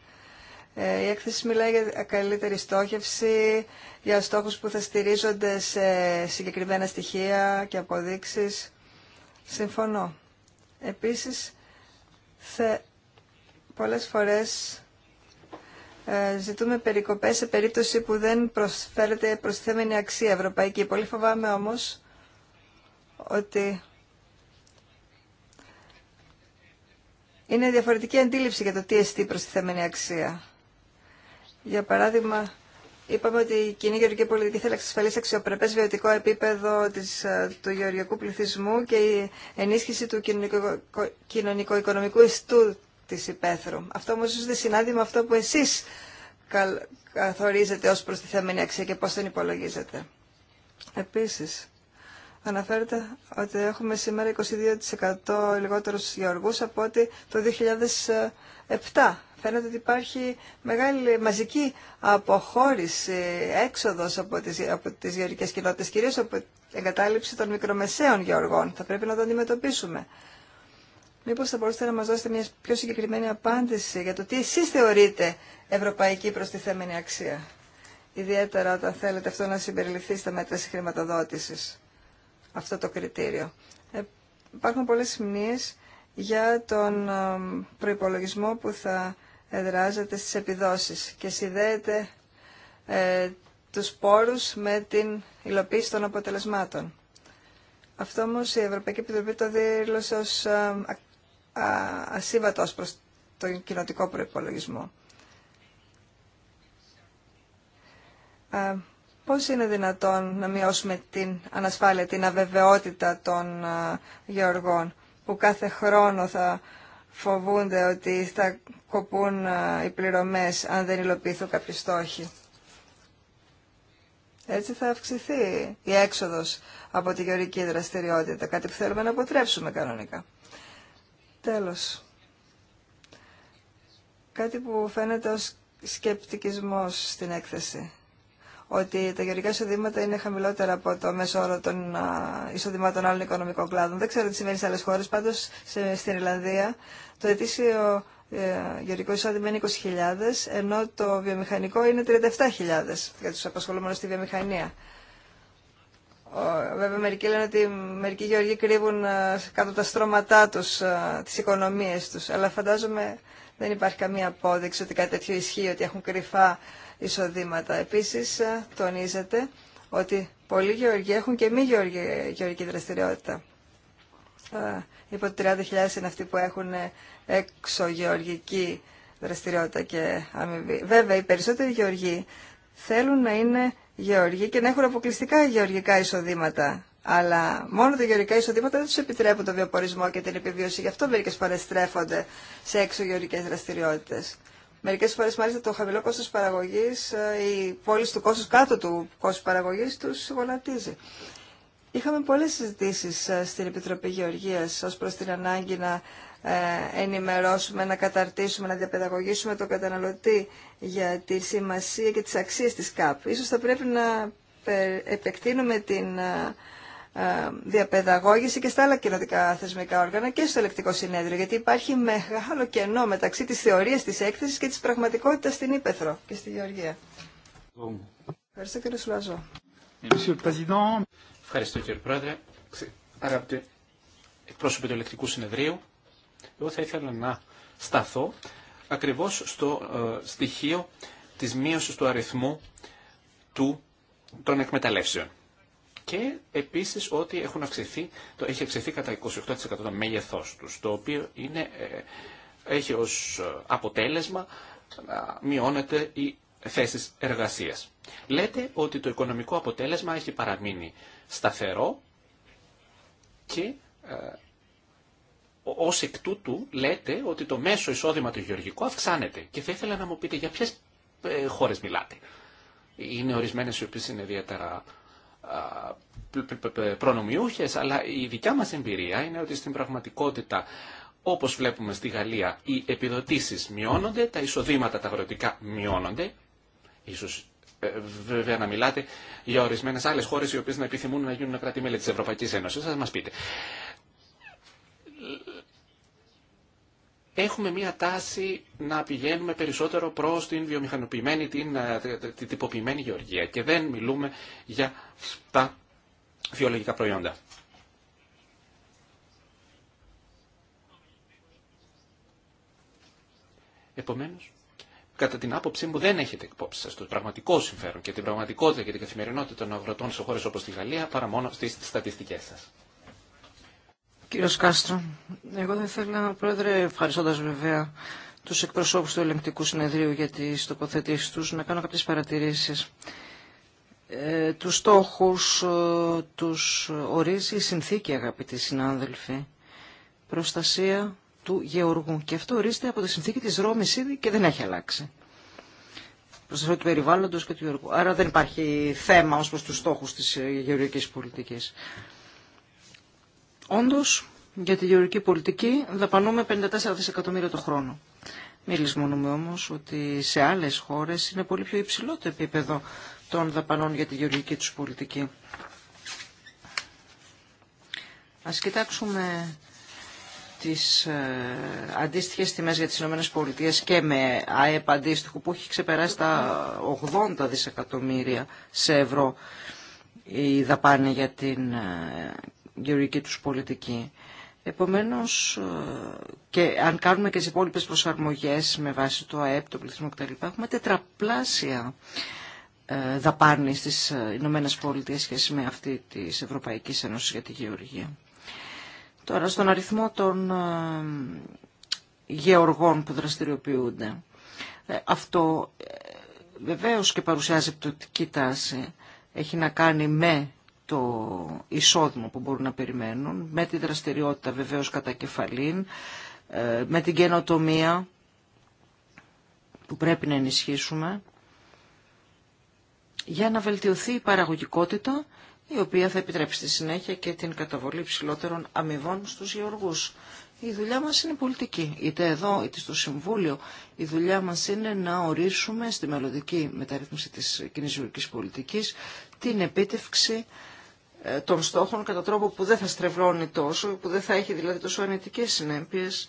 Ε, η έκθεση μιλάει για καλύτερη στόχευση, για στόχους που θα στηρίζονται σε συγκεκριμένα στοιχεία και αποδείξεις. Συμφωνώ. Επίσης, θε... πολλές φορές ε, ζητούμε περικοπές σε περίπτωση που δεν προσφέρεται προστιθέμενη αξία ευρωπαϊκή. Πολύ φοβάμαι όμως ότι είναι διαφορετική αντίληψη για το τι εστί θεμενή αξία. Για παράδειγμα, είπαμε ότι η κοινή γεωργική πολιτική θέλει να εξασφαλίσει αξιοπρεπέ βιωτικό επίπεδο της, ε, του γεωργικού πληθυσμού και η ενίσχυση του κοινωνικο-οικονομικού ιστού τη υπαίθρου. Αυτό όμω δεν συνάδει με αυτό που εσεί καθορίζετε ω προ τη θεμενή αξία και πώ τον υπολογίζετε. Επίσης, αναφέρεται ότι έχουμε σήμερα 22% λιγότερους γεωργούς από ότι το 2007. Φαίνεται ότι υπάρχει μεγάλη μαζική αποχώρηση, έξοδος από τις, από τις γεωργικές κοινότητες, κυρίως από εγκατάλειψη των μικρομεσαίων γεωργών. Θα πρέπει να το αντιμετωπίσουμε. Μήπως θα μπορούσατε να μας δώσετε μια πιο συγκεκριμένη απάντηση για το τι εσείς θεωρείτε ευρωπαϊκή προστιθέμενη αξία. Ιδιαίτερα όταν θέλετε αυτό να συμπεριληφθεί στα μέτρα χρηματοδότηση αυτό το κριτήριο. Ε, υπάρχουν πολλές σημείες για τον ε, προϋπολογισμό που θα εδράζεται στις επιδόσεις και συνδέεται ε, τους πόρους με την υλοποίηση των αποτελεσμάτων. Αυτό όμω η Ευρωπαϊκή Επιτροπή το δήλωσε ως ε, ασύμβατο προ προς τον κοινοτικό προϋπολογισμό. Πώς είναι δυνατόν να μειώσουμε την ανασφάλεια, την αβεβαιότητα των γεωργών που κάθε χρόνο θα φοβούνται ότι θα κοπούν οι πληρωμές αν δεν υλοποιηθούν κάποιοι στόχοι. Έτσι θα αυξηθεί η έξοδος από τη γεωρική δραστηριότητα, κάτι που θέλουμε να αποτρέψουμε κανονικά. Τέλος, κάτι που φαίνεται ως σκεπτικισμός στην έκθεση ότι τα γεωργικά εισοδήματα είναι χαμηλότερα από το μέσο όρο των εισοδημάτων άλλων οικονομικών κλάδων. Δεν ξέρω τι σημαίνει σε άλλε χώρε. Πάντω στην Ιρλανδία το ετήσιο ε, γεωργικό εισόδημα είναι 20.000, ενώ το βιομηχανικό είναι 37.000 για του απασχολούμενου στη βιομηχανία. Βέβαια, μερικοί λένε ότι μερικοί γεωργοί κρύβουν ε, κάτω τα στρώματά του ε, τι οικονομίε του. Αλλά φαντάζομαι δεν υπάρχει καμία απόδειξη ότι κάτι τέτοιο ισχύει, ότι έχουν κρυφά εισοδήματα. Επίσης, ε, τονίζεται ότι πολλοί γεωργοί έχουν και μη γεωργική δραστηριότητα. Ε, υπό 30.000 είναι αυτοί που έχουν εξωγεωργική δραστηριότητα και αμοιβή. Βέβαια, οι περισσότεροι γεωργοί θέλουν να είναι γεωργοί και να έχουν αποκλειστικά γεωργικά εισοδήματα. Αλλά μόνο τα γεωργικά εισοδήματα δεν του επιτρέπουν το βιοπορισμό και την επιβίωση. Γι' αυτό μερικέ παρεστρέφονται σε έξω γεωργικέ δραστηριότητε. Μερικέ φορές μάλιστα το χαμηλό κόστος παραγωγής, ε, η πόλη του κόστος κάτω του κόστος παραγωγής του γονατίζει. Είχαμε πολλές συζητήσεις ε, στην Επιτροπή Γεωργία ω προς την ανάγκη να ε, ενημερώσουμε, να καταρτήσουμε, να διαπαιδαγωγήσουμε τον καταναλωτή για τη σημασία και τις αξίες της ΚΑΠ. Ίσως θα πρέπει να επεκτείνουμε την ε, διαπαιδαγώγηση και στα άλλα κοινοτικά θεσμικά όργανα και στο ελεκτικό συνέδριο, γιατί υπάρχει μεγάλο κενό μεταξύ της θεωρίας της έκθεσης και της πραγματικότητας στην Ήπεθρο και στη Γεωργία. Ευχαριστώ κύριε Σουλαζό. Ευχαριστώ κύριε Πρόεδρε. Αγαπητοί εκπρόσωποι του ελεκτικού συνεδρίου, εγώ θα ήθελα να σταθώ ακριβώς στο ε, στοιχείο της μείωσης του αριθμού του, των εκμεταλλεύσεων και επίσης ότι έχουν αυξηθεί, το έχει αυξηθεί κατά 28% το μέγεθός τους, το οποίο είναι, ε, έχει ως ε, αποτέλεσμα να ε, μειώνεται η θέσεις εργασίας. Λέτε ότι το οικονομικό αποτέλεσμα έχει παραμείνει σταθερό και ε, ως εκ τούτου λέτε ότι το μέσο εισόδημα του γεωργικού αυξάνεται. Και θα ήθελα να μου πείτε για ποιες ε, χώρες μιλάτε. Είναι ορισμένες οι οποίες είναι ιδιαίτερα προνομιούχες, αλλά η δικιά μας εμπειρία είναι ότι στην πραγματικότητα όπως βλέπουμε στη Γαλλία, οι επιδοτήσεις μειώνονται, τα εισοδήματα τα αγροτικά μειώνονται. Ίσως ε, βέβαια να μιλάτε για ορισμένες άλλες χώρες οι οποίες να επιθυμούν να γίνουν κράτη-μέλη της Ευρωπαϊκής Ένωσης. Θα μας πείτε. έχουμε μία τάση να πηγαίνουμε περισσότερο προς την βιομηχανοποιημένη, την, ε, την τυποποιημένη γεωργία και δεν μιλούμε για τα βιολογικά προϊόντα. Επομένως, κατά την άποψή μου δεν έχετε υπόψη σας το πραγματικό συμφέρον και την πραγματικότητα και την καθημερινότητα των αγροτών σε χώρες όπως τη Γαλλία παρά μόνο στις στατιστικές σας. Κύριος Κάστρο, εγώ θα ήθελα, Πρόεδρε, ευχαριστώντα βέβαια τους εκπροσώπους του Ελεγκτικού Συνεδρίου για τις τοποθετήσεις τους, να κάνω κάποιες παρατηρήσεις. Ε, τους στόχους ε, τους ορίζει η συνθήκη, αγαπητοί συνάδελφοι. Προστασία του Γεωργού. Και αυτό ορίζεται από τη συνθήκη της Ρώμης ήδη και δεν έχει αλλάξει. Προστασία του περιβάλλοντος και του Γεωργού. Άρα δεν υπάρχει θέμα ως προς τους στόχους της ε, γεωργικής πολιτικής. Όντως, για τη γεωργική πολιτική δαπανούμε 54 δισεκατομμύρια το χρόνο. Μη λησμονούμε όμως ότι σε άλλες χώρες είναι πολύ πιο υψηλό το επίπεδο των δαπανών για τη γεωργική τους πολιτική. Ας κοιτάξουμε τις ε, αντίστοιχες τιμές για τις ΗΠΑ και με ΑΕΠ αντίστοιχο που έχει ξεπεράσει τα 80 δισεκατομμύρια σε ευρώ η δαπάνη για την ε, γεωργική τους πολιτική. Επομένως, ε, και αν κάνουμε και τις υπόλοιπες προσαρμογές με βάση το ΑΕΠ, το πληθυσμό κτλ, έχουμε τετραπλάσια ε, δαπάνη στις ε, Ηνωμένες Πολιτείες σχέση με αυτή της Ευρωπαϊκής Ένωσης για τη Γεωργία. Τώρα, στον αριθμό των γεωργών που δραστηριοποιούνται. Αυτό βεβαίως και παρουσιάζει πτωτική τάση. Έχει να κάνει με το εισόδημα που μπορούν να περιμένουν, με τη δραστηριότητα βεβαίως κατά κεφαλήν, ε, με την καινοτομία που πρέπει να ενισχύσουμε, για να βελτιωθεί η παραγωγικότητα, η οποία θα επιτρέψει στη συνέχεια και την καταβολή ψηλότερων αμοιβών στους γεωργούς. Η δουλειά μας είναι πολιτική, είτε εδώ είτε στο Συμβούλιο. Η δουλειά μας είναι να ορίσουμε στη μελλοντική μεταρρύθμιση της κοινής πολιτικής την επίτευξη ε, των στόχων κατά τρόπο που δεν θα στρεβλώνει τόσο, που δεν θα έχει δηλαδή τόσο ανετικέ συνέπειες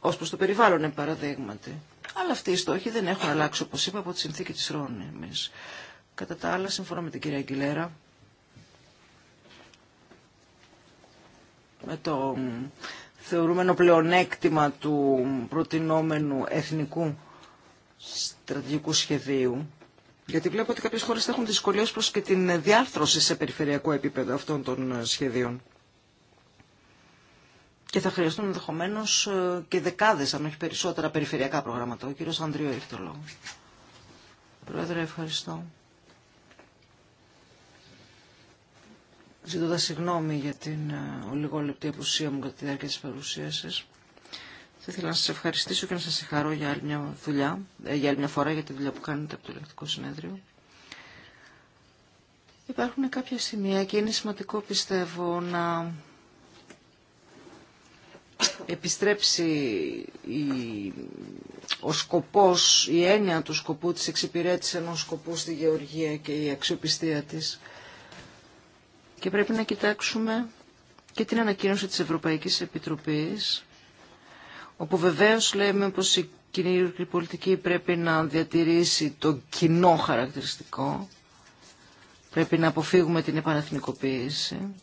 ως προς το περιβάλλον, παραδείγματι. Αλλά αυτοί οι στόχοι δεν έχουν αλλάξει, όπως είπα, από τη συνθήκη της Ρώνη Κατά τα άλλα, συμφωνώ με την κυρία Αγγιλέρα, με το θεωρούμενο πλεονέκτημα του προτινόμενου εθνικού στρατηγικού σχεδίου γιατί βλέπω ότι κάποιες χώρες έχουν δυσκολίες προς και την διάρθρωση σε περιφερειακό επίπεδο αυτών των ε, σχεδίων. Και θα χρειαστούν ενδεχομένω ε, και δεκάδες, αν όχι περισσότερα, περιφερειακά προγράμματα. Ο κύριος Ανδρίο έχει το λόγο. Πρόεδρε, ευχαριστώ. Ζητώντα συγγνώμη για την ε, ολιγόλεπτη απουσία μου κατά τη διάρκεια της παρουσίασης. Θα ήθελα να σας ευχαριστήσω και να σας συγχαρώ για άλλη μια, δουλειά, ε, για άλλη μια φορά για τη δουλειά που κάνετε από το Ελεκτικό Συνέδριο. Υπάρχουν κάποια σημεία και είναι σημαντικό πιστεύω να επιστρέψει η, ο σκοπός, η έννοια του σκοπού της εξυπηρέτηση ενός σκοπού στη γεωργία και η αξιοπιστία της. Και πρέπει να κοιτάξουμε και την ανακοίνωση της Ευρωπαϊκής Επιτροπής όπου βεβαίως λέμε πως η κοινή πολιτική πρέπει να διατηρήσει το κοινό χαρακτηριστικό, πρέπει να αποφύγουμε την επαναθνικοποίηση.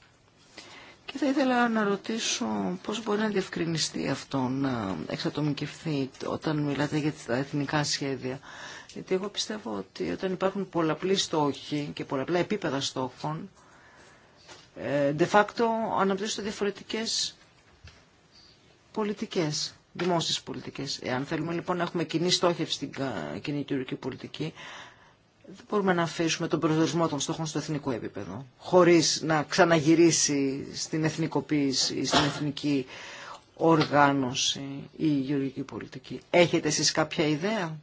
Και θα ήθελα να ρωτήσω πώς μπορεί να διευκρινιστεί αυτό, να εξατομικευθεί όταν μιλάτε για τα εθνικά σχέδια. Γιατί εγώ πιστεύω ότι όταν υπάρχουν πολλαπλοί στόχοι και πολλαπλά επίπεδα στόχων, ε, de facto αναπτύσσονται διαφορετικές πολιτικές δημόσιες πολιτικές. Εάν θέλουμε λοιπόν να έχουμε κοινή στόχευση στην κοινή τουρκική πολιτική, δεν μπορούμε να αφήσουμε τον προσδορισμό των στόχων στο εθνικό επίπεδο, χωρίς να ξαναγυρίσει στην εθνικοποίηση ή στην εθνική οργάνωση η γεωργική πολιτική. Έχετε εσείς εχετε εσει ιδέα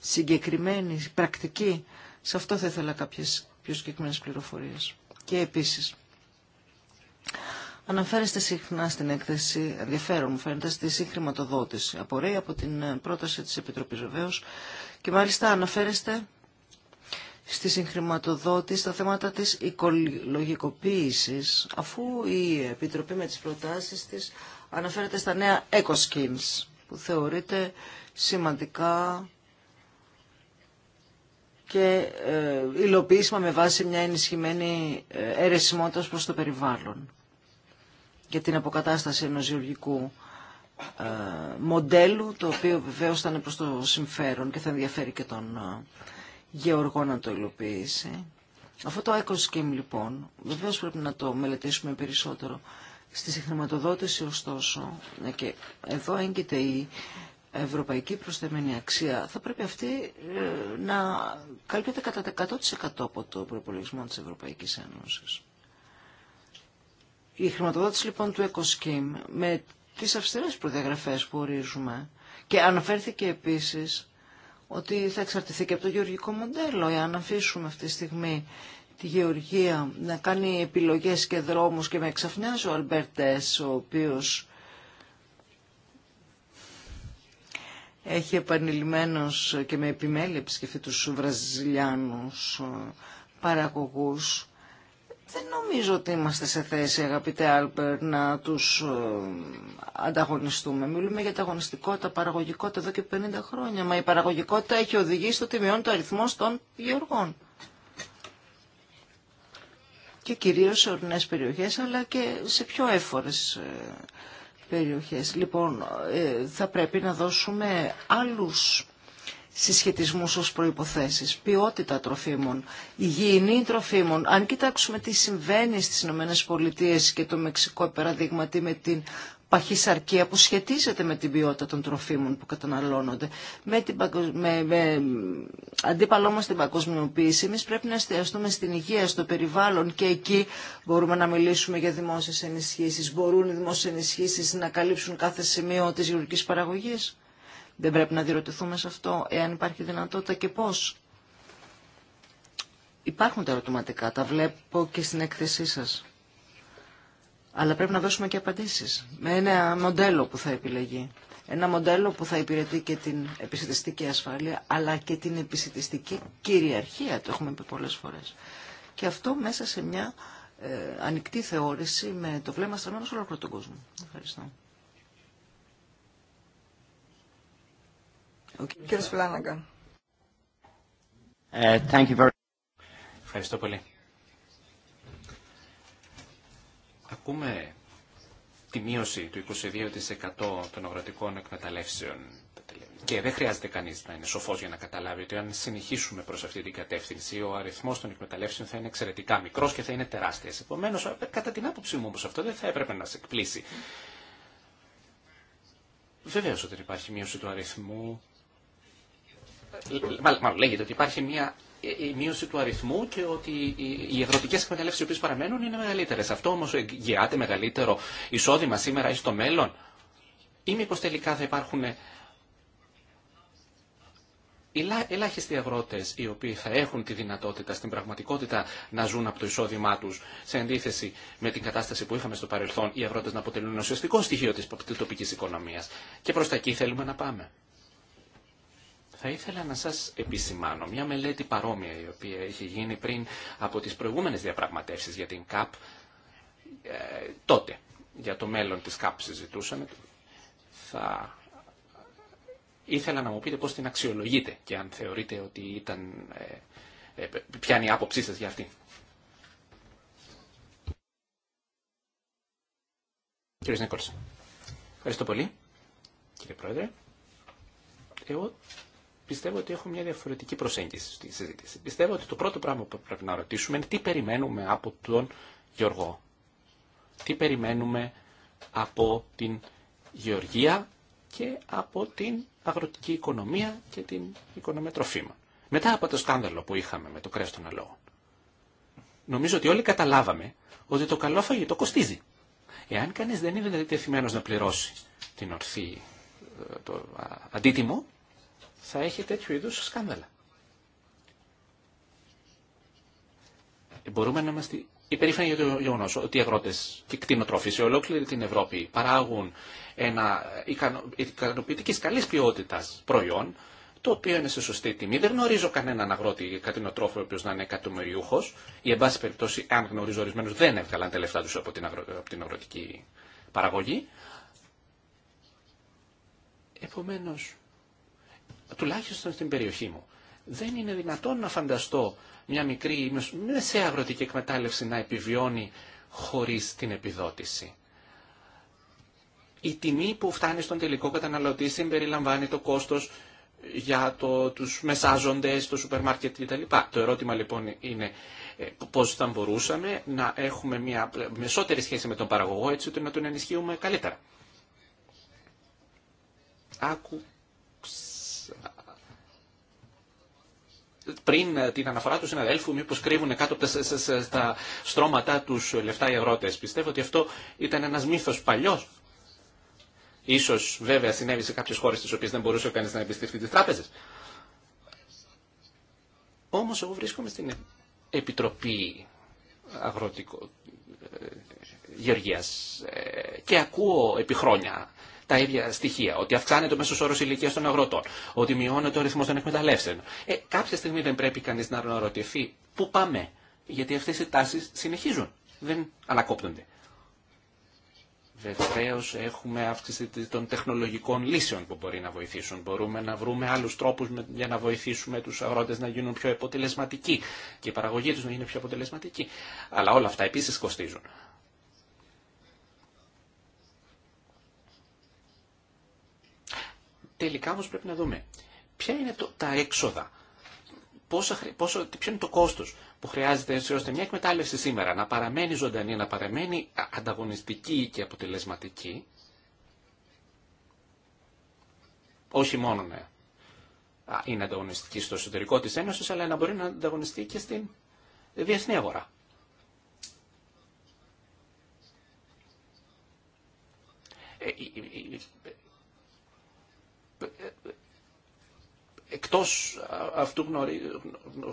συγκεκριμένη, πρακτική. Σε αυτό θα ήθελα κάποιε πιο συγκεκριμένες πληροφορίε. Και επίσης, Αναφέρεστε συχνά στην έκθεση, ενδιαφέρον μου φαίνεται, στη συγχρηματοδότηση. Απορρέει από την ε, πρόταση της Επιτροπής βεβαίω και μάλιστα αναφέρεστε στη συγχρηματοδότηση στα θέματα της οικολογικοποίησης, αφού η Επιτροπή με τις προτάσεις της αναφέρεται στα νέα eco eco-skins που θεωρείται σημαντικά και ε, υλοποιήσιμα με βάση μια ενισχυμένη ε, αιρεσιμότητα προς το περιβάλλον και την αποκατάσταση ενός γεωργικού ε, μοντέλου, το οποίο βεβαίως θα είναι προς το συμφέρον και θα ενδιαφέρει και τον ε, γεωργό να το υλοποιήσει. Αυτό το scheme, λοιπόν, βεβαίως πρέπει να το μελετήσουμε περισσότερο. Στη συγχρηματοδότηση ωστόσο, ε, και εδώ έγκυται η ευρωπαϊκή προσθεμένη αξία, θα πρέπει αυτή να καλύπτεται κατά 100% από το προπολογισμό της Ευρωπαϊκής Ένωσης. Η χρηματοδότηση λοιπόν του EcoScheme με τις αυστηρές προδιαγραφές που ορίζουμε και αναφέρθηκε επίσης ότι θα εξαρτηθεί και από το γεωργικό μοντέλο εάν αφήσουμε αυτή τη στιγμή τη γεωργία να κάνει επιλογές και δρόμους και με εξαφνιάζει ο Αλμπερτές ο οποίος έχει επανειλημμένος και με επιμέλεια επισκεφθεί τους Βραζιλιάνους παραγωγούς δεν νομίζω ότι είμαστε σε θέση, αγαπητέ Άλπερ, να τους ε, ανταγωνιστούμε. Μιλούμε για ανταγωνιστικότητα, παραγωγικότητα εδώ και 50 χρόνια. Μα η παραγωγικότητα έχει οδηγήσει στο ότι το αριθμό των γεωργών. Και κυρίως σε ορεινές περιοχές, αλλά και σε πιο έφορες ε, περιοχές. Λοιπόν, ε, θα πρέπει να δώσουμε άλλου συσχετισμού ως προϋποθέσεις, ποιότητα τροφίμων, υγιεινή τροφίμων. Αν κοιτάξουμε τι συμβαίνει στις ΗΠΑ και το Μεξικό παραδείγματι με την παχυσαρκία που σχετίζεται με την ποιότητα των τροφίμων που καταναλώνονται. Με την με... με... Αντίπαλό μας την παγκοσμιοποίηση, εμεί πρέπει να εστιαστούμε στην υγεία, στο περιβάλλον και εκεί μπορούμε να μιλήσουμε για δημόσιες ενισχύσεις. Μπορούν οι δημόσιες ενισχύσεις να καλύψουν κάθε σημείο της γεωργικής παραγωγής. Δεν πρέπει να διερωτηθούμε σε αυτό, εάν υπάρχει δυνατότητα και πώς. Υπάρχουν τα ερωτηματικά, τα βλέπω και στην έκθεσή σας. Αλλά πρέπει να δώσουμε και απαντήσεις με ένα μοντέλο που θα επιλεγεί. Ένα μοντέλο που θα υπηρετεί και την επιστημιστική ασφάλεια, αλλά και την επιστημιστική κυριαρχία, το έχουμε πει πολλές φορές. Και αυτό μέσα σε μια ε, ανοιχτή θεώρηση με το βλέμμα στραμμένο σε όλο τον κόσμο. Ευχαριστώ. Κύριος ε, Ευχαριστώ πολύ. Ακούμε τη μείωση του 22% των αγροτικών εκμεταλλεύσεων. Και δεν χρειάζεται κανείς να είναι σοφός για να καταλάβει ότι αν συνεχίσουμε προς αυτή την κατεύθυνση, ο αριθμός των εκμεταλλεύσεων θα είναι εξαιρετικά μικρός και θα είναι τεράστιες. Επομένως, κατά την άποψή μου όμως αυτό δεν θα έπρεπε να σε εκπλήσει. Βεβαίως ότι υπάρχει μείωση του αριθμού μάλλον λέγεται ότι υπάρχει μια ε, μείωση του αριθμού και ότι οι αγροτικέ εκμεταλλεύσει οι παραμένουν είναι μεγαλύτερε. Αυτό όμω εγγυάται μεγαλύτερο εισόδημα σήμερα ή στο μέλλον. Ή μήπω τελικά θα υπάρχουν ε, ελάχιστοι αγρότε οι οποίοι θα έχουν τη δυνατότητα στην πραγματικότητα να ζουν από το εισόδημά του σε αντίθεση με την κατάσταση που είχαμε στο παρελθόν οι αγρότε να αποτελούν ουσιαστικό στοιχείο τη τοπική οικονομία. Και προ τα εκεί θέλουμε να πάμε. Θα ήθελα να σας επισημάνω μια μελέτη παρόμοια η οποία είχε γίνει πριν από τις προηγούμενες διαπραγματεύσεις για την ΚΑΠ ε, τότε. Για το μέλλον της ΚΑΠ συζητούσαμε. Θα ήθελα να μου πείτε πώς την αξιολογείτε και αν θεωρείτε ότι ήταν... Ε, ε, ποια είναι η άποψή σας για αυτή. Κύριε Νίκολς, ευχαριστώ πολύ, κύριε Πρόεδρε. Εγώ πιστεύω ότι έχω μια διαφορετική προσέγγιση στη συζήτηση. Πιστεύω ότι το πρώτο πράγμα που πρέπει να ρωτήσουμε είναι τι περιμένουμε από τον Γεωργό. Τι περιμένουμε από την Γεωργία και από την αγροτική οικονομία και την οικονομία τροφίμων. Μετά από το σκάνδαλο που είχαμε με το κρέας των αλόγων, νομίζω ότι όλοι καταλάβαμε ότι το καλό φαγητό κοστίζει. Εάν κανείς δεν είναι δηλαδή διατεθειμένος να πληρώσει την ορθή, ε, το αντίτιμο, θα έχει τέτοιου είδους σκάνδαλα. Μπορούμε να είμαστε υπερήφανοι για το γεγονό ότι οι αγρότε και οι κτηνοτρόφοι σε ολόκληρη την Ευρώπη παράγουν ένα ικανοποιητική καλή ποιότητα προϊόν, το οποίο είναι σε σωστή τιμή. Δεν γνωρίζω κανέναν αγρότη ή κτηνοτρόφο ο οποίο να είναι εκατομμυριούχο, ή εν πάση περιπτώσει, αν γνωρίζω ορισμένου, δεν έβγαλαν τα λεφτά του από, από την αγροτική παραγωγή. Επομένως, τουλάχιστον στην περιοχή μου. Δεν είναι δυνατόν να φανταστώ μια μικρή ή μεσαία αγροτική εκμετάλλευση να επιβιώνει χωρίς την επιδότηση. Η τιμή που φτάνει στον τελικό καταναλωτή συμπεριλαμβάνει το κόστος για το, τους μεσάζοντες, το σούπερ μάρκετ κτλ. Το ερώτημα λοιπόν είναι ε, πώς θα μπορούσαμε να έχουμε μια μεσότερη σχέση με τον παραγωγό έτσι ώστε να τον ενισχύουμε καλύτερα. Άκου πριν ε, την αναφορά του συναδέλφου μήπω κρύβουν κάτω από τα, στρώματά του λεφτά οι αγρότες. Πιστεύω ότι αυτό ήταν ένας μύθος παλιός. Ίσως βέβαια συνέβη σε κάποιες χώρες τι οποίες δεν μπορούσε κανείς να εμπιστευτεί τι τράπεζες. Όμω εγώ βρίσκομαι στην Επιτροπή Αγροτικό ε, Γεωργίας ε, και ακούω επί χρόνια τα ίδια στοιχεία. Ότι αυξάνεται ο μέσο όρο ηλικία των αγροτών. Ότι μειώνεται ο ρυθμό των εκμεταλλεύσεων. Ε, κάποια στιγμή δεν πρέπει κανεί να αναρωτηθεί πού πάμε. Γιατί αυτέ οι τάσει συνεχίζουν. Δεν ανακόπτονται. Βεβαίω έχουμε αύξηση των τεχνολογικών λύσεων που μπορεί να βοηθήσουν. Μπορούμε να βρούμε άλλου τρόπου για να βοηθήσουμε του αγρότε να γίνουν πιο αποτελεσματικοί και η παραγωγή του να γίνει πιο αποτελεσματική. Αλλά όλα αυτά επίση κοστίζουν. Τελικά όμω πρέπει να δούμε ποια είναι το, τα έξοδα, πόσο, πόσο, ποιο είναι το κόστος που χρειάζεται έτσι ώστε μια εκμετάλλευση σήμερα να παραμένει ζωντανή, να παραμένει ανταγωνιστική και αποτελεσματική, όχι μόνο να είναι ανταγωνιστική στο εσωτερικό της Ένωσης, αλλά να μπορεί να ανταγωνιστεί και στην διεθνή αγορά. Ε, εκτός αυτού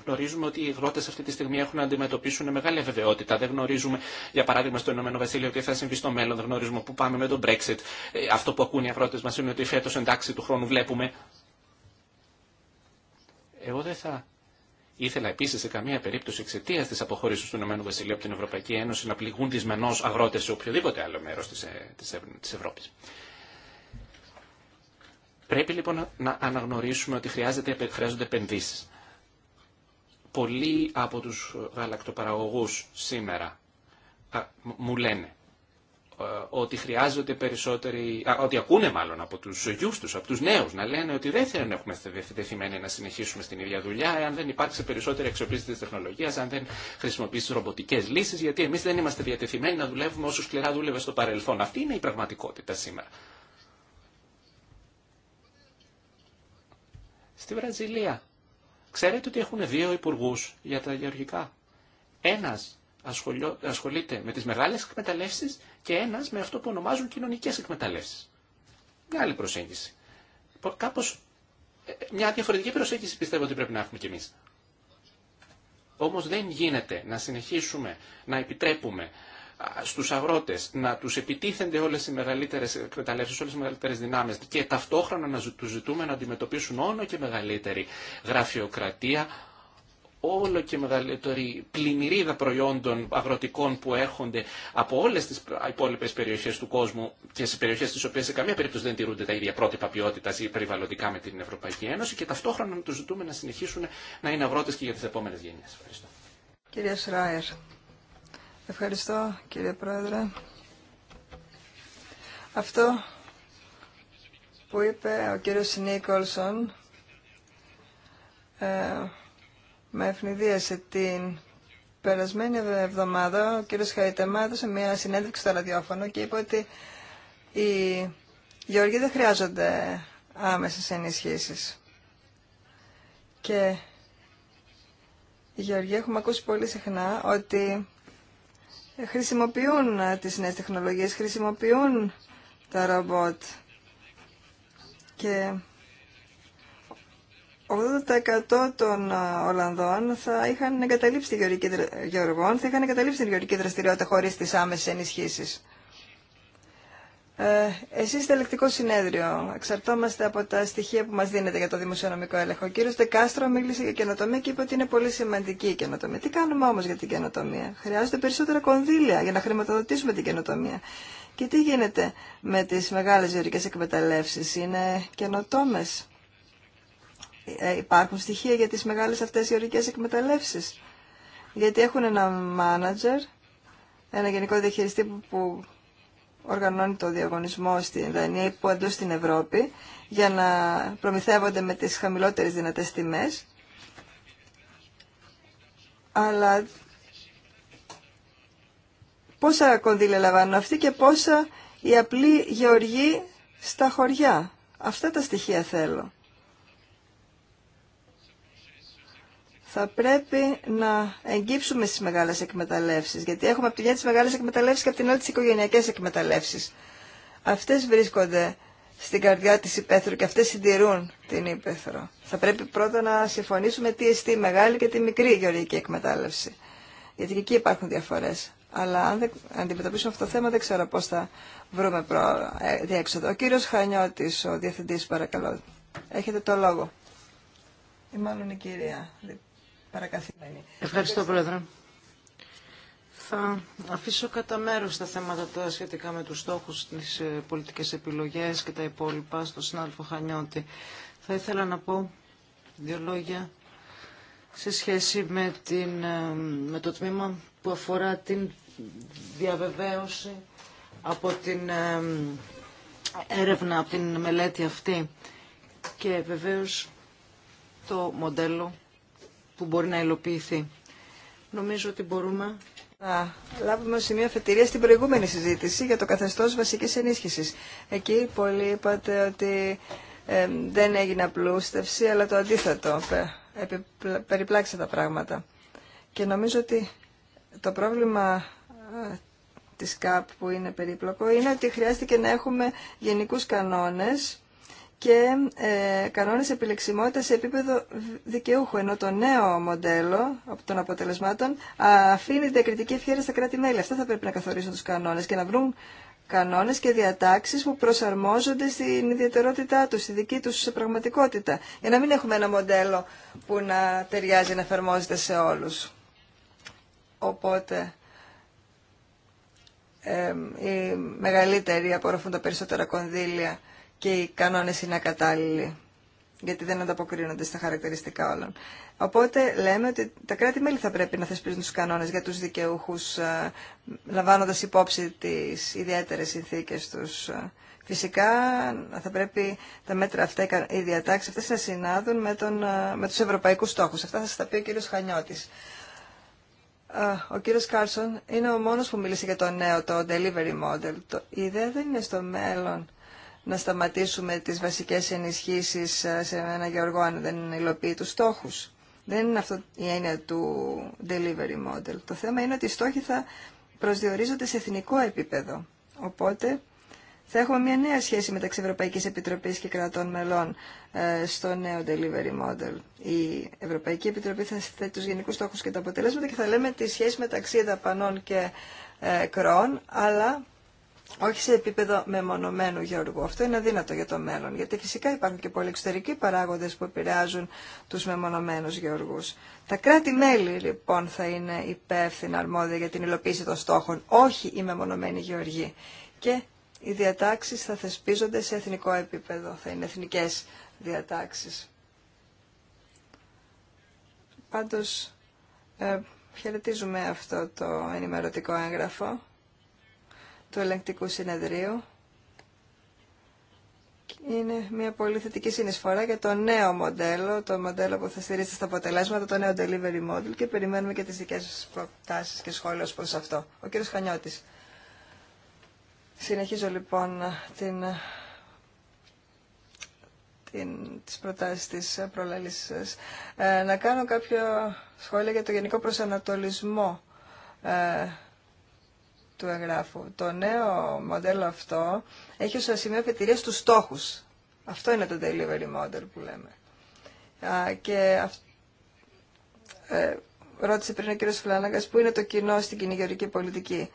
γνωρίζουμε ότι οι γρότες αυτή τη στιγμή έχουν να αντιμετωπίσουν μεγάλη βεβαιότητα. Δεν γνωρίζουμε, για παράδειγμα, στο Ηνωμένο Βασίλειο τι θα συμβεί στο μέλλον, δεν γνωρίζουμε πού πάμε με τον Brexit. Ε, αυτό που ακούν οι αγρότες μας είναι ότι φέτος εντάξει του χρόνου βλέπουμε. Εγώ δεν θα ήθελα επίση σε καμία περίπτωση εξαιτία τη αποχώρηση του Ηνωμένου Βασιλείου από την Ευρωπαϊκή Ένωση να πληγούν δυσμενώ αγρότε σε οποιοδήποτε άλλο μέρο τη ε, Ευρώπη. Πρέπει λοιπόν να αναγνωρίσουμε ότι χρειάζεται, χρειάζονται επενδύσει. Πολλοί από τους γαλακτοπαραγωγούς σήμερα α, μου λένε ε, ότι χρειάζονται περισσότεροι, ότι ακούνε μάλλον από τους γιους τους, από τους νέους, να λένε ότι δεν θέλουν να έχουμε διευθυντεθειμένοι να συνεχίσουμε στην ίδια δουλειά, αν δεν υπάρξει περισσότερη αξιοποίηση της τεχνολογίας, αν δεν χρησιμοποιήσει ρομποτικές λύσεις, γιατί εμείς δεν είμαστε διατεθειμένοι να δουλεύουμε όσο σκληρά δούλευε στο παρελθόν. Αυτή είναι η πραγματικότητα σήμερα. Στη Βραζιλία. Ξέρετε ότι έχουν δύο υπουργού για τα γεωργικά. Ένας ασχολείται με τις μεγάλε εκμεταλλεύσεις και ένας με αυτό που ονομάζουν κοινωνικές εκμεταλλεύσεις. Μια άλλη προσέγγιση. Κάπω ε, ε, μια διαφορετική προσέγγιση πιστεύω ότι πρέπει να έχουμε κι εμείς. Όμω δεν γίνεται να συνεχίσουμε να επιτρέπουμε στους αγρότες, να τους επιτίθενται όλες οι μεγαλύτερες εκμεταλλεύσεις, όλες οι μεγαλύτερες δυνάμεις και ταυτόχρονα να τους ζητούμε να αντιμετωπίσουν όλο και μεγαλύτερη γραφειοκρατία, όλο και μεγαλύτερη πλημμυρίδα προϊόντων αγροτικών που έρχονται από όλες τις υπόλοιπε περιοχές του κόσμου και σε περιοχές τις οποίες σε καμία περίπτωση δεν τηρούνται τα ίδια πρότυπα ποιότητας ή περιβαλλοντικά με την Ευρωπαϊκή Ένωση και ταυτόχρονα να τους ζητούμε να συνεχίσουν να είναι αγρότες και για τις επόμενες γενιές. Ευχαριστώ. Σράερ. Ευχαριστώ κύριε Πρόεδρε. Αυτό που είπε ο κύριος Νίκολσον ε, με ευνηδίασε την περασμένη εβδομάδα ο κύριος Χαϊτεμά σε μια συνέντευξη στο ραδιόφωνο και είπε ότι οι γεωργοί δεν χρειάζονται άμεσες ενισχύσεις. Και οι γεωργοί έχουμε ακούσει πολύ συχνά ότι χρησιμοποιούν ε, τις νέες τεχνολογίες, χρησιμοποιούν τα ρομπότ. Και 80% των ε, Ολλανδών θα είχαν εγκαταλείψει τη γεωργική, είχαν εγκαταλείψει την γεωργική δραστηριότητα χωρίς τις άμεσες ενισχύσεις. Ε, εσείς στο ελεκτικό συνέδριο. Εξαρτώμαστε από τα στοιχεία που μας δίνετε για το δημοσιονομικό έλεγχο. Ο κύριος Δεκάστρο μίλησε για καινοτομία και είπε ότι είναι πολύ σημαντική η καινοτομία. Τι κάνουμε όμως για την καινοτομία. Χρειάζονται περισσότερα κονδύλια για να χρηματοδοτήσουμε την καινοτομία. Και τι γίνεται με τις μεγάλες γεωρικές εκμεταλλεύσεις. Είναι καινοτόμε. Ε, υπάρχουν στοιχεία για τις μεγάλες αυτές γεωρικές εκμεταλλεύσεις. Γιατί έχουν ένα μάνατζερ, ένα γενικό διαχειριστή που οργανώνει το διαγωνισμό στην Δανία που στην Ευρώπη για να προμηθεύονται με τις χαμηλότερες δυνατές τιμές. Αλλά πόσα κονδύλια λαμβάνουν αυτοί και πόσα οι απλή γεωργοί στα χωριά. Αυτά τα στοιχεία θέλω. θα πρέπει να εγγύψουμε στις μεγάλες εκμεταλλεύσεις, γιατί έχουμε από τη μια τις μεγάλες εκμεταλλεύσεις και από την άλλη τις οικογενειακές εκμεταλλεύσεις. Αυτές βρίσκονται στην καρδιά της υπαίθρου και αυτές συντηρούν την υπαίθρο. Θα πρέπει πρώτα να συμφωνήσουμε τι εστί μεγάλη και τη μικρή γεωργική εκμετάλλευση. Γιατί και εκεί υπάρχουν διαφορές. Αλλά αν αντιμετωπίσουμε αυτό το θέμα δεν ξέρω πώς θα βρούμε προ... Ε, διέξοδο. Ο κύριος Χανιώτης, ο διευθυντής παρακαλώ, έχετε το λόγο. Ή μάλλον η κυρία Ευχαριστώ, Πρόεδρε. Θα αφήσω κατά μέρο τα θέματα τώρα σχετικά με τους στόχους, τις ε, πολιτικές επιλογές και τα υπόλοιπα στο συνάδελφο Χανιώτη. Θα ήθελα να πω δύο λόγια σε σχέση με, την, ε, με το τμήμα που αφορά την διαβεβαίωση από την ε, έρευνα, από την μελέτη αυτή και βεβαίως το μοντέλο που μπορεί να υλοποιηθεί. Νομίζω ότι μπορούμε να λάβουμε σημεία σημείο αφετηρία στην προηγούμενη συζήτηση για το καθεστώς βασικής ενίσχυσης. Εκεί πολλοί είπατε ότι δεν έγινε απλούστευση, αλλά το αντίθετο, πε, περιπλάξε τα πράγματα. Και νομίζω ότι το πρόβλημα ε, της ΚΑΠ που είναι περίπλοκο είναι ότι χρειάστηκε να έχουμε γενικούς κανόνες και ε, κανόνες επιλεξιμότητας σε επίπεδο δικαιούχου, ενώ το νέο μοντέλο των αποτελεσμάτων αφήνει διακριτική ευχαίρεια στα κράτη-μέλη. Αυτά θα πρέπει να καθορίσουν τους κανόνες και να βρουν κανόνες και διατάξεις που προσαρμόζονται στην ιδιαιτερότητά του, στη δική τους πραγματικότητα, για να μην έχουμε ένα μοντέλο που να ταιριάζει, να εφαρμόζεται σε όλους. Οπότε... Ε, οι μεγαλύτεροι απορροφούν τα περισσότερα κονδύλια και οι κανόνες είναι ακατάλληλοι γιατί δεν ανταποκρίνονται στα χαρακτηριστικά όλων. Οπότε λέμε ότι τα κράτη-μέλη θα πρέπει να θεσπίζουν τους κανόνες για τους δικαιούχους, ε, λαμβάνοντας υπόψη τις ιδιαίτερες συνθήκες τους. Ε, φυσικά θα πρέπει τα μέτρα αυτά, οι διατάξεις αυτές να συνάδουν με, τον, ε, με τους ευρωπαϊκούς στόχους. Αυτά θα σας τα πει ο κύριος Χανιώτης. Ο κύριος Κάρσον είναι ο μόνος που μίλησε για το νέο, το delivery model. Η ιδέα δεν είναι στο μέλλον να σταματήσουμε τις βασικές ενισχύσεις ε, σε ένα γεωργό αν δεν υλοποιεί τους στόχους. Δεν είναι αυτό η έννοια του delivery model. Το θέμα είναι ότι οι στόχοι θα προσδιορίζονται σε εθνικό επίπεδο. Οπότε θα έχουμε μια νέα σχέση μεταξύ Ευρωπαϊκής Επιτροπής και κρατών μελών ε, στο νέο delivery model. Η Ευρωπαϊκή Επιτροπή θα θέτει τους γενικούς στόχους και τα αποτελέσματα και θα λέμε τη σχέση μεταξύ δαπανών και ε, κρών, αλλά όχι σε επίπεδο μεμονωμένου γεωργού. Αυτό είναι αδύνατο για το μέλλον, γιατί φυσικά υπάρχουν και πολλοί εξωτερικοί παράγοντες που επηρεάζουν τους μεμονωμένους γεωργούς. Τα κράτη-μέλη λοιπόν θα είναι υπεύθυνα αρμόδια για την υλοποίηση των στόχων, όχι οι μεμονωμένοι γεωργοί. Και οι διατάξει θα θεσπίζονται σε εθνικό επίπεδο, θα είναι εθνικέ διατάξει. Πάντω ε, χαιρετίζουμε αυτό το ενημερωτικό έγγραφο του ελεγκτικού συνεδρίου. Είναι μια πολύ θετική συνεισφορά για το νέο μοντέλο, το μοντέλο που θα στηρίζεται στα αποτελέσματα, το νέο delivery model και περιμένουμε και τις δικές σας προτάσεις και σχόλια ως προς αυτό. Ο κύριος Χανιώτης. Συνεχίζω λοιπόν την, την, τις προτάσεις της ε, να κάνω κάποια σχόλια για το γενικό προσανατολισμό ε, του εγγράφου. Το νέο μοντέλο αυτό έχει ως σημείο φετηρία στους στόχους. Αυτό είναι το delivery model που λέμε. και αυ... Ε, ρώτησε πριν ο κύριος Φλάναγκας που είναι το κοινό στην κοινή πολιτική.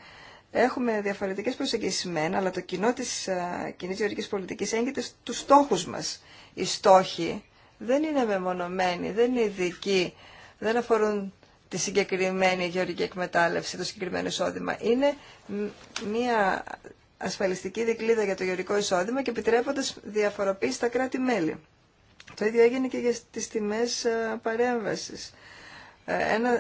Έχουμε διαφορετικές προσεγγίσεις αλλά το κοινό της κοινή κοινής πολιτική πολιτικής έγκυται στους στόχους μας. Οι στόχοι δεν είναι μεμονωμένοι, δεν είναι ειδικοί, δεν αφορούν τη συγκεκριμένη γεωργική εκμετάλλευση, το συγκεκριμένο εισόδημα. Είναι μια ασφαλιστική δικλίδα για το γεωργικό εισόδημα και επιτρέποντα διαφοροποίηση στα κράτη-μέλη. Το ίδιο έγινε και για τις τιμές ε, παρέμβασης. Ε, ένα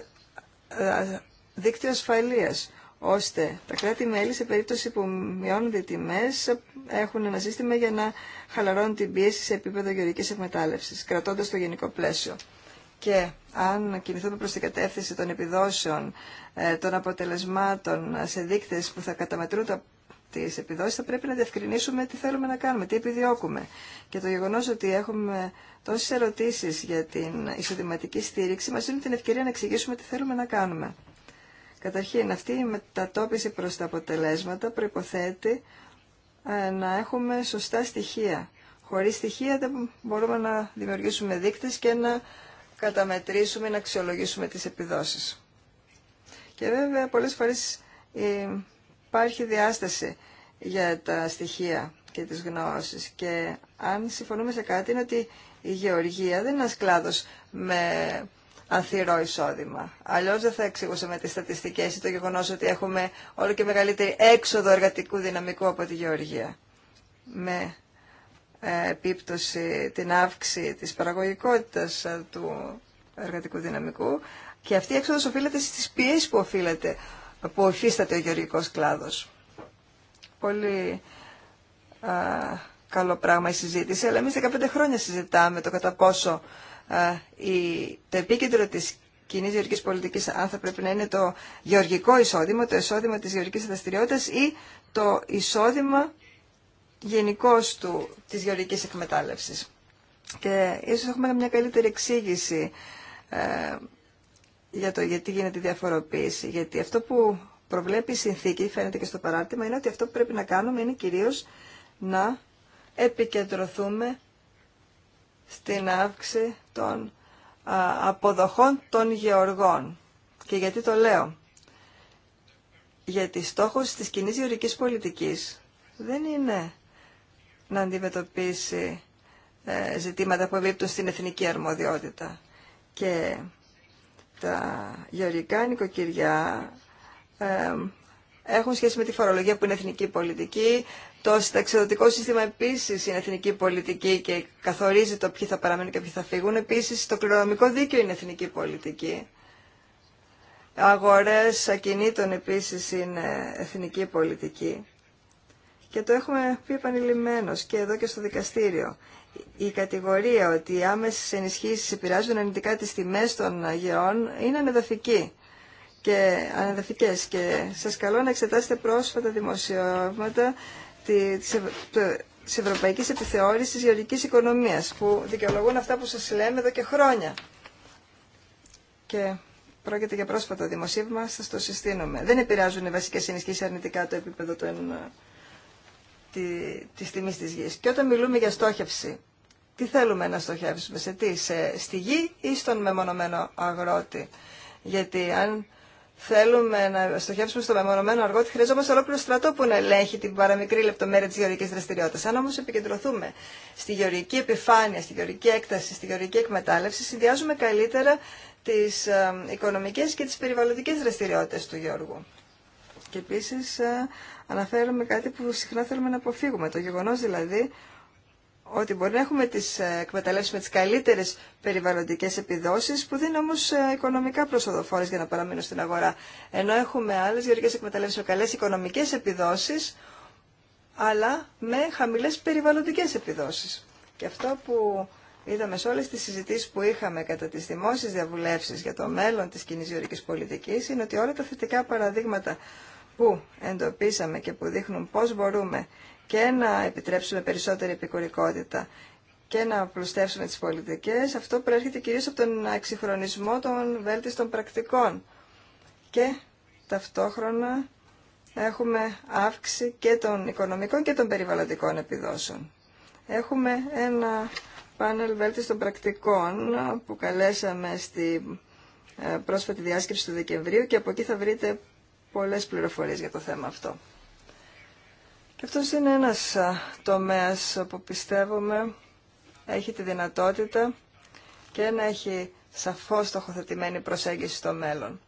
ε, δίκτυο ασφαλείας, ώστε τα κράτη-μέλη σε περίπτωση που μειώνονται οι τιμές έχουν ένα σύστημα για να χαλαρώνουν την πίεση σε επίπεδο γεωρική εκμετάλλευση, κρατώντα το γενικό πλαίσιο. Και αν κινηθούμε προς την κατεύθυνση των επιδόσεων, ε, των αποτελεσμάτων σε δείκτες που θα καταμετρούν τι τις επιδόσεις θα πρέπει να διευκρινίσουμε τι θέλουμε να κάνουμε, τι επιδιώκουμε. Και το γεγονός ότι έχουμε τόσες ερωτήσεις για την εισοδηματική στήριξη μας δίνει την ευκαιρία να εξηγήσουμε τι θέλουμε να κάνουμε. Καταρχήν, αυτή η μετατόπιση προς τα αποτελέσματα προϋποθέτει ε, να έχουμε σωστά στοιχεία. Χωρίς στοιχεία δεν μπορούμε να δημιουργήσουμε δείκτες και να καταμετρήσουμε ή να αξιολογήσουμε τις επιδόσεις. Και βέβαια πολλές φορές ε, υπάρχει διάσταση για τα στοιχεία και τις γνώσεις και αν συμφωνούμε σε κάτι είναι ότι η γεωργία δεν είναι ένας κλάδος με ανθυρό εισόδημα. Αλλιώ δεν θα εξηγούσαμε τι στατιστικέ ή το γεγονό ότι έχουμε όλο και μεγαλύτερη έξοδο εργατικού δυναμικού από τη γεωργία. Με επίπτωση την αύξηση της παραγωγικότητας ε, του εργατικού δυναμικού και αυτή η έξοδος οφείλεται στις πιέσεις που οφείλεται, που οφείσταται ο γεωργικός κλάδος. Πολύ α, ε, καλό πράγμα η συζήτηση, αλλά εμείς 15 χρόνια συζητάμε το κατά πόσο ε, η, το επίκεντρο της κοινή γεωργικής πολιτικής αν θα πρέπει να είναι το γεωργικό εισόδημα, το εισόδημα της γεωργικής δραστηριότητα ή το εισόδημα γενικώ του της γεωργικής εκμετάλλευσης. Και ίσως έχουμε μια καλύτερη εξήγηση ε, για το γιατί γίνεται η διαφοροποίηση. Γιατί αυτό που προβλέπει η συνθήκη, φαίνεται και στο παράρτημα, είναι ότι αυτό που πρέπει να κάνουμε είναι κυρίως να επικεντρωθούμε στην αύξηση των αποδοχών των γεωργών. Και γιατί το λέω. Γιατί στόχος της κοινή γεωργικής πολιτικής δεν είναι να αντιμετωπίσει ε, ζητήματα που εμπίπτουν στην εθνική αρμοδιότητα. Και τα γεωργικά νοικοκυριά ε, έχουν σχέση με τη φορολογία που είναι εθνική πολιτική. Το συνταξιδοτικό σύστημα επίση είναι εθνική πολιτική και καθορίζει το ποιοι θα παραμένουν και ποιοι θα φύγουν. Επίση, το κληρονομικό δίκαιο είναι εθνική πολιτική. Αγορές ακινήτων επίσης είναι εθνική πολιτική. Και το έχουμε πει επανειλημμένω και εδώ και στο δικαστήριο. Η κατηγορία ότι οι άμεσε ενισχύσει επηρεάζουν αρνητικά τι τιμέ των αγεών είναι ανεδαφική και ανεδαφικές και σας καλώ να εξετάσετε πρόσφατα δημοσιεύματα της Ευρωπαϊκή Επιθεώρηση Γεωργική οικονομία, που δικαιολογούν αυτά που σα λέμε εδώ και χρόνια. Και πρόκειται για πρόσφατο δημοσίευμα, σα το συστήνουμε. Δεν επηρεάζουν οι βασικές ενισχύσει αρνητικά το επίπεδο των Τη τιμής της γης. Και όταν μιλούμε για στόχευση, τι θέλουμε να στοχεύσουμε, σε τι, στη γη ή στον μεμονωμένο αγρότη. Γιατί αν θέλουμε να στοχεύσουμε στον μεμονωμένο αγρότη, χρειαζόμαστε ολόκληρο στρατό που να ελέγχει την παραμικρή λεπτομέρεια της γεωργικής δραστηριότητας. Αν όμως επικεντρωθούμε στη γεωργική επιφάνεια, στη γεωργική έκταση, στη γεωργική εκμετάλλευση, συνδυάζουμε καλύτερα τις ε, οικονομικές και τις περιβαλλοντικές δραστηριότητε του Γιώργου. Και επίσης ε, αναφέρουμε κάτι που συχνά θέλουμε να αποφύγουμε. Το γεγονό, δηλαδή ότι μπορεί να έχουμε τις ε, εκμεταλλεύσεις με τις καλύτερες περιβαλλοντικές επιδόσεις που δίνουν όμω ε, οικονομικά προσοδοφόρες για να παραμείνουν στην αγορά. Ενώ έχουμε άλλε γεωργικές εκμεταλλεύσεις με καλέ οικονομικές επιδόσεις αλλά με χαμηλέ περιβαλλοντικέ επιδόσεις. Και αυτό που είδαμε σε όλε τι συζητήσει που είχαμε κατά τι δημόσιε διαβουλεύσεις για το μέλλον τη κοινή γεωργική πολιτική είναι ότι όλα τα θετικά παραδείγματα που εντοπίσαμε και που δείχνουν πώς μπορούμε και να επιτρέψουμε περισσότερη επικουρικότητα και να απλουστεύσουμε τις πολιτικές, αυτό προέρχεται κυρίως από τον εξυγχρονισμό των βέλτιστων πρακτικών. Και ταυτόχρονα έχουμε αύξηση και των οικονομικών και των περιβαλλοντικών επιδόσεων. Έχουμε ένα πάνελ βέλτιστων πρακτικών που καλέσαμε στη ε, πρόσφατη διάσκεψη του Δεκεμβρίου και από εκεί θα βρείτε πολλές πληροφορίες για το θέμα αυτό. Και αυτός είναι ένας τομέας που πιστεύουμε έχει τη δυνατότητα και να έχει σαφώς στοχοθετημένη προσέγγιση στο μέλλον.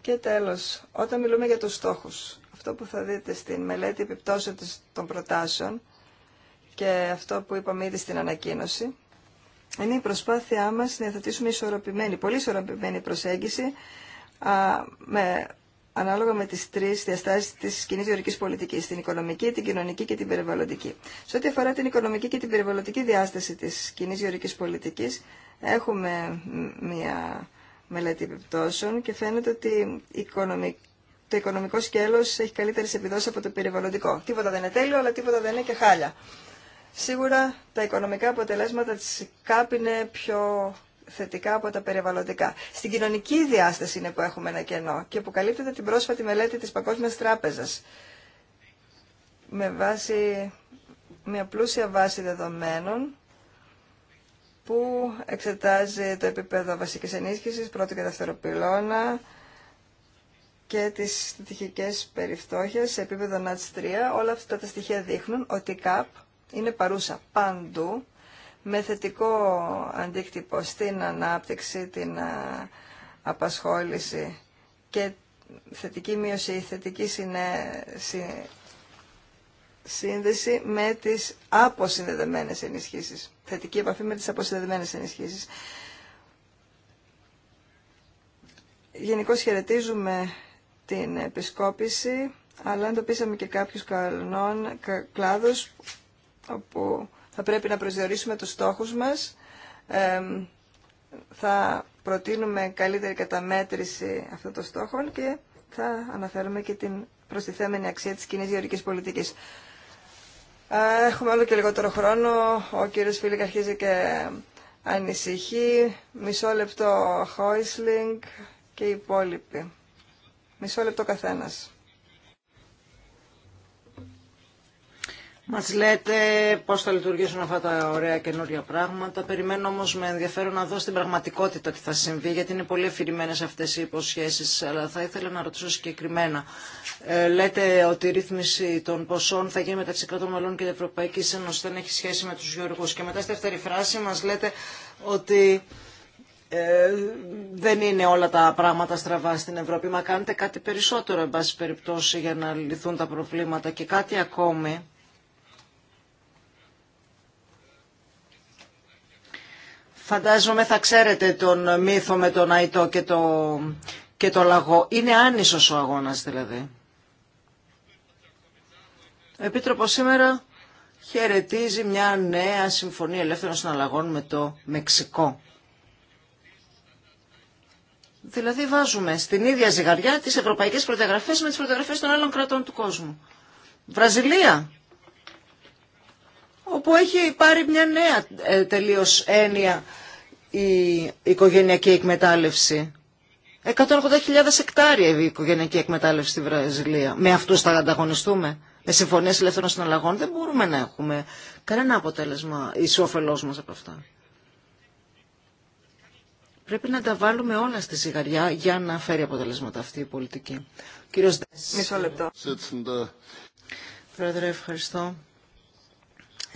Και τέλος, όταν μιλούμε για τους στόχους, αυτό που θα δείτε στην μελέτη επιπτώσεων των προτάσεων και αυτό που είπαμε ήδη στην ανακοίνωση, είναι η προσπάθειά μας να υιοθετήσουμε ισορροπημένη, πολύ ισορροπημένη προσέγγιση με ανάλογα με τι τρει διαστάσει τη κοινή γεωρικής πολιτική. την οικονομική, την κοινωνική και την περιβαλλοντική. Σε ό,τι αφορά την οικονομική και την περιβαλλοντική διάσταση τη κοινή γεωρικής πολιτική, έχουμε μια μελέτη επιπτώσεων και φαίνεται ότι το οικονομικό σκέλος έχει καλύτερε επιδόσεις από το περιβαλλοντικό. Τίποτα δεν είναι τέλειο, αλλά τίποτα δεν είναι και χάλια. Σίγουρα τα οικονομικά αποτελέσματα της ΚΑΠ είναι πιο θετικά από τα περιβαλλοντικά. Στην κοινωνική διάσταση είναι που έχουμε ένα κενό και που καλύπτεται την πρόσφατη μελέτη της Παγκόσμιας Τράπεζας με βάση μια πλούσια βάση δεδομένων που εξετάζει το επίπεδο βασικής ενίσχυσης, πρώτο και δεύτερο και τις τυχικές περιφτώχειες σε επίπεδο ΝΑΤΣ 3. Όλα αυτά τα στοιχεία δείχνουν ότι η ΚΑΠ είναι παρούσα παντού με θετικό αντίκτυπο στην ανάπτυξη, την ε, απασχόληση και θετική μείωση ή θετική σύνδεση με τις αποσυνδεδεμένες ενισχύσεις. Θετική επαφή με τις αποσυνδεδεμένες ενισχύσεις. Γενικώ χαιρετίζουμε την επισκόπηση, αλλά εντοπίσαμε και κάποιους κανόν, κλάδους όπου θα πρέπει να προσδιορίσουμε τους στόχους μας. θα προτείνουμε καλύτερη καταμέτρηση αυτών των στόχων και θα αναφέρουμε και την προστιθέμενη αξία της κοινή γεωρικής πολιτικής. Έχουμε όλο και λιγότερο χρόνο. Ο κύριος Φίλικ αρχίζει και ανησυχεί. Μισό λεπτό Χόισλινγκ και οι υπόλοιποι. Μισό λεπτό καθένας. Μας λέτε πώς θα λειτουργήσουν αυτά τα ωραία καινούργια πράγματα. Περιμένω όμως με ενδιαφέρον να δω στην πραγματικότητα τι θα συμβεί, γιατί είναι πολύ εφηρημένες αυτές οι υποσχέσεις, αλλά θα ήθελα να ρωτήσω συγκεκριμένα. Ε, λέτε ότι η ρύθμιση των ποσών θα γίνει μεταξύ κρατών μελών και Ευρωπαϊκή Ευρωπαϊκής Ένωσης, δεν έχει σχέση με τους γεωργούς. Και μετά στη δεύτερη φράση μας λέτε ότι... Ε, δεν είναι όλα τα πράγματα στραβά στην Ευρώπη. Μα κάνετε κάτι περισσότερο, εν πάση περιπτώσει, για να λυθούν τα προβλήματα και κάτι ακόμη Φαντάζομαι θα ξέρετε τον μύθο με τον Αϊτό και το, και το λαγό. Είναι άνισος ο αγώνας δηλαδή. Ο Επίτροπος σήμερα χαιρετίζει μια νέα συμφωνία ελεύθερων συναλλαγών με το Μεξικό. Δηλαδή βάζουμε στην ίδια ζυγαριά τις ευρωπαϊκές προδιαγραφές με τις προδιαγραφές των άλλων κρατών του κόσμου. Βραζιλία, όπου έχει πάρει μια νέα ε, τελείως έννοια η οικογενειακή εκμετάλλευση. 180.000 εκτάρια η οικογενειακή εκμετάλλευση στη Βραζιλία. Με αυτούς θα ανταγωνιστούμε. Με συμφωνίες ελεύθερων συναλλαγών δεν μπορούμε να έχουμε κανένα αποτέλεσμα ισοφελός μας από αυτά. Πρέπει να τα βάλουμε όλα στη ζυγαριά για να φέρει αποτελέσματα αυτή η πολιτική. Κύριος Δέσης. Μισό λεπτό. Πρόεδρε, ευχαριστώ.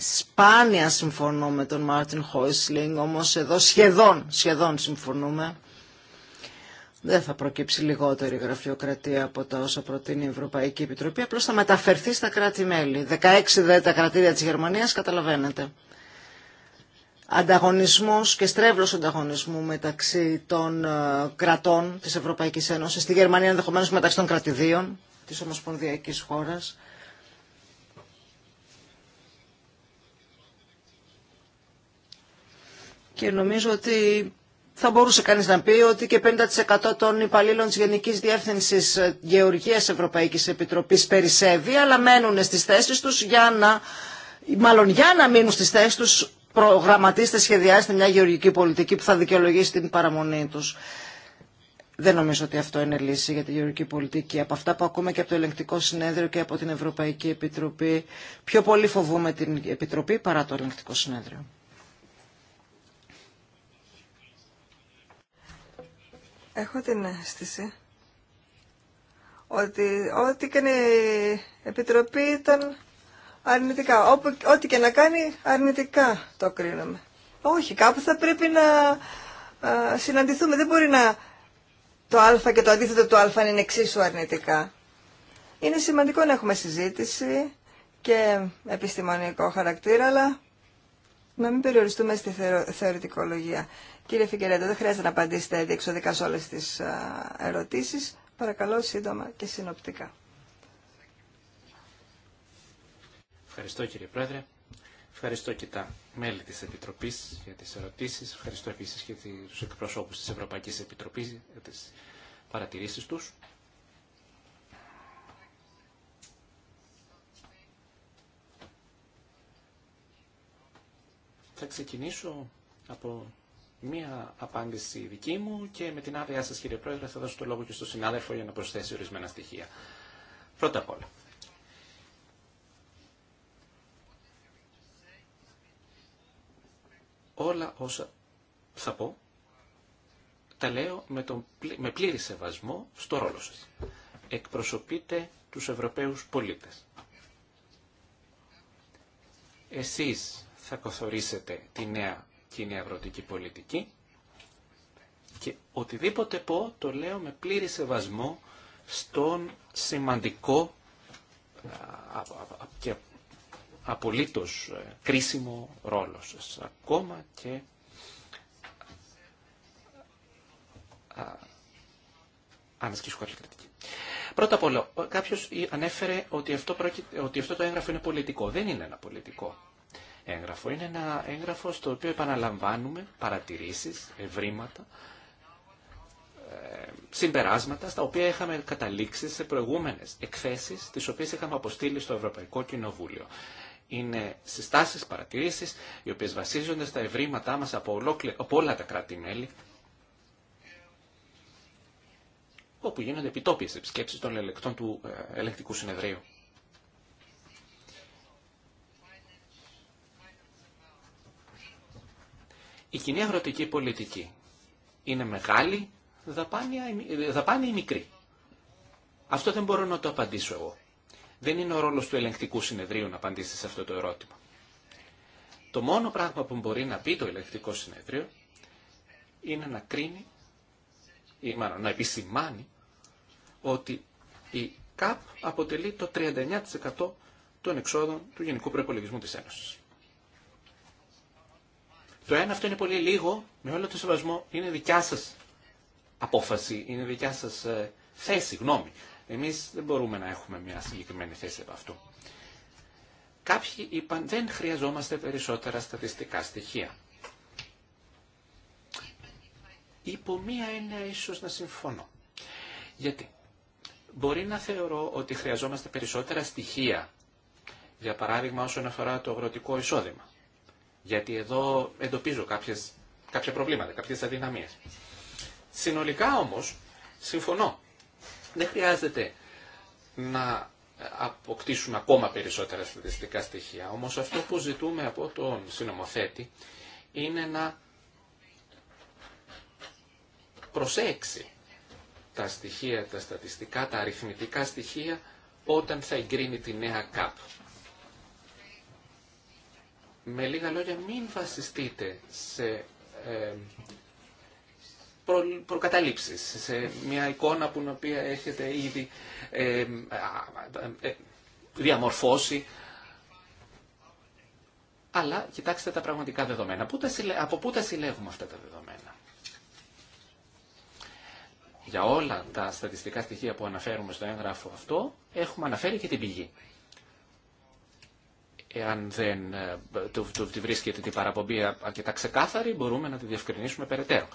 Σπάνια συμφωνώ με τον Μάρτιν Χόισλινγκ, όμως εδώ σχεδόν, σχεδόν συμφωνούμε. Δεν θα προκύψει λιγότερη γραφειοκρατία από τα όσα προτείνει η Ευρωπαϊκή Επιτροπή, απλώς θα μεταφερθεί στα κράτη-μέλη. 16 δε τα κρατήρια της Γερμανίας, καταλαβαίνετε. Ανταγωνισμός και στρέβλος ανταγωνισμού μεταξύ των ε, κρατών της Ευρωπαϊκής Ένωσης, στη Γερμανία ενδεχομένως μεταξύ των κρατηδίων της Ομοσπονδιακής χώρας. Και νομίζω ότι θα μπορούσε κανείς να πει ότι και 50% των υπαλλήλων της Γενικής Διεύθυνσης Γεωργίας Ευρωπαϊκής Επιτροπής περισσεύει, αλλά μένουν στις θέσεις τους για να, μάλλον για να μείνουν στις θέσεις τους προγραμματίστε, σχεδιάστε μια γεωργική πολιτική που θα δικαιολογήσει την παραμονή τους. Δεν νομίζω ότι αυτό είναι λύση για τη γεωργική πολιτική. Από αυτά που ακούμε και από το Ελεγκτικό Συνέδριο και από την Ευρωπαϊκή Επιτροπή, πιο πολύ φοβούμε την Επιτροπή παρά το Ελεγκτικό Συνέδριο. Έχω την αίσθηση ότι ό,τι έκανε η Επιτροπή ήταν αρνητικά. ό,τι και να κάνει αρνητικά το κρίνουμε. Όχι, κάπου θα πρέπει να α, συναντηθούμε. Δεν μπορεί να το α και το αντίθετο του α είναι εξίσου αρνητικά. Είναι σημαντικό να έχουμε συζήτηση και επιστημονικό χαρακτήρα, αλλά να μην περιοριστούμε στη θεωρητικολογία. Κύριε Φιγκερέντο, δεν χρειάζεται να απαντήσετε διεξοδικά σε όλες τις ερωτήσεις. Παρακαλώ σύντομα και συνοπτικά. Ευχαριστώ κύριε Πρόεδρε. Ευχαριστώ και τα μέλη της Επιτροπής για τις ερωτήσεις. Ευχαριστώ επίσης και τους εκπροσώπους της Ευρωπαϊκής Επιτροπής για τις παρατηρήσεις τους. Θα ξεκινήσω από μία απάντηση δική μου και με την άδειά σας κύριε Πρόεδρε θα δώσω το λόγο και στον συνάδελφο για να προσθέσει ορισμένα στοιχεία. Πρώτα απ' όλα. Όλα όσα θα πω τα λέω με, τον, με πλήρη σεβασμό στο ρόλο σας. Εκπροσωπείτε τους Ευρωπαίους πολίτες. Εσείς θα καθορίσετε τη νέα κοινή αγροτική πολιτική και οτιδήποτε πω το λέω με πλήρη σεβασμό στον σημαντικό και απολύτως ε, κρίσιμο ρόλο σας. Ακόμα και αν ασκήσω κριτική. Πρώτα απ' όλα, κάποιο ανέφερε ότι αυτό, ότι αυτό το έγγραφο είναι πολιτικό. Δεν είναι ένα πολιτικό έγγραφο. Είναι ένα έγγραφο στο οποίο επαναλαμβάνουμε παρατηρήσεις, ευρήματα, ε, συμπεράσματα στα οποία είχαμε καταλήξει σε προηγούμενες εκθέσεις τις οποίες είχαμε αποστείλει στο Ευρωπαϊκό Κοινοβούλιο. Είναι συστάσεις, παρατηρήσεις, οι οποίες βασίζονται στα ευρήματά μας από, από όλα τα κράτη-μέλη, όπου γίνονται επιτόπιες επισκέψεις των ελεκτών του ε, ελεκτικού συνεδρίου. Η κοινή αγροτική πολιτική είναι μεγάλη δαπάνη, ή μικρή. Αυτό δεν μπορώ να το απαντήσω εγώ. Δεν είναι ο ρόλος του ελεγκτικού συνεδρίου να απαντήσει σε αυτό το ερώτημα. Το μόνο πράγμα που μπορεί να πει το ελεγκτικό συνεδρίο είναι να κρίνει ή μάλλον να επισημάνει ότι η ΚΑΠ αποτελεί το 39% των εξόδων του Γενικού Προπολογισμού της Ένωσης. Το ένα αυτό είναι πολύ λίγο, με όλο το σεβασμό, είναι δικιά σα απόφαση, είναι δικιά σα ε, θέση, γνώμη. Εμεί δεν μπορούμε να έχουμε μια συγκεκριμένη θέση από αυτό. Κάποιοι είπαν δεν χρειαζόμαστε περισσότερα στατιστικά στοιχεία. Υπό μία έννοια ίσως να συμφωνώ. Γιατί μπορεί να θεωρώ ότι χρειαζόμαστε περισσότερα στοιχεία, για παράδειγμα όσον αφορά το αγροτικό εισόδημα γιατί εδώ εντοπίζω κάποιες, κάποια προβλήματα, κάποιες αδυναμίες. Συνολικά όμως, συμφωνώ, δεν χρειάζεται να αποκτήσουμε ακόμα περισσότερα στατιστικά στοιχεία. Όμως αυτό που ζητούμε από τον συνομοθέτη είναι να προσέξει τα στοιχεία, τα στατιστικά, τα αριθμητικά στοιχεία όταν θα εγκρίνει τη νέα ΚΑΠ. Με λίγα λόγια, μην βασιστείτε σε ε, προκαταλήψεις, σε μια εικόνα που την οποία έχετε ήδη ε, ε, ε, διαμορφώσει, αλλά κοιτάξτε τα πραγματικά δεδομένα. Πού τα, από πού τα συλλέγουμε αυτά τα δεδομένα. Για όλα τα στατιστικά στοιχεία απο που τα συλλεγουμε αυτα τα δεδομενα για ολα τα στατιστικα στοιχεια που αναφερουμε στο έγγραφο αυτό, έχουμε αναφέρει και την πηγή. Εάν δεν ε, του, βρίσκεται την παραπομπή αρκετά ξεκάθαρη, μπορούμε να τη διευκρινίσουμε περαιτέρω.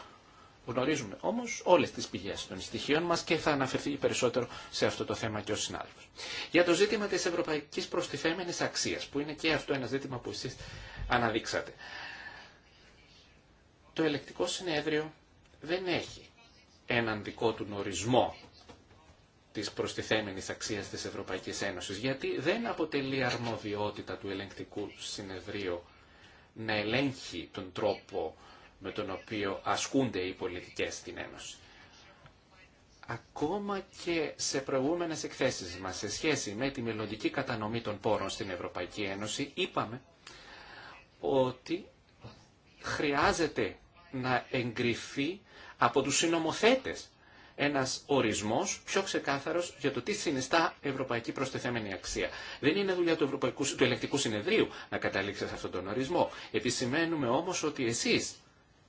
Γνωρίζουμε όμω όλε τι πηγέ των στοιχείων μα και θα αναφερθεί περισσότερο σε αυτό το θέμα και ο συνάδελφο. Για το ζήτημα τη ευρωπαϊκή προστιθέμενη αξία, που είναι και αυτό ένα ζήτημα που εσεί αναδείξατε. Το ελεκτικό συνέδριο δεν έχει έναν δικό του ορισμό Τη προστιθέμενης αξίας της Ευρωπαϊκής Ένωσης, γιατί δεν αποτελεί αρμοδιότητα του ελεγκτικού συνεδρίου να ελέγχει τον τρόπο με τον οποίο ασκούνται οι πολιτικές στην Ένωση. Ακόμα και σε προηγούμενες εκθέσεις μας σε σχέση με τη μελλοντική κατανομή των πόρων στην Ευρωπαϊκή Ένωση είπαμε ότι χρειάζεται να εγκριθεί από τους συνομοθέτες ένας ορισμός πιο ξεκάθαρο για το τι συνιστά ευρωπαϊκή προστεθέμενη αξία. Δεν είναι δουλειά του, Ευρωπαϊκού, του Ελεκτικού Συνεδρίου να καταλήξει σε αυτόν τον ορισμό. Επισημαίνουμε όμως ότι εσείς,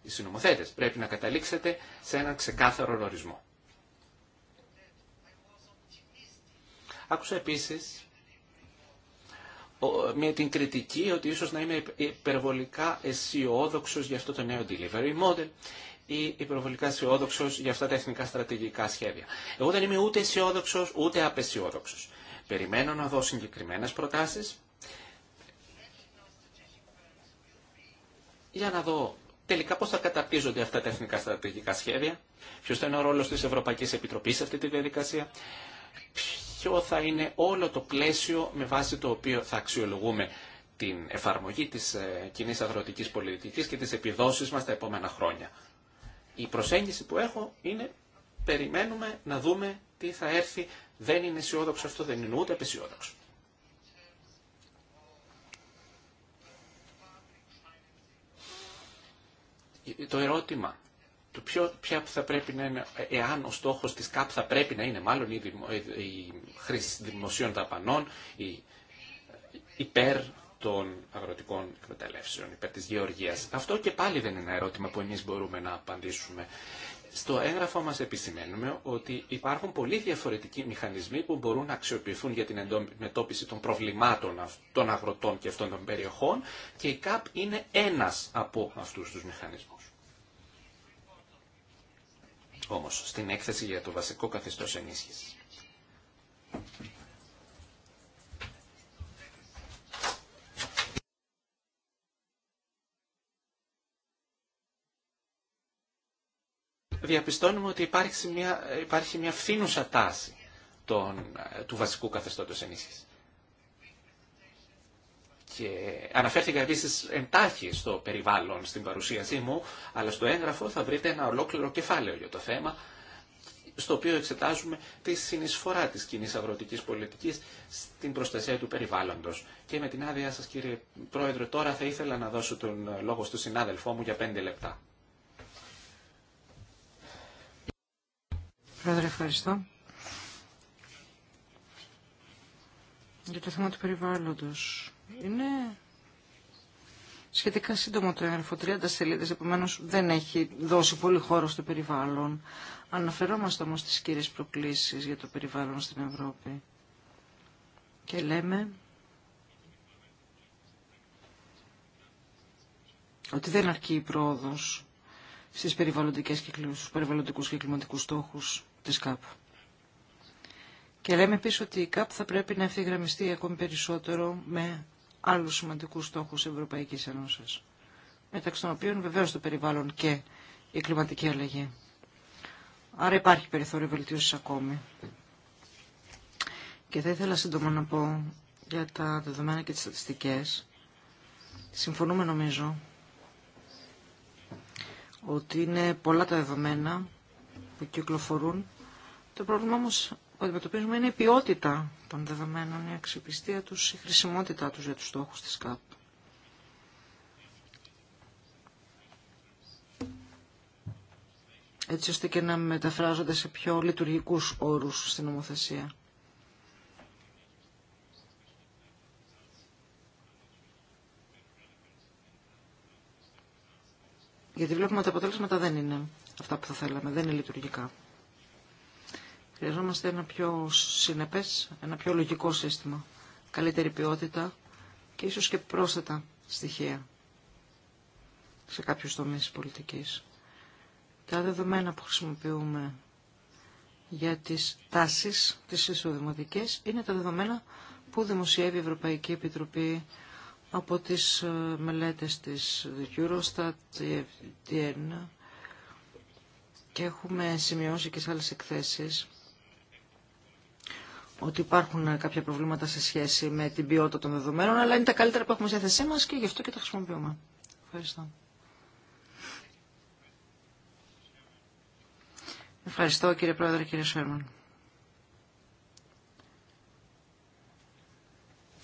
οι συνομοθέτες, πρέπει να καταλήξετε σε έναν ξεκάθαρο ορισμό. Άκουσα επίσης με την κριτική ότι ίσως να είμαι υπερβολικά αισιόδοξο για αυτό το νέο delivery model ή υπερβολικά αισιόδοξο για αυτά τα εθνικά στρατηγικά σχέδια. Εγώ δεν είμαι ούτε αισιόδοξο ούτε απεσιόδοξο. Περιμένω να δω συγκεκριμένε προτάσει για να δω τελικά πώς θα καταπίζονται αυτά τα εθνικά στρατηγικά σχέδια, Ποιο θα είναι ο ρόλο τη Ευρωπαϊκή Επιτροπή σε αυτή τη διαδικασία, ποιο θα είναι όλο το πλαίσιο με βάση το οποίο θα αξιολογούμε την εφαρμογή της ε, κοινή αγροτικής πολιτικής και τις επιδόσεις μας τα επόμενα χρόνια. Η προσέγγιση που έχω είναι περιμένουμε να δούμε τι θα έρθει. Δεν είναι αισιόδοξο αυτό, δεν είναι ούτε απεσιόδοξο. Το ερώτημα το ποιο, ποια θα πρέπει να είναι, εάν ο στόχος της ΚΑΠ θα πρέπει να είναι μάλλον η, δημο, η χρήση δημοσίων δαπανών, η, υπέρ των αγροτικών εκμεταλλεύσεων, υπέρ της γεωργίας. Αυτό και πάλι δεν είναι ένα ερώτημα που εμείς μπορούμε να απαντήσουμε. Στο έγγραφο μας επισημαίνουμε ότι υπάρχουν πολύ διαφορετικοί μηχανισμοί που μπορούν να αξιοποιηθούν για την εντόπιση των προβλημάτων των αγροτών και αυτών των περιοχών και η ΚΑΠ είναι ένας από αυτούς τους μηχανισμούς όμως στην έκθεση για το βασικό καθεστώς ενίσχυσης. διαπιστώνουμε ότι υπάρχει μια, υπάρχει μια φθήνουσα τάση ε, του βασικού καθεστώτος ενίσχυσης. Και αναφέρθηκα επίση εντάχει στο περιβάλλον στην παρουσίασή μου, αλλά στο έγγραφο θα βρείτε ένα ολόκληρο κεφάλαιο για το θέμα, στο οποίο εξετάζουμε τη συνεισφορά της κοινή αγροτικής πολιτικής στην προστασία του περιβάλλοντος. Και με την άδειά σας κύριε Πρόεδρε, τώρα θα ήθελα να δώσω τον λόγο στον συνάδελφό μου για πέντε λεπτά. Πρόεδρε, ευχαριστώ. Για το θέμα του περιβάλλοντος. Είναι σχετικά σύντομο το έγγραφο, 30 σελίδες, επομένως δεν έχει δώσει πολύ χώρο στο περιβάλλον. Αναφερόμαστε όμως στις κύριες προκλήσεις για το περιβάλλον στην Ευρώπη. Και λέμε ότι δεν αρκεί η πρόοδος στις περιβαλλοντικές κυκλούς, στους περιβαλλοντικούς και κλιματικούς στόχους της ΚΑΠ. Και λέμε επίσης ότι η ΚΑΠ θα πρέπει να ευθυγραμμιστεί ακόμη περισσότερο με άλλους σημαντικούς στόχους Ευρωπαϊκής Ένωσης, μεταξύ των οποίων βεβαίως το περιβάλλον και η κλιματική αλλαγή. Άρα υπάρχει περιθώριο βελτίωσης ακόμη. Και θα ήθελα σύντομα να πω για τα δεδομένα και τις στατιστικές. Συμφωνούμε νομίζω ότι είναι πολλά τα δεδομένα που κυκλοφορούν. Το πρόβλημα όμως αντιμετωπίζουμε είναι η ποιότητα των δεδομένων, η αξιοπιστία τους, η χρησιμότητά τους για τους στόχους της ΚΑΠ. έτσι ώστε και να μεταφράζονται σε πιο λειτουργικούς όρους στην νομοθεσία. Γιατί βλέπουμε ότι τα αποτέλεσματα δεν είναι αυτά που θα θέλαμε, δεν είναι λειτουργικά. Χρειαζόμαστε ένα πιο συνεπές, ένα πιο λογικό σύστημα, καλύτερη ποιότητα και ίσως και πρόσθετα στοιχεία σε κάποιους τομείς της πολιτικής. Τα δεδομένα που χρησιμοποιούμε για τις τάσεις, της ισοδημοτικές, είναι τα δεδομένα που δημοσιεύει η Ευρωπαϊκή Επιτροπή από τις ε, μελέτες της Eurostat, TN, και έχουμε σημειώσει και σε άλλες εκθέσεις ότι υπάρχουν ε, κάποια προβλήματα σε σχέση με την ποιότητα των δεδομένων, αλλά είναι τα καλύτερα που έχουμε στη θέση μας και γι' αυτό και τα χρησιμοποιούμε. Ευχαριστώ. Ευχαριστώ κύριε Πρόεδρε, κύριε Σέρμαν.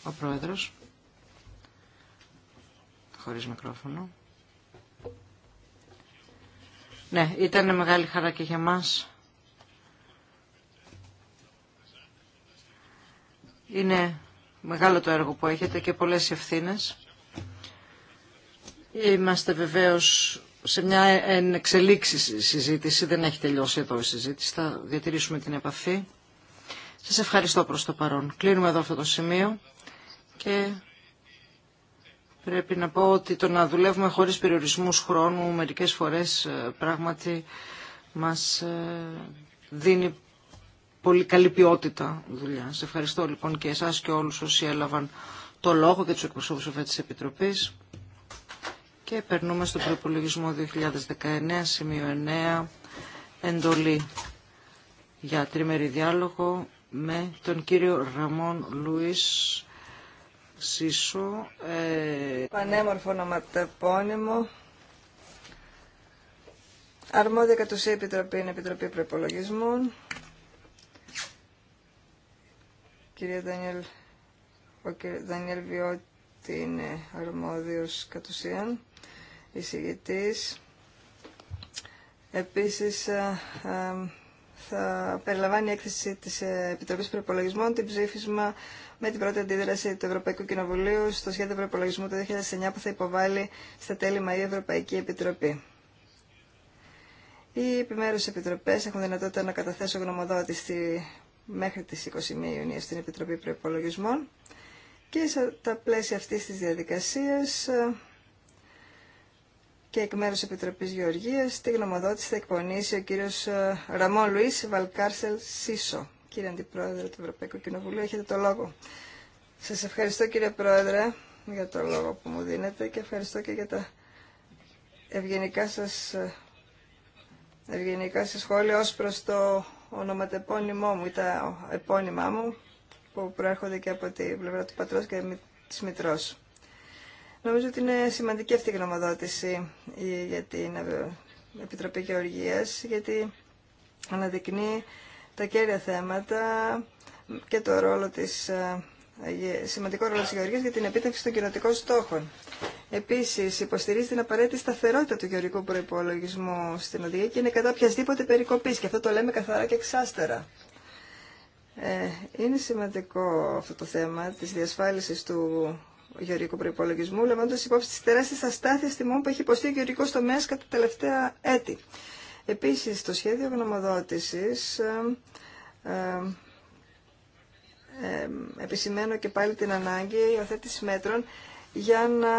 Ο Πρόεδρος, χωρίς μικρόφωνο. Ναι, ήταν μεγάλη χαρά και για μας Είναι μεγάλο το έργο που έχετε και πολλές ευθύνες. Είμαστε βεβαίως σε μια εξελίξη συζήτηση, δεν έχει τελειώσει εδώ η συζήτηση, θα διατηρήσουμε την επαφή. Σας ευχαριστώ προς το παρόν. Κλείνουμε εδώ αυτό το σημείο και πρέπει να πω ότι το να δουλεύουμε χωρίς περιορισμούς χρόνου μερικές φορές ε, πράγματι μας ε, δίνει πολύ καλή ποιότητα δουλειά. Σε ευχαριστώ λοιπόν και εσάς και όλους όσοι έλαβαν το λόγο και τους εκπροσώπους αυτής της Επιτροπής. Και περνούμε στον προπολογισμό 2019, σημείο 9, εντολή για τριμερή διάλογο με τον κύριο Ραμόν Λουίς Σίσο. Ε... Πανέμορφο ονοματεπώνυμο. Αρμόδια κατ' ουσία επιτροπή είναι Επιτροπή Προπολογισμών. κυρία Δανιέλ, ο κ. Δανιέλ Βιώτη είναι αρμόδιος κατ' ουσίαν, εισηγητής. Επίσης, θα περιλαμβάνει η έκθεση της ε, Επιτροπής Προπολογισμών την ψήφισμα με την πρώτη αντίδραση του Ευρωπαϊκού Κοινοβουλίου στο σχέδιο προπολογισμού του 2009 που θα υποβάλει στα τέλη Μαΐου η Ευρωπαϊκή Επιτροπή. Οι επιμέρους επιτροπές έχουν δυνατότητα να καταθέσουν γνωμοδότηση μέχρι τις 21 Ιουνίου στην Επιτροπή Προϋπολογισμών και σε τα πλαίσια αυτής της διαδικασίας ε, και εκ μέρους Επιτροπής Γεωργίας τη γνωμοδότηση θα εκπονήσει ο κύριος ε, Ραμόν Λουίς Βαλκάρσελ Σίσο. Κύριε Αντιπρόεδρε του Ευρωπαϊκού Κοινοβουλίου, έχετε το λόγο. Σας ευχαριστώ κύριε Πρόεδρε για το λόγο που μου δίνετε και ευχαριστώ και για τα ευγενικά σας, ε, ευγενικά σας σχόλια ως προς το ονοματεπώνυμό μου ή τα επώνυμά μου που προέρχονται και από τη πλευρά του πατρός και της μητρός. Νομίζω ότι είναι σημαντική αυτή η γνωμοδότηση για την Επιτροπή Γεωργίας γιατί αναδεικνύει τα κέρια θέματα και το ρόλο της, ε, σημαντικό ρόλο της Γεωργίας για την επίτευξη των κοινοτικών στόχων. Επίση, υποστηρίζει την απαραίτητη σταθερότητα του γεωργικού προπολογισμού στην οδηγία και είναι κατά οποιασδήποτε περικοπής και αυτό το λέμε καθαρά και εξάστερα. Ε, είναι σημαντικό αυτό το θέμα τη διασφάλιση του γεωργικού προπολογισμού, λαμβάνοντα υπόψη τι τεράστιε αστάθειε τιμών που έχει υποστεί ο γεωργικό τομέα κατά τα τελευταία έτη. Επίση, το σχέδιο γνωμοδότηση. Ε, ε, ε, ε, επισημαίνω και πάλι την ανάγκη υιοθέτηση μέτρων για να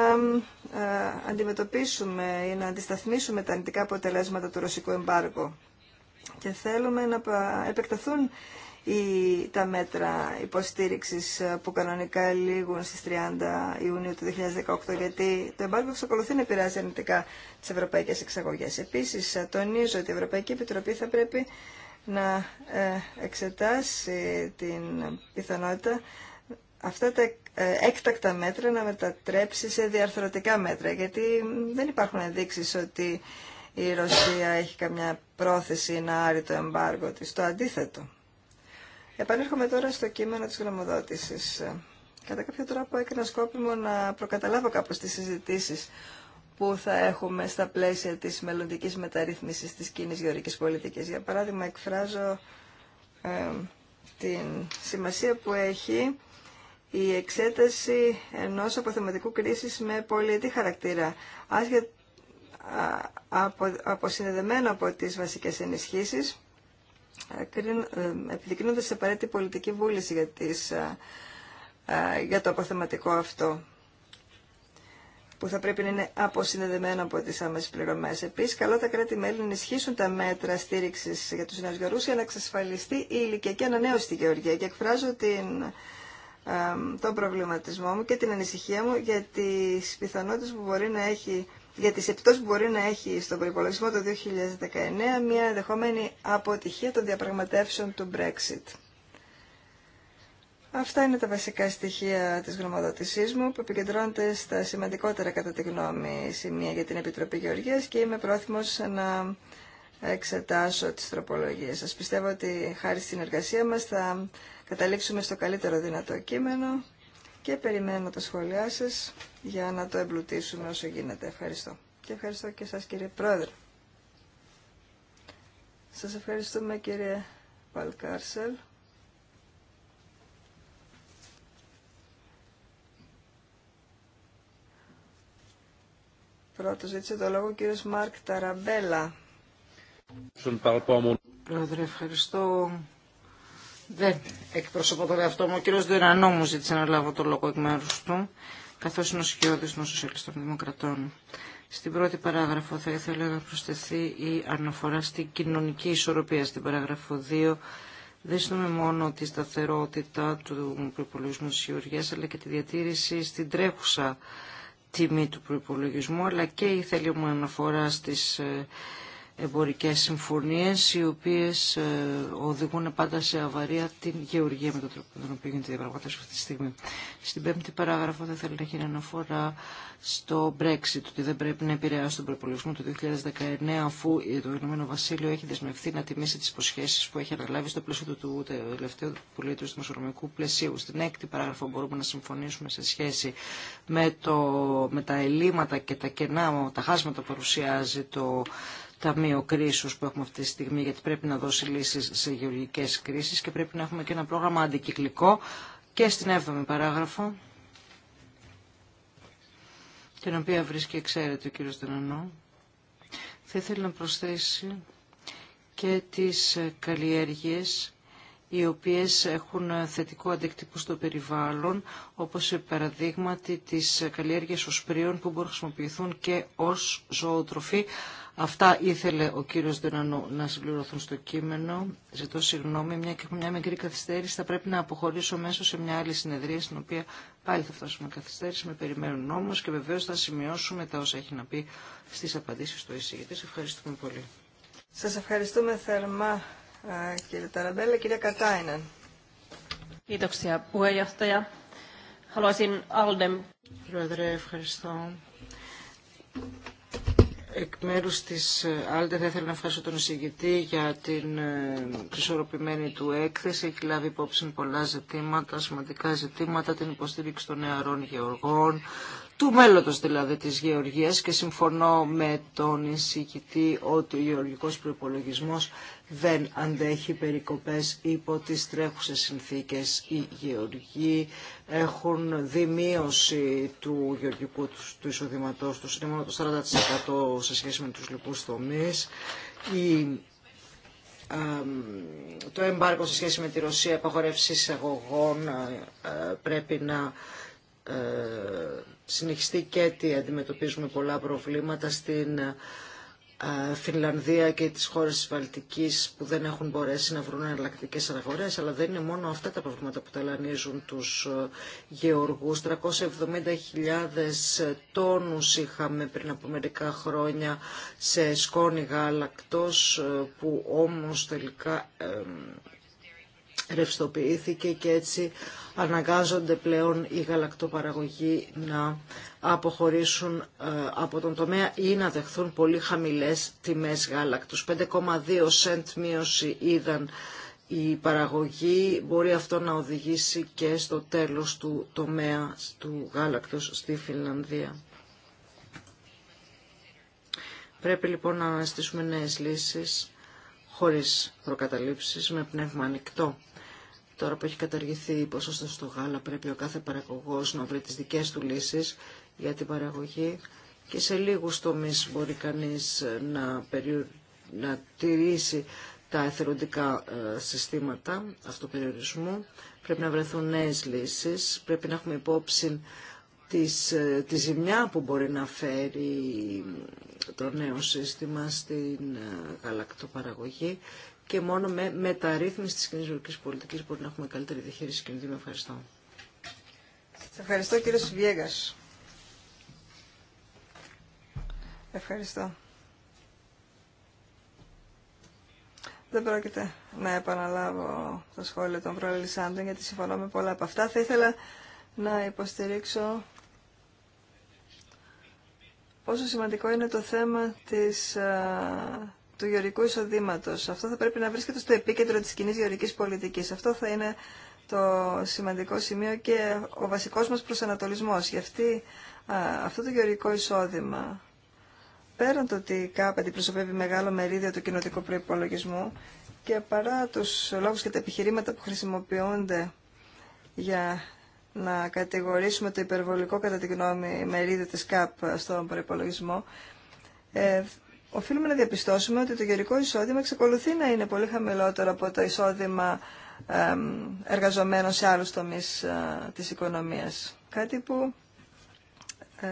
ε, αντιμετωπίσουμε ή να αντισταθμίσουμε τα αρνητικά αποτελέσματα του ρωσικού εμπάργου. Και θέλουμε να επεκταθούν οι, τα μέτρα υποστήριξης ε, που κανονικά λήγουν στις 30 Ιουνίου του 2018, γιατί το εμπάργο εξακολουθεί να επηρεάζει αρνητικά τις ευρωπαϊκές εξαγωγές. Επίσης, ε, τονίζω ότι η Ευρωπαϊκή Επιτροπή θα πρέπει να εξετάσει την πιθανότητα αυτά τα ε, έκτακτα μέτρα να μετατρέψει σε διαρθρωτικά μέτρα, γιατί δεν υπάρχουν ενδείξεις ότι η Ρωσία έχει καμιά πρόθεση να άρει το εμπάργο της. Το αντίθετο. Επανέρχομαι τώρα στο κείμενο της γνωμοδότησης. Ε, κατά κάποιο τρόπο έκανα σκόπιμο να προκαταλάβω κάπως τις συζητήσεις που θα έχουμε στα πλαίσια της μελλοντική μεταρρύθμισης της κοινή γεωρικής πολιτικής. Για παράδειγμα, εκφράζω ε, την σημασία που έχει η εξέταση ενός αποθεματικού κρίσης με πολιτική χαρακτήρα, άσχετα από, αποσυνδεδεμένο από τις βασικές ενισχύσεις, ε, ε, επιδεικνύοντας σε απαραίτητη πολιτική βούληση για, τις, ε, για το αποθεματικό αυτό που θα πρέπει να είναι αποσυνδεδεμένο από τις άμεσες πληρωμές. Επίσης, καλό τα κράτη-μέλη να ενισχύσουν τα μέτρα στήριξης για τους νέους για να εξασφαλιστεί η ηλικιακή ανανέωση στη Γεωργία και εκφράζω την τον προβληματισμό μου και την ανησυχία μου για τις πιθανότητες που μπορεί να έχει για τις επιπτώσεις που μπορεί να έχει στον προϋπολογισμό το 2019 μια ενδεχόμενη αποτυχία των διαπραγματεύσεων του Brexit. Αυτά είναι τα βασικά στοιχεία της γνωμοδότησής μου που επικεντρώνονται στα σημαντικότερα κατά τη γνώμη σημεία για την Επιτροπή Γεωργίας και είμαι πρόθυμος να εξετάσω τις τροπολογίες σας. Πιστεύω ότι χάρη στην εργασία μας θα καταλήξουμε στο καλύτερο δυνατό κείμενο και περιμένω τα σχόλιά σας για να το εμπλουτίσουμε όσο γίνεται. Ευχαριστώ. Και ευχαριστώ και σας κύριε Πρόεδρε. Σας ευχαριστούμε κύριε Παλκάρσελ. Πρώτος ζήτησε το λόγο ο κύριος Μάρκ Ταραμπέλα. Πρόεδρε, ευχαριστώ δεν εκπροσωπώ τον εαυτό μου. Ο κύριο Δερανό μου ζήτησε να λάβω το λόγο εκ μέρου του, καθώ είναι ο σκιώδη των Σοσιαλιστών Δημοκρατών. Στην πρώτη παράγραφο θα ήθελα να προσθεθεί η αναφορά στην κοινωνική ισορροπία. Στην παράγραφο 2 δείχνουμε μόνο τη σταθερότητα του προπολογισμού τη Γεωργία, αλλά και τη διατήρηση στην τρέχουσα τιμή του προπολογισμού, αλλά και η θέλη μου αναφορά στις ε, εμπορικές συμφωνίες οι οποίες ε, οδηγούν πάντα σε αβαρία την γεωργία με τον τρόπο με τον οποίο γίνεται η διαπραγματεύση αυτή τη στιγμή. Στην πέμπτη παράγραφο δεν θέλω να γίνει αναφορά στο Brexit, ότι δεν πρέπει να επηρεάσει τον προπολογισμό του 2019 αφού το Ηνωμένο Βασίλειο έχει δεσμευθεί να τιμήσει τις προσχέσεις που έχει αναλάβει στο πλαίσιο του τελευταίου πολίτου του δημοσιονομικού πλαισίου. Στην έκτη παράγραφο μπορούμε να συμφωνήσουμε σε σχέση με, το, με τα ελλείμματα και τα κενά, τα χάσματα που παρουσιάζει το ταμείο κρίσεω που έχουμε αυτή τη στιγμή, γιατί πρέπει να δώσει λύσει σε γεωργικέ κρίσει και πρέπει να έχουμε και ένα πρόγραμμα αντικυκλικό και στην 7η παράγραφο, την οποία βρίσκει εξαίρετο ο κύριος Δενανό. Θα ήθελα να προσθέσει και τις καλλιέργειες οι οποίες έχουν θετικό αντίκτυπο στο περιβάλλον, όπως σε παραδείγματι της καλλιέργειας οσπρίων που μπορούν να χρησιμοποιηθούν και ως ζωοτροφή, Αυτά ήθελε ο κύριος Δενανού να συμπληρωθούν στο κείμενο. Ζητώ συγγνώμη, μια και μια μικρή καθυστέρηση. Θα πρέπει να αποχωρήσω μέσω σε μια άλλη συνεδρία, στην οποία πάλι θα φτάσουμε καθυστέρηση. Με περιμένουν όμως και βεβαίως θα σημειώσουμε τα όσα έχει να πει στις απαντήσεις του εισηγητή. Ευχαριστούμε πολύ. Σας ευχαριστούμε θερμά, κύριε Ταραμπέλα. Κυρία Κατάιναν. Πρόεδρε, ευχαριστώ. Εκ μέρους της Άλτε θα ήθελα να ευχαριστώ τον εισηγητή για την ισορροπημένη ε, του έκθεση. Έχει λάβει υπόψη πολλά ζητήματα, σημαντικά ζητήματα, την υποστήριξη των νεαρών γεωργών, του μέλλοντος δηλαδή της γεωργίας και συμφωνώ με τον εισηγητή ότι ο γεωργικός προϋπολογισμός δεν αντέχει περικοπές υπό τις τρέχουσες συνθήκες. Οι γεωργοί έχουν δει του γεωργικού του εισοδηματός του είναι το 40% σε σχέση με τους λοιπούς τομείς. Η το εμπάρκο σε σχέση με τη Ρωσία, απαγορεύσεις εισαγωγών ε, πρέπει να ε, συνεχιστεί και τι αντιμετωπίζουμε πολλά προβλήματα στην Φινλανδία ε, και τις χώρες της Βαλτικής που δεν έχουν μπορέσει να βρουν εναλλακτικέ αναφορέ, αλλά δεν είναι μόνο αυτά τα προβλήματα που ταλανίζουν τους ε, γεωργούς. 370.000 τόνους είχαμε πριν από μερικά χρόνια σε σκόνη γάλακτος, ε, που όμως τελικά ρευστοποιήθηκε και έτσι αναγκάζονται πλέον οι γαλακτοπαραγωγοί να αποχωρήσουν ε, από τον τομέα ή να δεχθούν πολύ χαμηλές τιμές γάλακτος. 5,2 σεντ μείωση είδαν η παραγωγή μπορεί αυτό να οδηγήσει και στο τέλος του τομέα του γάλακτος στη Φινλανδία. Πρέπει λοιπόν να αναστήσουμε νέες λύσεις χωρίς προκαταλήψεις, με πνεύμα ανοιχτό. Τώρα που έχει καταργηθεί η στο γάλα, πρέπει ο κάθε παραγωγός να βρει τις δικές του λύσεις για την παραγωγή και σε λίγους τομείς μπορεί κανείς να, περι... να τηρήσει τα εθελοντικά ε, συστήματα αυτοπεριορισμού. Πρέπει να βρεθούν νέες λύσεις, πρέπει να έχουμε υπόψη της, τη ζημιά που μπορεί να φέρει το νέο σύστημα στην ε, γαλακτοπαραγωγή και μόνο με μεταρρύθμιση της κοινής πολιτική πολιτικής μπορεί να έχουμε καλύτερη διαχείριση κινδύνου. Ευχαριστώ. Σας ευχαριστώ κύριε Σιβιέγας. Ευχαριστώ. Δεν πρόκειται να επαναλάβω τα σχόλια των προελισσάντων γιατί συμφωνώ με πολλά από αυτά. Θα ήθελα να υποστηρίξω πόσο σημαντικό είναι το θέμα της, του γεωρικού εισόδηματος. Αυτό θα πρέπει να βρίσκεται στο επίκεντρο της κοινή γεωρικής πολιτικής. Αυτό θα είναι το σημαντικό σημείο και ο βασικός μας προσανατολισμός. Γι' αυτή, αυτό το γεωρικό εισόδημα, πέραν το ότι ΚΑΠ αντιπροσωπεύει μεγάλο μερίδιο του κοινοτικού προϋπολογισμού και παρά τους λόγους και τα επιχειρήματα που χρησιμοποιούνται για να κατηγορήσουμε το υπερβολικό κατά τη γνώμη μερίδιο της ΚΑΠ στον προπολογισμό, ε, οφείλουμε να διαπιστώσουμε ότι το γερικό εισόδημα εξακολουθεί να είναι πολύ χαμηλότερο από το εισόδημα εργαζομένων σε άλλους τομείς ε, της οικονομίας. Κάτι που ε,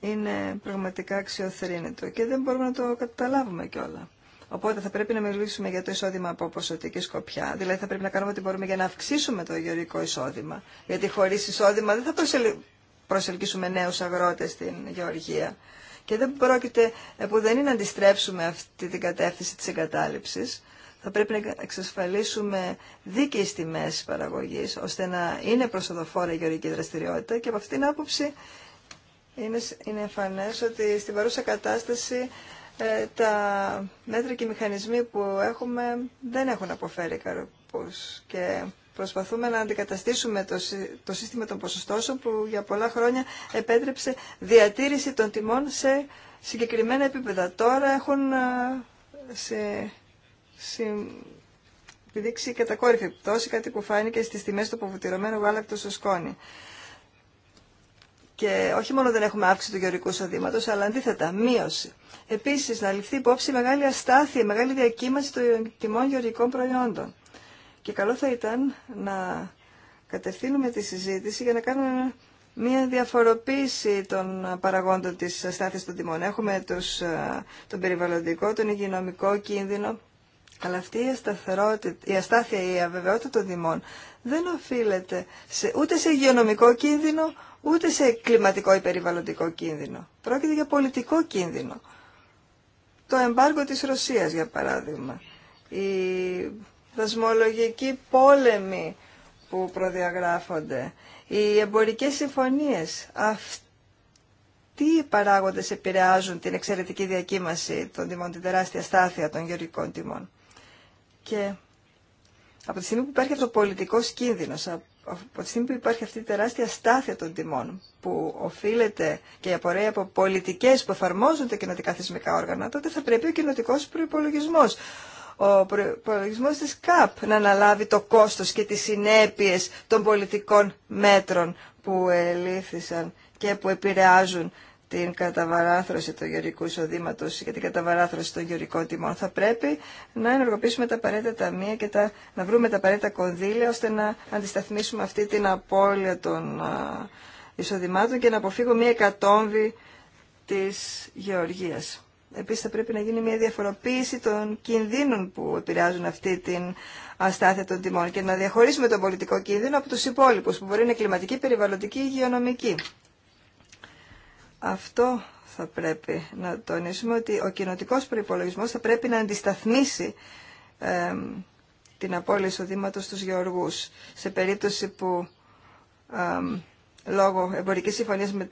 είναι πραγματικά αξιοθρύνητο και δεν μπορούμε να το καταλάβουμε κιόλα. Οπότε θα πρέπει να μιλήσουμε για το εισόδημα από ποσοτική σκοπιά. Δηλαδή θα πρέπει να κάνουμε ό,τι μπορούμε για να αυξήσουμε το γεωργικό εισόδημα. Γιατί χωρί εισόδημα δεν θα προσελκύσουμε νέου αγρότε στην γεωργία. Και δεν πρόκειται ε, που δεν είναι να αντιστρέψουμε αυτή την κατεύθυνση τη εγκατάλειψη. Θα πρέπει να εξασφαλίσουμε δίκαιε τιμέ παραγωγή, ώστε να είναι προσοδοφόρα η γεωργική δραστηριότητα. Και από αυτήν την άποψη είναι, είναι εμφανέ ότι στην παρούσα κατάσταση ε, τα μέτρα και οι μηχανισμοί που έχουμε δεν έχουν αποφέρει καρπούς και προσπαθούμε να αντικαταστήσουμε το, το σύστημα των ποσοστώσεων που για πολλά χρόνια επέτρεψε διατήρηση των τιμών σε συγκεκριμένα επίπεδα. Τώρα έχουν ε, σε, σε, επιδείξει κατακόρυφη πτώση, κάτι που φάνηκε στις τιμές του αποβουτυρωμένου γάλακτος στο σκόνη. Και όχι μόνο δεν έχουμε αύξηση του γεωρικού εισοδήματο, αλλά αντίθετα, μείωση. Επίση, να ληφθεί υπόψη μεγάλη αστάθεια, μεγάλη διακύμαση των τιμών γεωργικών προϊόντων. Και καλό θα ήταν να κατευθύνουμε τη συζήτηση για να κάνουμε μια διαφοροποίηση των παραγόντων τη αστάθειας των τιμών. Έχουμε τους, ε, τον περιβαλλοντικό, τον υγειονομικό κίνδυνο, αλλά αυτή η, η αστάθεια, η αβεβαιότητα των τιμών δεν οφείλεται σε, ούτε σε υγειονομικό κίνδυνο, ούτε σε κλιματικό ή περιβαλλοντικό κίνδυνο. Πρόκειται για πολιτικό κίνδυνο. Το εμπάργο της Ρωσίας, για παράδειγμα. Η δασμολογική της ρωσιας για παραδειγμα η δασμολογικη πόλεμοι που προδιαγράφονται. Οι εμπορικές συμφωνίες. Αυτοί οι παράγοντες επηρεάζουν την εξαιρετική διακύμαση των τιμών, την τεράστια στάθεια των γεωργικών τιμών. Και από τη στιγμή που υπάρχει αυτό ο πολιτικός κίνδυνος, από τη στιγμή που υπάρχει αυτή η τεράστια στάθεια των τιμών που οφείλεται και απορρέει από πολιτικές που εφαρμόζουν τα κοινοτικά θεσμικά όργανα, τότε θα πρέπει ο κοινοτικό προπολογισμό. ο προπολογισμό τη ΚΑΠ να αναλάβει το κόστος και τις συνέπειες των πολιτικών μέτρων που ελήφθησαν και που επηρεάζουν την καταβαράθρωση του γεωρικού εισοδήματο και την καταβαράθρωση των γεωρικών τιμών. Θα πρέπει να ενεργοποιήσουμε τα απαραίτητα ταμεία και τα, να βρούμε τα απαραίτητα κονδύλια ώστε να αντισταθμίσουμε αυτή την απώλεια των εισοδημάτων και να αποφύγουμε μια εκατόμβη τη γεωργία. Επίση θα πρέπει να γίνει μια διαφοροποίηση των κινδύνων που επηρεάζουν αυτή την αστάθεια των τιμών και να διαχωρίσουμε τον πολιτικό κίνδυνο από του υπόλοιπου που μπορεί να είναι κλιματική, περιβαλλοντική ή υγειονομική. Αυτό θα πρέπει να τονίσουμε ότι ο κοινοτικός προϋπολογισμός θα πρέπει να αντισταθμίσει την απώλεια εισοδήματο στους γεωργούς σε περίπτωση που ε, λόγω εμπορικής συμφωνίας με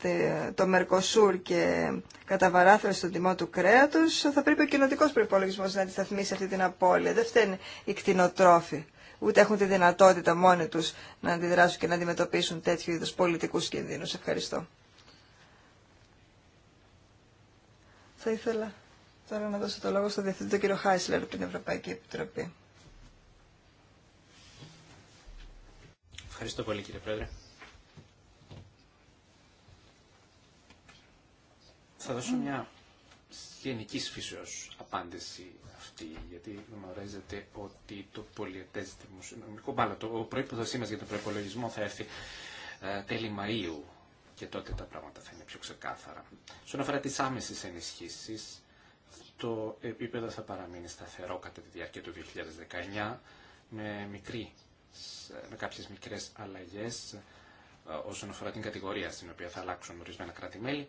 το Μερκοσούρ και καταβαράθρωση στον τιμό του κρέατος θα πρέπει ο κοινοτικός προϋπολογισμός να αντισταθμίσει αυτή την απώλεια. Δεν φταίνει οι κτηνοτρόφοι ούτε έχουν τη δυνατότητα μόνοι τους να αντιδράσουν και να αντιμετωπίσουν τέτοιου είδους πολιτικούς κινδύνους. Ευχαριστώ. Θα ήθελα τώρα να δώσω το λόγο στον Διευθυντή τον κύριο Χάισλερ από την Ευρωπαϊκή Επιτροπή. Ευχαριστώ πολύ κύριε Πρόεδρε. Θα δώσω μια γενική φύσεω απάντηση αυτή, γιατί γνωρίζετε ότι το πολιετέ δημοσιονομικό, μάλλον το προϋποδοσή μα για τον προπολογισμό θα έρθει ε, τέλη Μαΐου και τότε τα πράγματα θα είναι πιο ξεκάθαρα. Στον αφορά τις άμεσες ενισχύσεις, το επίπεδο θα παραμείνει σταθερό κατά τη διάρκεια του 2019 με, μικρή, με κάποιες μικρές αλλαγές ε, όσον αφορά την κατηγορία στην οποία θα αλλάξουν ορισμένα κράτη-μέλη,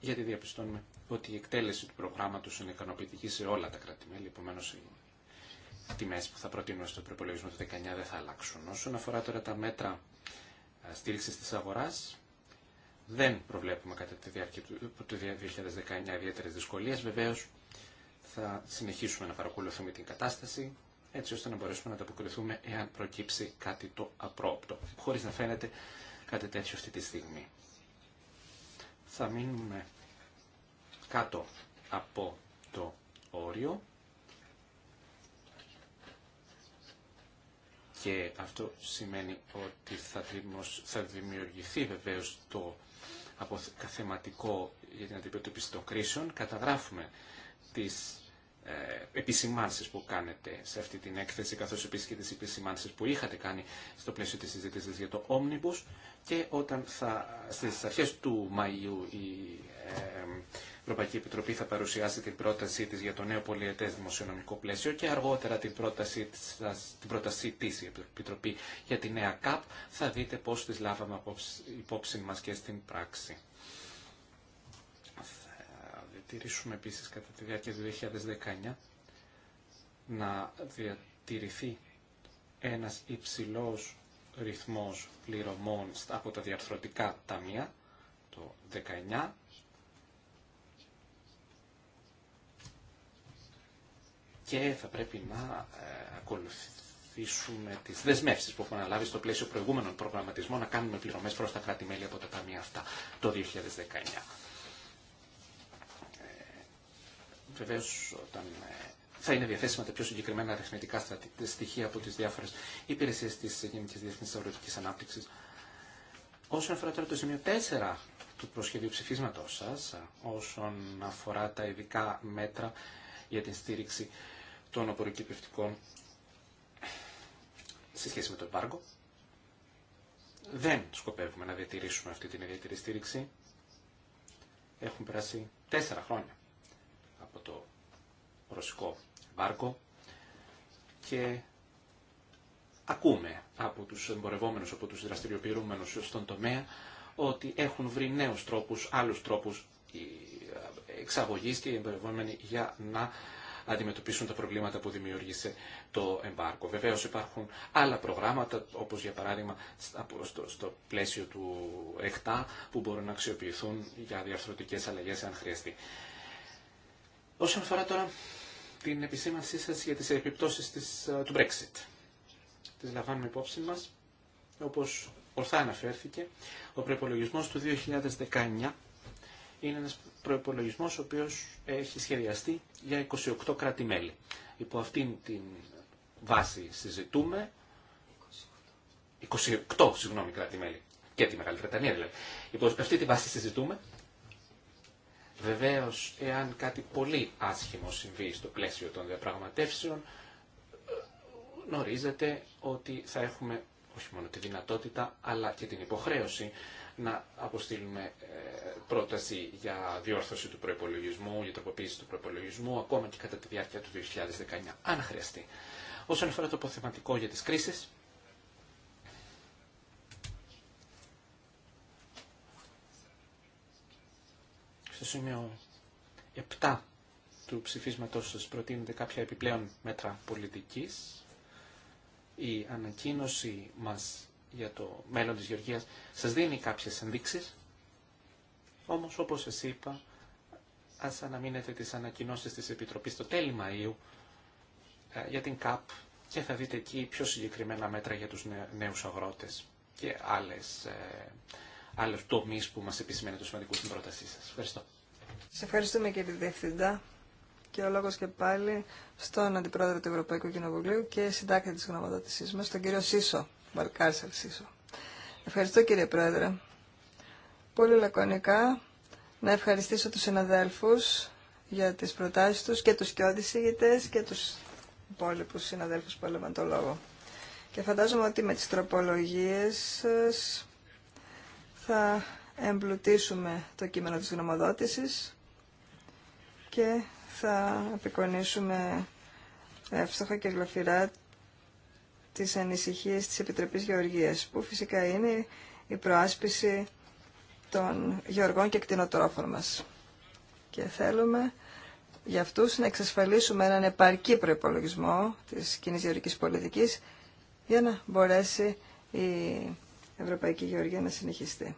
γιατί διαπιστώνουμε ότι η εκτέλεση του προγράμματος είναι ικανοποιητική σε όλα τα κράτη-μέλη, επομένως οι τιμές που θα προτείνουμε στο προπολογισμό του 19 δεν θα αλλάξουν. Όσον αφορά τώρα τα μέτρα ε, Στήριξη της αγοράς. Δεν προβλέπουμε κατά τη διάρκεια του 2019 ιδιαίτερε δυσκολίες. Βεβαίως θα συνεχίσουμε να παρακολουθούμε την κατάσταση έτσι ώστε να μπορέσουμε να ανταποκριθούμε εάν προκύψει κάτι το απρόπτο, χωρίς να φαίνεται κάτι τέτοιο αυτή τη στιγμή. Θα μείνουμε κάτω από το όριο και αυτό σημαίνει ότι θα δημιουργηθεί βεβαίως το αποθεματικό για την αντιμετώπιση των κρίσεων. Καταγράφουμε τις ε, επισημάνσεις που κάνετε σε αυτή την έκθεση, καθώς επίσης και τις επισημάνσεις που είχατε κάνει στο πλαίσιο της συζήτησης για το Omnibus και όταν θα, στις αρχές του Μαΐου η η Ευρωπαϊκή Επιτροπή θα παρουσιάσει την πρότασή της για το νέο πολιετές δημοσιονομικό πλαίσιο και αργότερα την πρότασή της, την η Επιτροπή για τη νέα ΚΑΠ. Θα δείτε πώς τις λάβαμε υπόψη μας και στην πράξη. Θα διατηρήσουμε επίσης κατά τη διάρκεια του 2019 να διατηρηθεί ένας υψηλός ρυθμός πληρωμών από τα διαρθρωτικά ταμεία, το 19, και θα πρέπει να ε, ακολουθήσουμε τι δεσμεύσει που έχουμε αναλάβει στο πλαίσιο προηγούμενων προγραμματισμών να κάνουμε πληρωμές προ τα κράτη-μέλη από τα ταμεία αυτά το 2019. Ε, Βεβαίω, όταν ε, θα είναι διαθέσιμα τα πιο συγκεκριμένα αριθμητικά στοιχεία από τι διάφορε υπηρεσίε τη Γενική Διεθνή Αγροτική Ανάπτυξη. Όσον αφορά τώρα το σημείο 4 του προσχεδίου ψηφίσματό σα, όσον αφορά τα ειδικά μέτρα για την στήριξη των απορροκυπευτικών σε σχέση με το εμπάργκο. Δεν σκοπεύουμε να διατηρήσουμε αυτή την ιδιαίτερη στήριξη. Έχουν περάσει τέσσερα χρόνια από το ρωσικό εμπάργκο και ακούμε από τους εμπορευόμενους, από τους δραστηριοποιούμενους στον τομέα ότι έχουν βρει νέους τρόπους, άλλους τρόπους ε, εξαγωγής και οι εμπορευόμενοι για να αντιμετωπίσουν τα προβλήματα που δημιούργησε το εμπάρκο. Βεβαίω υπάρχουν άλλα προγράμματα, όπω για παράδειγμα στο πλαίσιο του ΕΧΤΑ, που μπορούν να αξιοποιηθούν για διαρθρωτικέ αλλαγέ αν χρειαστεί. Όσον αφορά τώρα την επισήμανσή σα για τι επιπτώσει του Brexit, τι λαμβάνουμε υπόψη μα, όπω ορθά αναφέρθηκε, ο προπολογισμό του 2019 είναι Προπολογισμό ο οποίος έχει σχεδιαστεί για 28 κράτη-μέλη. Υπό αυτήν την βάση συζητούμε 28, συγγνώμη, κράτη-μέλη και τη Μεγάλη Βρετανία δηλαδή. Υπό αυτή τη βάση συζητούμε. Βεβαίω, εάν κάτι πολύ άσχημο συμβεί στο πλαίσιο των διαπραγματεύσεων, γνωρίζετε ότι θα έχουμε όχι μόνο τη δυνατότητα, αλλά και την υποχρέωση να αποστείλουμε ε, πρόταση για διόρθωση του προπολογισμού, για τροποποίηση του προπολογισμού, ακόμα και κατά τη διάρκεια του 2019, αν χρειαστεί. Όσον αφορά το αποθεματικό για τις κρίσεις, στο σημείο 7 του ψηφίσματός σας προτείνονται κάποια επιπλέον μέτρα πολιτικής. Η ανακοίνωση μας για το μέλλον της Γεωργίας σας δίνει κάποιες ενδείξεις, όμως όπως σας είπα, ας αναμείνετε τις ανακοινώσεις της Επιτροπής το τέλη Μαΐου ε, για την ΚΑΠ και θα δείτε εκεί πιο συγκεκριμένα μέτρα για τους νέους αγρότες και άλλες, ε, άλλες τομείς που μας επισημαίνουν το σημαντικό στην πρότασή σας. Ευχαριστώ. Σε ευχαριστούμε κύριε Διευθυντά και ο λόγος και πάλι στον Αντιπρόεδρο του Ευρωπαϊκού Κοινοβουλίου και συντάκτη της γνωματοτησής μας, τον κύριο Σίσο. Ευχαριστώ κύριε Πρόεδρε. Πολύ λακωνικά να ευχαριστήσω τους συναδέλφους για τις προτάσεις τους και τους κοιόδης ηγητές και τους υπόλοιπους συναδέλφους που έλεγαν το λόγο. Και φαντάζομαι ότι με τις τροπολογίες θα εμπλουτίσουμε το κείμενο της γνωμοδότησης και θα απεικονίσουμε εύστοχα και γλαφυρά τις ανησυχίες της Επιτροπής Γεωργίας, που φυσικά είναι η προάσπιση των γεωργών και κτηνοτρόφων μας. Και θέλουμε για αυτούς να εξασφαλίσουμε έναν επαρκή προϋπολογισμό της κοινή γεωργικής πολιτικής για να μπορέσει η Ευρωπαϊκή Γεωργία να συνεχιστεί.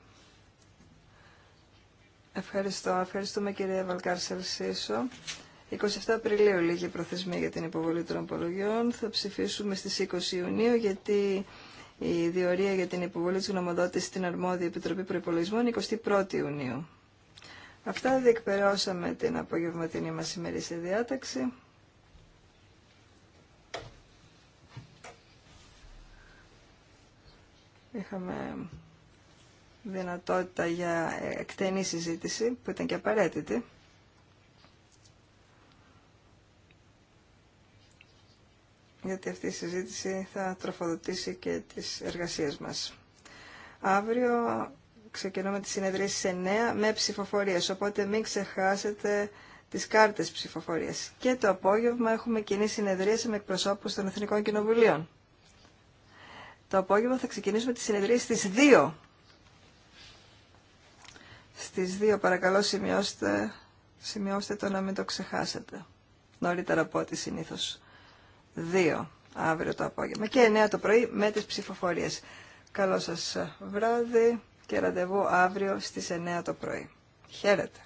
Ευχαριστώ. Ευχαριστούμε κύριε Βαλκάρ Σελσίσο. 27 Απριλίου λίγη προθεσμία για την υποβολή των απολογιών. Θα ψηφίσουμε στις 20 Ιουνίου γιατί η διορία για την υποβολή της γνωμοδότησης στην Αρμόδια Επιτροπή Προϋπολογισμών 21 Ιουνίου. Αυτά διεκπαιρεώσαμε την απογευματινή μας ημερήσια διάταξη. Είχαμε δυνατότητα για εκτενή συζήτηση που ήταν και απαραίτητη. γιατί αυτή η συζήτηση θα τροφοδοτήσει και τις εργασίες μας. Αύριο ξεκινούμε τη συνεδρία σε 9 με ψηφοφορίες, οπότε μην ξεχάσετε τις κάρτες ψηφοφορίας. Και το απόγευμα έχουμε κοινή συνεδρία με εκπροσώπους των Εθνικών Κοινοβουλίων. Το απόγευμα θα ξεκινήσουμε τη συνεδρία στις 2. Στις 2 παρακαλώ σημειώστε, σημειώστε το να μην το ξεχάσετε. Νωρίτερα από ό,τι συνήθως. 2 αύριο το απόγευμα και 9 το πρωί με τις ψηφοφορίες. Καλό σας βράδυ και ραντεβού αύριο στις 9 το πρωί. Χαίρετε.